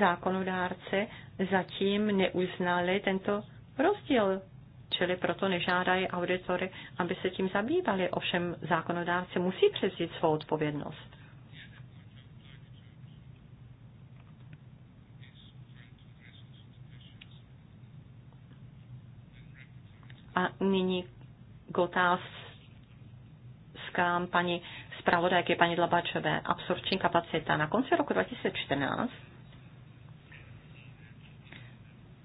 zákonodárci zatím neuznali tento rozdíl. Čili proto nežádají auditory, aby se tím zabývali. Ovšem zákonodárci musí převzít svou odpovědnost. A nyní k otázce otázkám paní zpravodajky, paní Dlabačové. Absorpční kapacita. Na konci roku 2014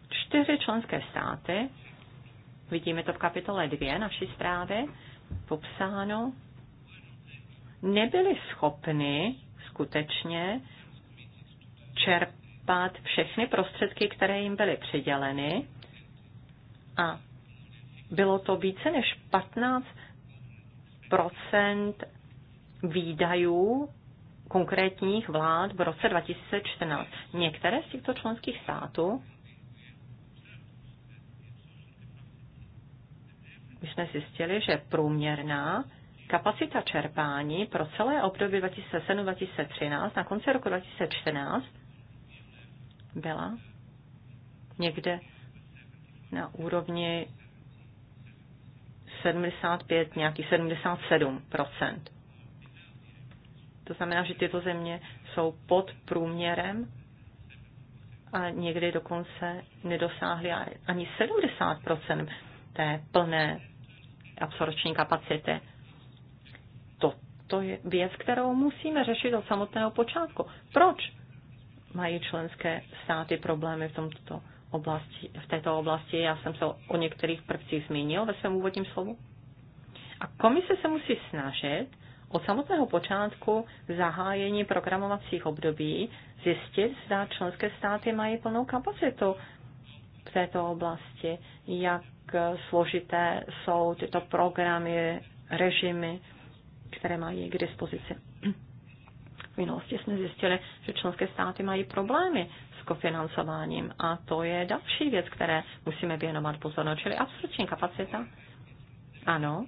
čtyři členské státy, vidíme to v kapitole 2 naší zprávy, popsáno, nebyly schopny skutečně čerpat všechny prostředky, které jim byly přiděleny a bylo to více než 15 výdajů konkrétních vlád v roce 2014. Některé z těchto členských států my jsme zjistili, že průměrná kapacita čerpání pro celé období 2007-2013 na konci roku 2014 byla někde na úrovni 75, nějaký 77 To znamená, že tyto země jsou pod průměrem a někdy dokonce nedosáhly ani 70 té plné absorpční kapacity. To, to je věc, kterou musíme řešit od samotného počátku. Proč mají členské státy problémy v tomto oblasti, v této oblasti. Já jsem se o některých prvcích zmínil ve svém úvodním slovu. A komise se musí snažit od samotného počátku zahájení programovacích období zjistit, zda členské státy mají plnou kapacitu v této oblasti, jak složité jsou tyto programy, režimy, které mají k dispozici. V minulosti jsme zjistili, že členské státy mají problémy kofinancováním. A to je další věc, které musíme věnovat pozornost, čili absorpční kapacita. Ano,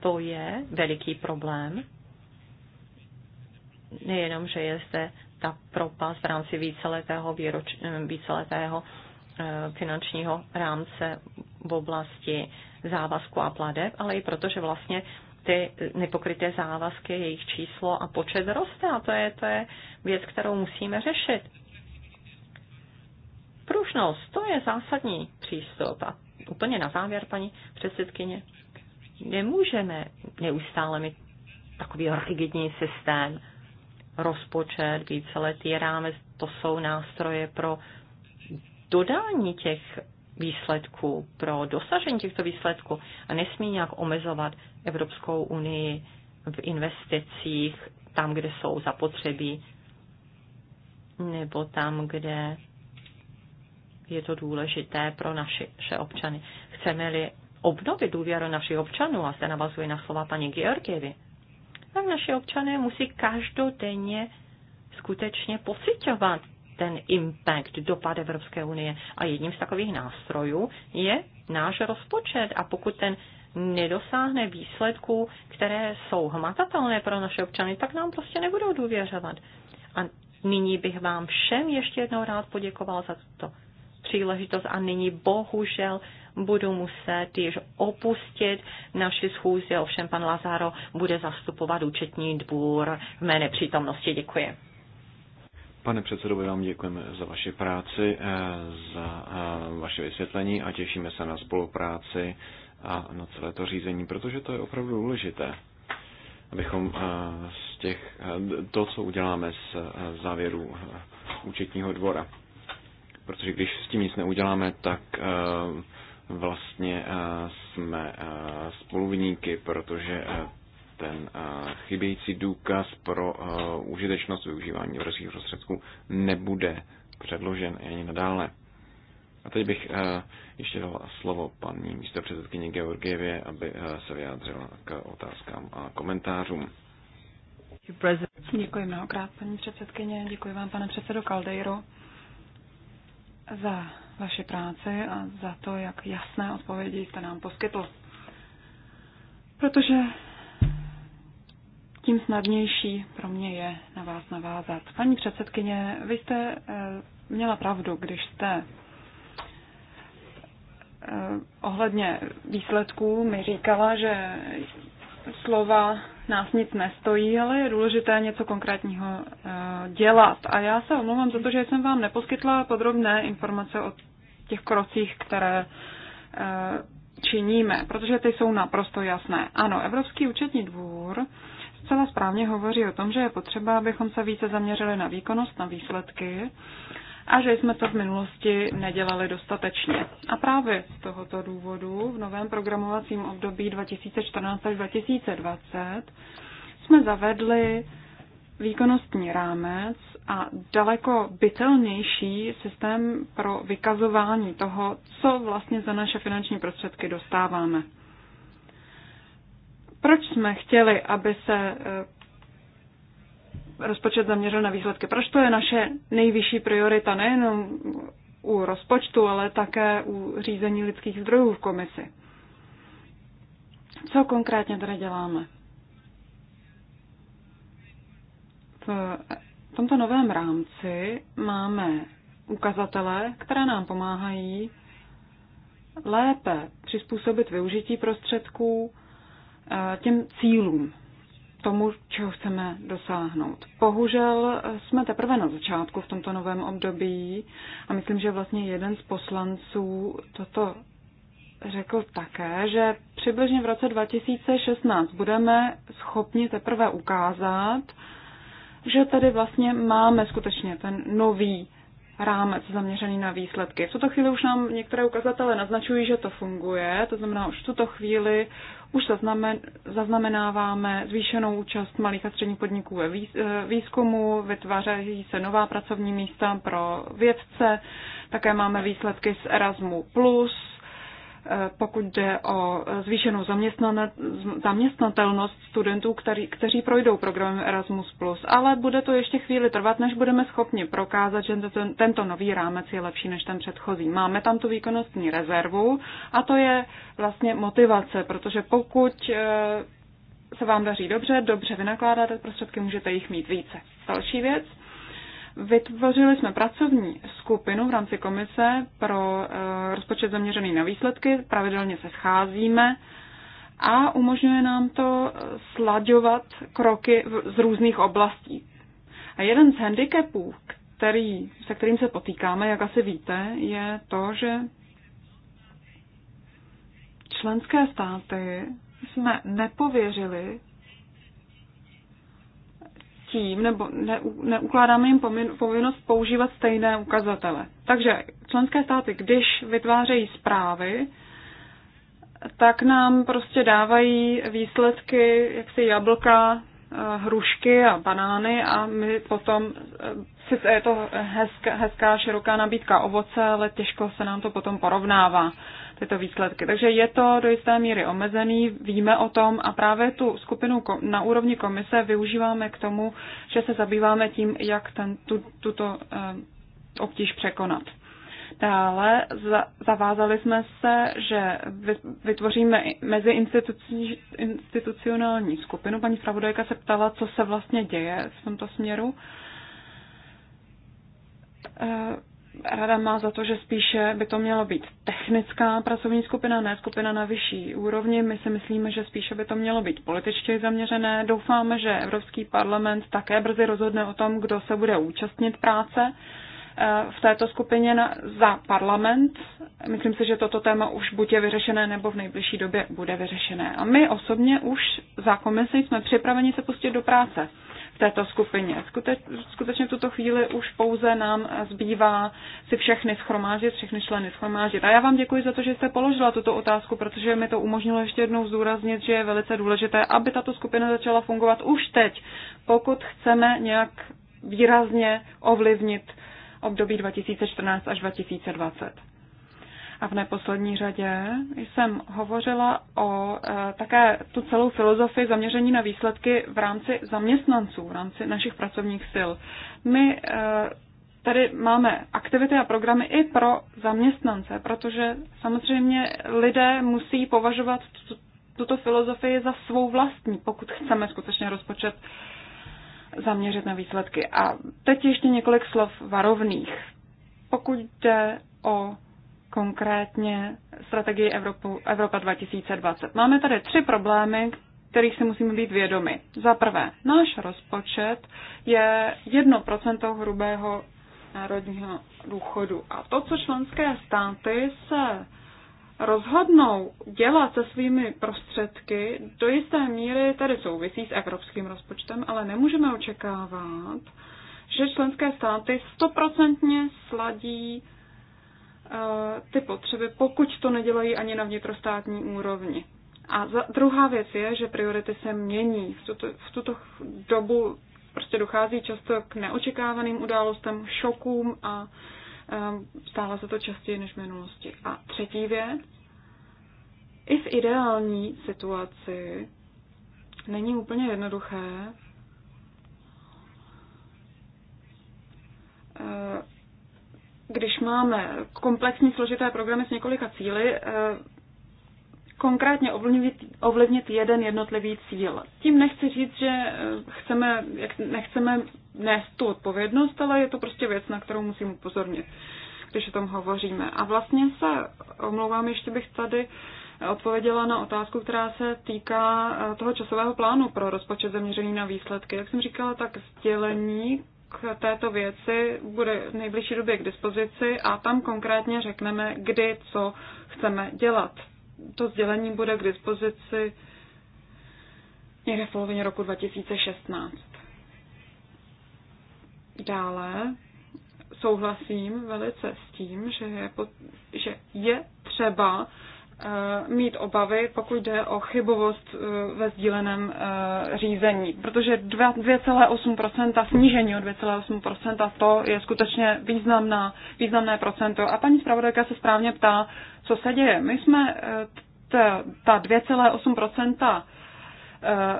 to je veliký problém. Nejenom, že je zde ta propast v rámci víceletého, výroč, víceletého eh, finančního rámce v oblasti závazku a pladeb, ale i proto, že vlastně ty nepokryté závazky, jejich číslo a počet roste a to je, to je věc, kterou musíme řešit. Průžnost, to je zásadní přístup. A úplně na závěr, paní předsedkyně, nemůžeme neustále mít takový rigidní systém, rozpočet, víceletý rámec, to jsou nástroje pro dodání těch výsledků, pro dosažení těchto výsledků a nesmí nějak omezovat Evropskou unii v investicích tam, kde jsou zapotřebí nebo tam, kde je to důležité pro naše občany. Chceme-li obnovit důvěru našich občanů, a se navazuje na slova paní Georgievy, tak naše občané musí každodenně skutečně pocitovat ten impact, dopad Evropské unie. A jedním z takových nástrojů je náš rozpočet. A pokud ten nedosáhne výsledků, které jsou hmatatelné pro naše občany, tak nám prostě nebudou důvěřovat. A nyní bych vám všem ještě jednou rád poděkoval za tuto příležitost a nyní bohužel budu muset již opustit naši schůzi, ovšem pan Lazaro bude zastupovat účetní dvůr v mé nepřítomnosti. Děkuji. Pane předsedo, vám děkujeme za vaši práci, eh, za eh, vaše vysvětlení a těšíme se na spolupráci a na celé to řízení, protože to je opravdu důležité, abychom eh, z těch, to, co uděláme z závěru účetního dvora. Protože když s tím nic neuděláme, tak vlastně jsme spoluvníky, protože ten eh, chybějící důkaz pro eh, užitečnost využívání evropských prostředků nebude předložen ani nadále. A teď bych eh, ještě dal slovo paní předsedkyně Georgievě, aby se vyjádřila k otázkám a komentářům. Děkuji mnohokrát, paní předsedkyně. Děkuji vám, pane předsedo Caldeiro, za vaši práci a za to, jak jasné odpovědi jste nám poskytl. Protože tím snadnější pro mě je na vás navázat. Paní předsedkyně, vy jste eh, měla pravdu, když jste eh, ohledně výsledků mi říkala, že slova nás nic nestojí, ale je důležité něco konkrétního eh, dělat. A já se omlouvám za to, že jsem vám neposkytla podrobné informace o těch krocích, které činíme, protože ty jsou naprosto jasné. Ano, Evropský účetní dvůr zcela správně hovoří o tom, že je potřeba, abychom se více zaměřili na výkonnost, na výsledky a že jsme to v minulosti nedělali dostatečně. A právě z tohoto důvodu v novém programovacím období 2014 až 2020 jsme zavedli výkonnostní rámec a daleko bytelnější systém pro vykazování toho, co vlastně za naše finanční prostředky dostáváme. Proč jsme chtěli, aby se eh, rozpočet zaměřil na výsledky? Proč to je naše nejvyšší priorita nejenom u rozpočtu, ale také u řízení lidských zdrojů v komisi? Co konkrétně tady děláme? V tomto novém rámci máme ukazatele, které nám pomáhají lépe přizpůsobit využití prostředků Eh, těm cílům, tomu, čeho chceme dosáhnout. Bohužel eh, jsme teprve na začátku v tomto novém období a myslím, že vlastně jeden z poslanců toto řekl také, že přibližně v roce 2016 budeme schopni teprve ukázat, že tady vlastně máme skutečně ten nový rámec zaměřený na výsledky. V tuto chvíli už nám některé ukazatele naznačují, že to funguje, to znamená, už v tuto chvíli už zaznamenáváme zvýšenou účast malých a středních podniků ve eh, výzkumu, vytvářejí se nová pracovní místa pro vědce, také máme výsledky z Erasmu+, Eh, pokud jde o zvýšenou zaměstnatelnost studentů, který, kteří projdou programem Erasmus+. Ale bude to ještě chvíli trvat, než budeme schopni prokázat, že ten, tento nový rámec je lepší než ten předchozí. Máme tam tu výkonnostní rezervu a to je vlastně motivace, protože pokud eh, se vám daří dobře, dobře vynakládáte prostředky, můžete jich mít více. Další věc, Vytvořili jsme pracovní skupinu v rámci komise pro eh, rozpočet zaměřený na výsledky, pravidelně se scházíme a umožňuje nám to eh, slaďovat kroky z různých oblastí. A jeden z handicapů, který, se kterým se potýkáme, jak asi víte, je to, že členské státy jsme nepověřili tím, nebo ne, neukládáme jim povinnost používat stejné ukazatele. Takže členské státy, když vytvářejí zprávy, tak nám prostě dávají výsledky, jak si jablka, eh, hrušky a banány a my potom, eh, sice je to hezká, hezká široká nabídka ovoce, ale těžko se nám to potom porovnává tyto výsledky. Takže je to do jisté míry omezený, víme o tom a právě tu skupinu na úrovni komise využíváme k tomu, že se zabýváme tím, jak ten, tu, tuto eh, obtíž překonat. Dále zavázali jsme se, že vytvoříme mezi institucionální skupinu. Paní zpravodajka se ptala, co se vlastně děje v tomto směru. Eh, Rada má za to, že spíše by to mělo být technická pracovní skupina, ne skupina na vyšší úrovni. My si myslíme, že spíše by to mělo být političtě zaměřené. Doufáme, že Evropský parlament také brzy rozhodne o tom, kdo se bude účastnit práce eh, v této skupině na, za parlament. Myslím si, že toto téma už buď je vyřešené, nebo v nejbližší době bude vyřešené. A my osobně už za komisi jsme připraveni se pustit do práce této skupině. Skutečně v tuto chvíli už pouze nám zbývá si všechny schromáždit, všechny členy schromáždit. A já vám děkuji za to, že jste položila tuto otázku, protože mi to umožnilo ještě jednou zdůraznit, že je velice důležité, aby tato skupina začala fungovat už teď, pokud chceme nějak výrazně ovlivnit období 2014 až 2020. A v neposlední řadě jsem hovořila o e, také tu celou filozofii zaměření na výsledky v rámci zaměstnanců, v rámci našich pracovních sil. My e, tady máme aktivity a programy i pro zaměstnance, protože samozřejmě lidé musí považovat tuto filozofii za svou vlastní, pokud chceme skutečně rozpočet zaměřit na výsledky. A teď ještě několik slov varovných. Pokud jde o konkrétně strategii Evropu, Evropa 2020. Máme tady tři problémy, kterých si musíme být vědomi. Za prvé, náš rozpočet je 1% hrubého národního důchodu. A to, co členské státy se rozhodnou dělat se svými prostředky, do jisté míry tady souvisí s evropským rozpočtem, ale nemůžeme očekávat, že členské státy stoprocentně sladí Eh, ty potřeby, pokud to nedělají ani na vnitrostátní úrovni. A za, druhá věc je, že priority se mění. V tuto, v tuto dobu prostě dochází často k neočekávaným událostem, šokům a um, stále se to častěji než v minulosti. A třetí věc, i v ideální situaci není úplně jednoduché eh, když máme komplexní složité programy s několika cíly, eh, konkrétně ovlivnit, ovlivnit jeden jednotlivý cíl. Tím nechci říct, že eh, chceme, jak nechceme nést tu odpovědnost, ale je to prostě věc, na kterou musím upozornit, když o tom hovoříme. A vlastně se omlouvám, ještě bych tady odpověděla na otázku, která se týká eh, toho časového plánu pro rozpočet zaměřený na výsledky. Jak jsem říkala, tak sdělení k této věci bude v nejbližší době k dispozici a tam konkrétně řekneme, kdy co chceme dělat. To sdělení bude k dispozici někde v polovině roku 2016. Dále souhlasím velice s tím, že je, že je třeba Eh, mít obavy, pokud jde o chybovost eh, ve sdíleném eh, řízení, protože 2,8% snížení o 2,8% to je skutečně významná, významné procento. A paní zpravodajka se správně ptá, co se děje. My jsme ta 2,8%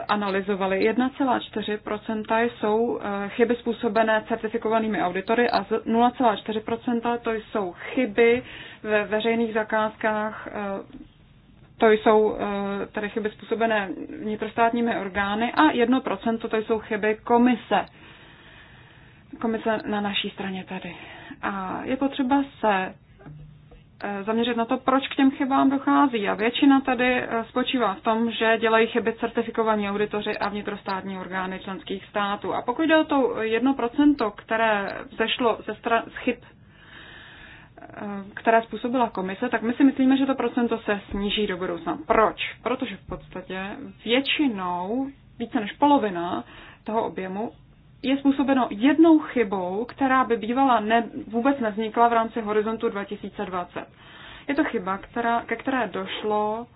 analyzovali. 1,4% jsou chyby způsobené certifikovanými auditory a 0,4% to jsou chyby ve veřejných zakázkách eh, to jsou eh, tedy chyby způsobené vnitrostátními orgány a 1% to jsou chyby komise. Komise na naší straně tady. A je potřeba se eh, zaměřit na to, proč k těm chybám dochází. A většina tady spočívá v tom, že dělají chyby certifikovaní auditoři a vnitrostátní orgány členských států. A pokud jde o to 1%, které zešlo ze stran, z chyb Eh, které způsobila komise, tak my si myslíme, že to procento se sníží do budoucna. Proč? Protože v podstatě většinou, více než polovina toho objemu, je způsobeno jednou chybou, která by bývala ne, vůbec nevznikla v rámci horizontu 2020. Je to chyba, která, ke které došlo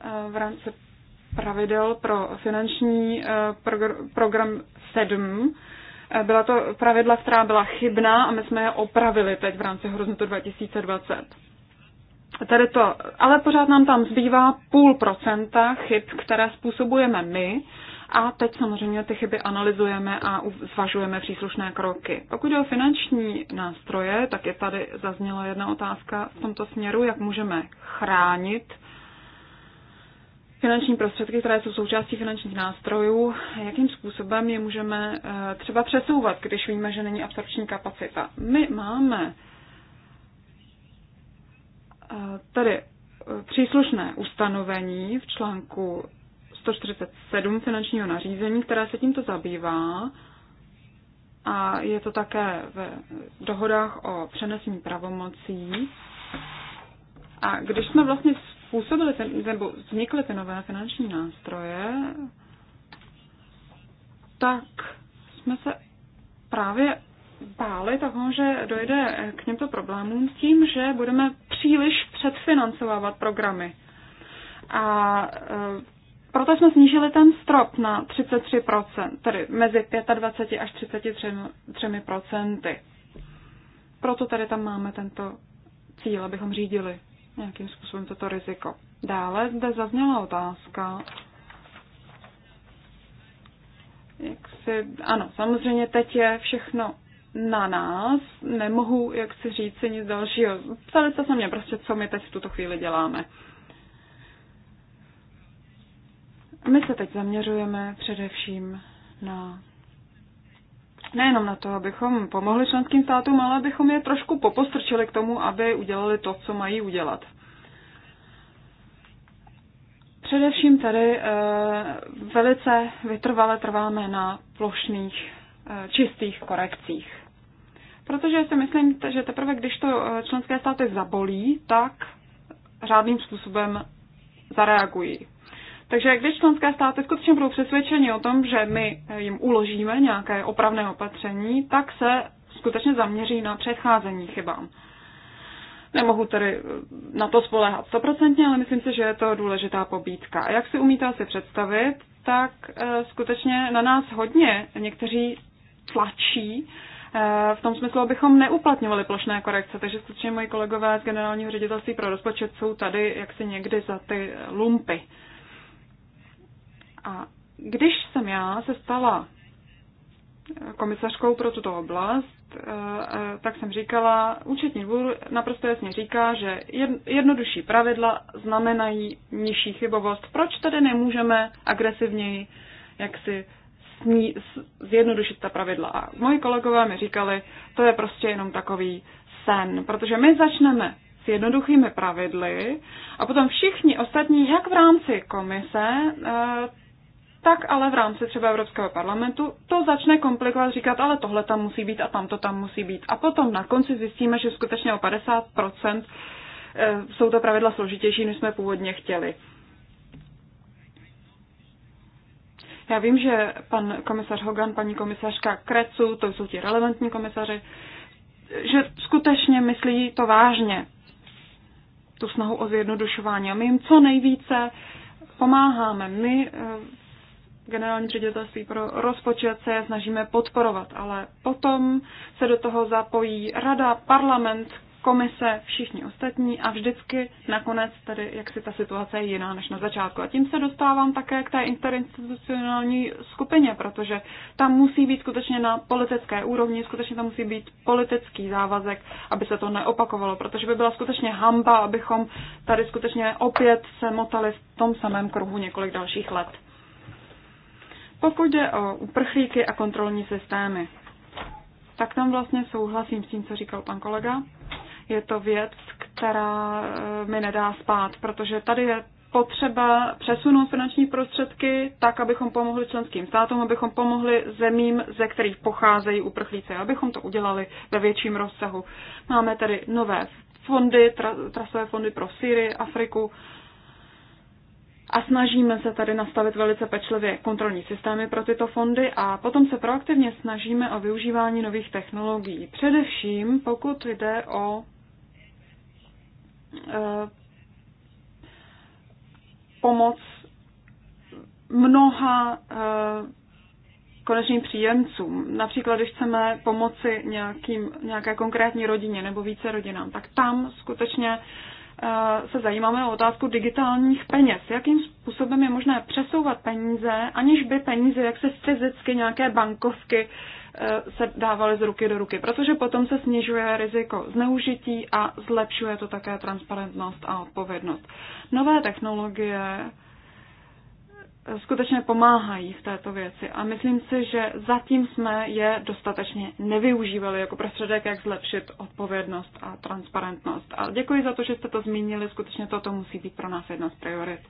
eh, v rámci pravidel pro finanční eh, program 7, Eh, byla to pravidla, která byla chybná a my jsme je opravili teď v rámci horizontu 2020. Tady to, ale pořád nám tam zbývá půl procenta chyb, které způsobujeme my a teď samozřejmě ty chyby analyzujeme a zvažujeme příslušné kroky. Pokud jde o finanční nástroje, tak je tady zazněla jedna otázka v tomto směru, jak můžeme chránit finanční prostředky, které jsou součástí finančních nástrojů, jakým způsobem je můžeme eh, třeba přesouvat, když víme, že není absorpční kapacita. My máme eh, tady eh, příslušné ustanovení v článku 147 finančního nařízení, které se tímto zabývá a je to také v dohodách o přenesení pravomocí. A když jsme vlastně Působily, ten, nebo vznikly ty nové finanční nástroje, tak jsme se právě báli toho, že dojde k těmto problémům tím, že budeme příliš předfinancovávat programy. A e, proto jsme snížili ten strop na 33%, tedy mezi 25 až 33%. Proto tady tam máme tento cíl, abychom řídili nějakým způsobem toto riziko. Dále zde zazněla otázka, jak si, ano, samozřejmě teď je všechno na nás, nemohu, jak si říct, nic dalšího. Ptali jste se mě prostě, co my teď v tuto chvíli děláme. My se teď zaměřujeme především na nejenom na to, abychom pomohli členským státům, ale abychom je trošku popostrčili k tomu, aby udělali to, co mají udělat. Především tady eh, velice vytrvale trváme na plošných eh, čistých korekcích. Protože si myslím, že teprve když to eh, členské státy zabolí, tak řádným způsobem zareagují. Takže když členské státy skutečně budou přesvědčeni o tom, že my eh, jim uložíme nějaké opravné opatření, tak se skutečně zaměří na předcházení chybám. Nemohu tedy eh, na to spoléhat stoprocentně, ale myslím si, že je to důležitá pobídka. A jak si umíte asi představit, tak eh, skutečně na nás hodně někteří tlačí, v tom smyslu, abychom neuplatňovali plošné korekce. Takže skutečně moji kolegové z generálního ředitelství pro rozpočet jsou tady jaksi někdy za ty lumpy. A když jsem já se stala eh, komisařkou pro tuto oblast, eh, eh, tak jsem říkala, účetní dvůr naprosto jasně říká, že jednodušší pravidla znamenají nižší chybovost. Proč tedy nemůžeme agresivněji jaksi sní, zjednodušit ta pravidla? A moji kolegové mi říkali, to je prostě jenom takový sen, protože my začneme s jednoduchými pravidly a potom všichni ostatní, jak v rámci komise, tak ale v rámci třeba Evropského parlamentu to začne komplikovat, říkat, ale tohle tam musí být a tamto tam musí být. A potom na konci zjistíme, že skutečně o 50% eh, jsou to pravidla složitější, než jsme původně chtěli. Já vím, že pan komisař Hogan, paní komisařka Krecu, to jsou ti relevantní komisaři, že skutečně myslí to vážně, tu snahu o zjednodušování. A my jim co nejvíce pomáháme. My eh, generální ředitelství pro rozpočet se je snažíme podporovat, ale potom se do toho zapojí rada, parlament, komise, všichni ostatní a vždycky nakonec tedy, jak si ta situace je jiná než na začátku. A tím se dostávám také k té interinstitucionální skupině, protože tam musí být skutečně na politické úrovni, skutečně tam musí být politický závazek, aby se to neopakovalo, protože by byla skutečně hamba, abychom tady skutečně opět se motali v tom samém kruhu několik dalších let. Pokud jde o uprchlíky a kontrolní systémy, tak tam vlastně souhlasím s tím, co říkal pan kolega. Je to věc, která eh, mi nedá spát, protože tady je potřeba přesunout finanční prostředky tak, abychom pomohli členským státům, abychom pomohli zemím, ze kterých pocházejí uprchlíci, abychom to udělali ve větším rozsahu. Máme tedy nové fondy, tra, trasové fondy pro Syrii, Afriku, a snažíme se tady nastavit velice pečlivě kontrolní systémy pro tyto fondy a potom se proaktivně snažíme o využívání nových technologií. Především pokud jde o e, pomoc mnoha e, konečným příjemcům. Například, když chceme pomoci nějakým, nějaké konkrétní rodině nebo více rodinám, tak tam skutečně e, Eh, se zajímáme o otázku digitálních peněz. Jakým způsobem je možné přesouvat peníze, aniž by peníze, jak se fyzicky nějaké bankovky eh, se dávaly z ruky do ruky, protože potom se snižuje riziko zneužití a zlepšuje to také transparentnost a odpovědnost. Nové technologie skutečně pomáhají v této věci. A myslím si, že zatím jsme je dostatečně nevyužívali jako prostředek, jak zlepšit odpovědnost a transparentnost. A děkuji za to, že jste to zmínili. Skutečně toto musí být pro nás jedna z priorit.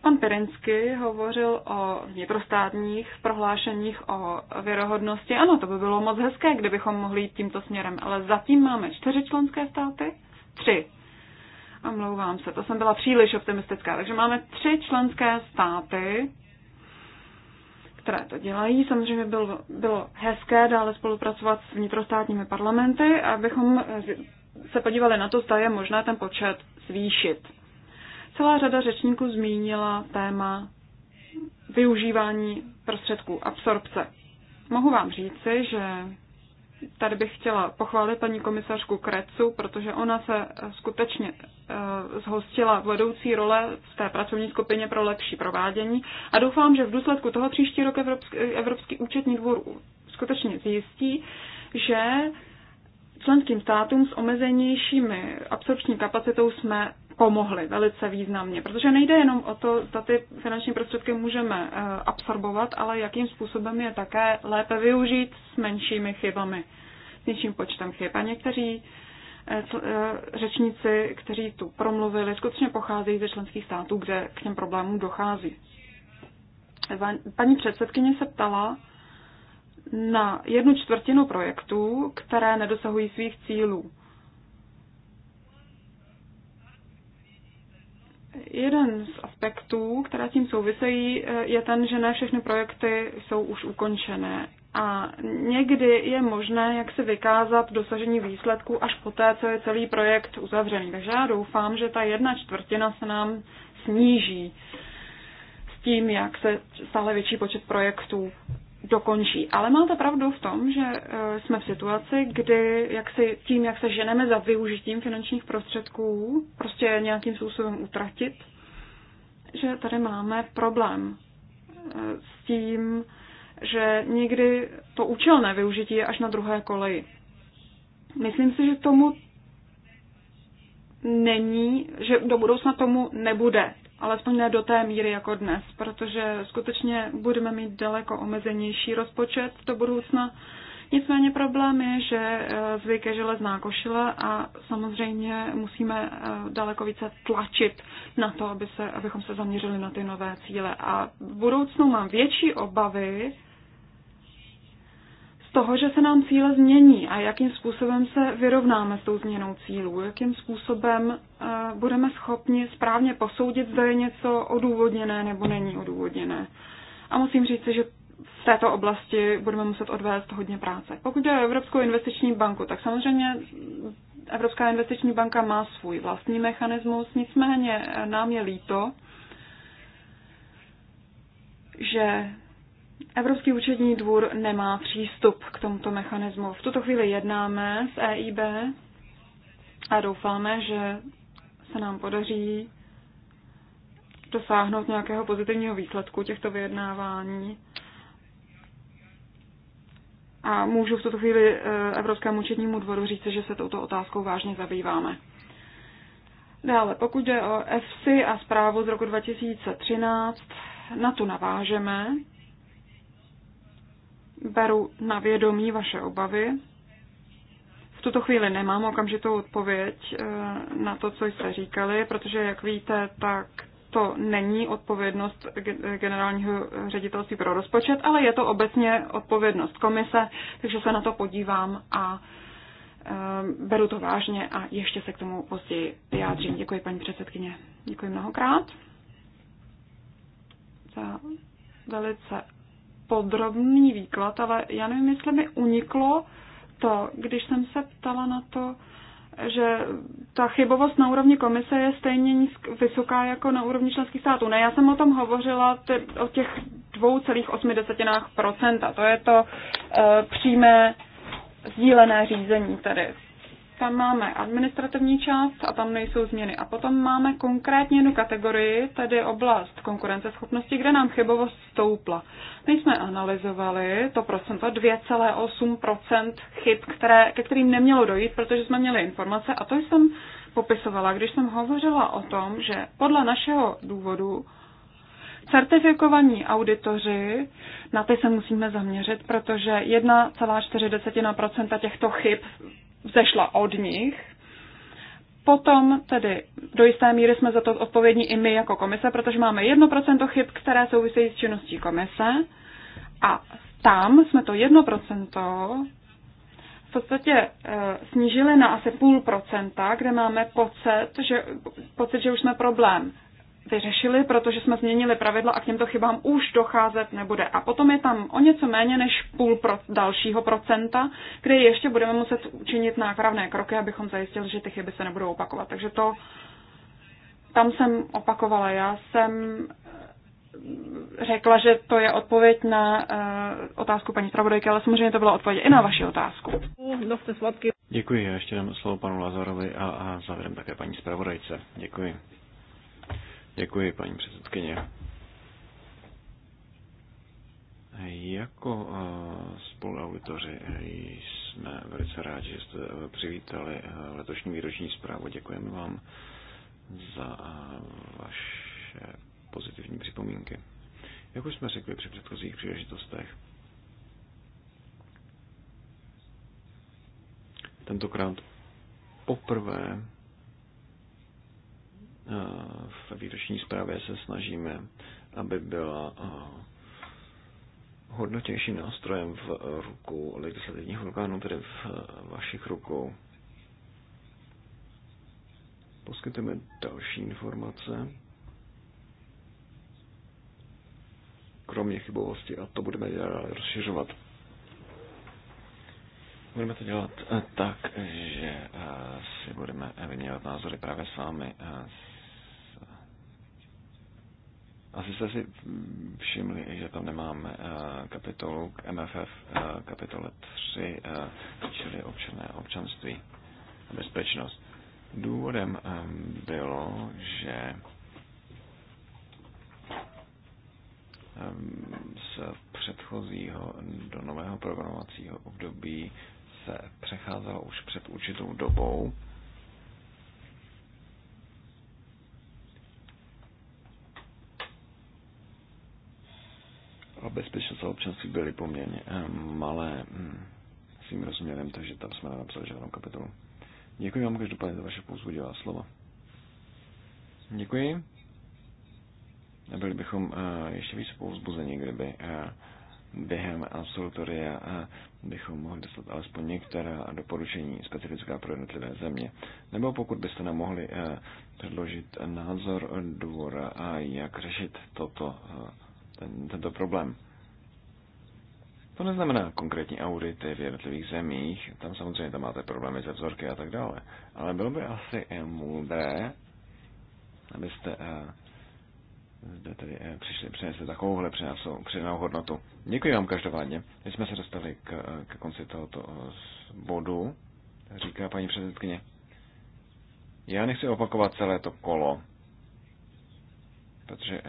Pan Pirinsky hovořil o vnitrostátních prohlášeních o věrohodnosti. Ano, to by bylo moc hezké, kdybychom mohli jít tímto směrem, ale zatím máme čtyři členské státy, tři Omlouvám se, to jsem byla příliš optimistická. Takže máme tři členské státy, které to dělají. Samozřejmě bylo, bylo hezké dále spolupracovat s vnitrostátními parlamenty, abychom se podívali na to, zda je možné ten počet zvýšit. Celá řada řečníků zmínila téma využívání prostředků absorpce. Mohu vám říci, že tady bych chtěla pochválit paní komisařku Krecu, protože ona se eh, skutečně eh, zhostila vedoucí role v té pracovní skupině pro lepší provádění a doufám, že v důsledku toho příští rok Evropský, Evropský účetní dvůr skutečně zjistí, že členským státům s omezenějšími absorpční kapacitou jsme pomohly velice významně, protože nejde jenom o to, zda ty finanční prostředky můžeme eh, absorbovat, ale jakým způsobem je také lépe využít s menšími chybami, s menším počtem chyb. A někteří eh, eh, řečníci, kteří tu promluvili, skutečně pocházejí ze členských států, kde k těm problémům dochází. Paní předsedkyně se ptala na jednu čtvrtinu projektů, které nedosahují svých cílů. Jeden z aspektů, které s tím souvisejí, eh, je ten, že ne všechny projekty jsou už ukončené. A někdy je možné, jak se vykázat dosažení výsledků až poté, co je celý projekt uzavřený. Takže já doufám, že ta jedna čtvrtina se nám sníží s tím, jak se stále větší počet projektů dokončí. Ale máte pravdu v tom, že eh, jsme v situaci, kdy jak si, tím, jak se ženeme za využitím finančních prostředků, prostě nějakým způsobem utratit, že tady máme problém eh, s tím, že někdy to účelné využití je až na druhé koleji. Myslím si, že tomu není, že do budoucna tomu nebude alespoň ne do té míry jako dnes, protože skutečně budeme mít daleko omezenější rozpočet do budoucna. Nicméně problém je, že eh, zvyk je železná košile a samozřejmě musíme eh, daleko více tlačit na to, aby se, abychom se zaměřili na ty nové cíle. A v budoucnu mám větší obavy, toho, že se nám cíle změní a jakým způsobem se vyrovnáme s tou změnou cílů, jakým způsobem eh, budeme schopni správně posoudit, zda je něco odůvodněné nebo není odůvodněné. A musím říct, že v této oblasti budeme muset odvést hodně práce. Pokud jde o Evropskou investiční banku, tak samozřejmě Evropská investiční banka má svůj vlastní mechanismus, nicméně eh, nám je líto, že Evropský účetní dvůr nemá přístup k tomuto mechanismu. V tuto chvíli jednáme s EIB a doufáme, že se nám podaří dosáhnout nějakého pozitivního výsledku těchto vyjednávání. A můžu v tuto chvíli eh, Evropskému účetnímu dvoru říct, že se touto otázkou vážně zabýváme. Dále, pokud jde o EFSI a zprávu z roku 2013, na tu navážeme beru na vědomí vaše obavy. V tuto chvíli nemám okamžitou odpověď eh, na to, co jste říkali, protože, jak víte, tak to není odpovědnost generálního ředitelství pro rozpočet, ale je to obecně odpovědnost komise, takže se na to podívám a eh, beru to vážně a ještě se k tomu později vyjádřím. Děkuji, paní předsedkyně. Děkuji mnohokrát za velice podrobný výklad, ale já nevím, jestli mi uniklo to, když jsem se ptala na to, že ta chybovost na úrovni komise je stejně vysoká jako na úrovni členských států. Ne, já jsem o tom hovořila ty, o těch 2,8%. To je to e, přímé sdílené řízení tedy tam máme administrativní část a tam nejsou změny. A potom máme konkrétně jednu kategorii, tedy oblast konkurenceschopnosti, kde nám chybovost stoupla. My jsme analyzovali to procento, 2,8% chyb, které, ke kterým nemělo dojít, protože jsme měli informace a to jsem popisovala, když jsem hovořila o tom, že podle našeho důvodu Certifikovaní auditoři, na ty se musíme zaměřit, protože 1,4% těchto chyb vzešla od nich. Potom tedy do jisté míry jsme za to odpovědní i my jako komise, protože máme 1% chyb, které souvisejí s činností komise a tam jsme to 1% v podstatě e, snížili na asi půl procenta, kde máme pocit že, pocit, že už jsme problém vyřešili, protože jsme změnili pravidla a k těmto chybám už docházet nebude. A potom je tam o něco méně než půl pro dalšího procenta, kde ještě budeme muset učinit nápravné kroky, abychom zajistili, že ty chyby se nebudou opakovat. Takže to tam jsem opakovala. Já jsem eh, řekla, že to je odpověď na uh, otázku paní zpravodajky, ale samozřejmě to byla odpověď i na vaši otázku. Děkuji, já ještě dám slovo panu Lazarovi a, a závěrem také paní zpravodajce. Děkuji. Děkuji, paní předsedkyně. Jako uh, spoluautoři jsme velice rádi, že jste uh, přivítali uh, letošní výroční zprávu. Děkujeme vám za vaše pozitivní připomínky. Jak už jsme řekli při předchozích příležitostech, tentokrát poprvé v výroční zprávě se snažíme, aby byla hodnotější nástrojem v rukou legislativních orgánů, tedy v e, vašich rukou. Poskytujeme další informace, kromě chybovosti, a to budeme dělat rozšiřovat. Budeme to dělat e, tak, že e, si budeme vyměňovat názory právě s vámi, s asi jste si všimli, že tam nemáme eh, kapitolu k MFF, eh, kapitole 3, eh, čili občané občanství a bezpečnost. Důvodem bylo, že z předchozího do nového programovacího období se přecházelo už před určitou dobou a bezpečnost a občanství byly poměrně eh, malé hm, svým rozměrem, takže tam jsme nenapsali žádnou kapitolu. Děkuji vám každopádně za vaše pouzbudivá slova. Děkuji. byli bychom eh, ještě víc pouzbuzení, kdyby eh, během absolutoria bychom mohli dostat alespoň některá doporučení specifická pro jednotlivé země. Nebo pokud byste nám mohli předložit názor dvora a jak řešit toto ten, tento problém. To neznamená konkrétní audity v jednotlivých zemích, tam samozřejmě tam máte problémy se vzorky a tak dále, ale bylo by asi eh, moudré, abyste eh, zde tedy eh, přišli, přinesli takovouhle přinásou, přidanou hodnotu. Děkuji vám každopádně. My jsme se dostali k, k konci tohoto bodu, říká paní předsedkyně. Já nechci opakovat celé to kolo, protože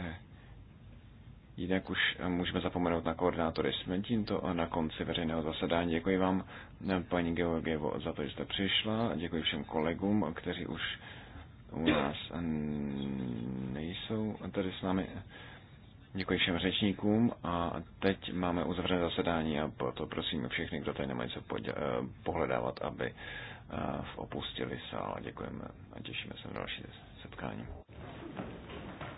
Jinak už eh, můžeme zapomenout na koordinátory. to tímto na konci veřejného zasedání. Děkuji vám, eh, paní Georgievo, za to, že jste přišla. Děkuji všem kolegům, kteří už u nás eh, nejsou tady s námi. Děkuji všem řečníkům a teď máme uzavřené zasedání a to prosím všechny, kdo tady nemají co pohledávat, aby opustili sál. Děkujeme a těšíme se na další setkání.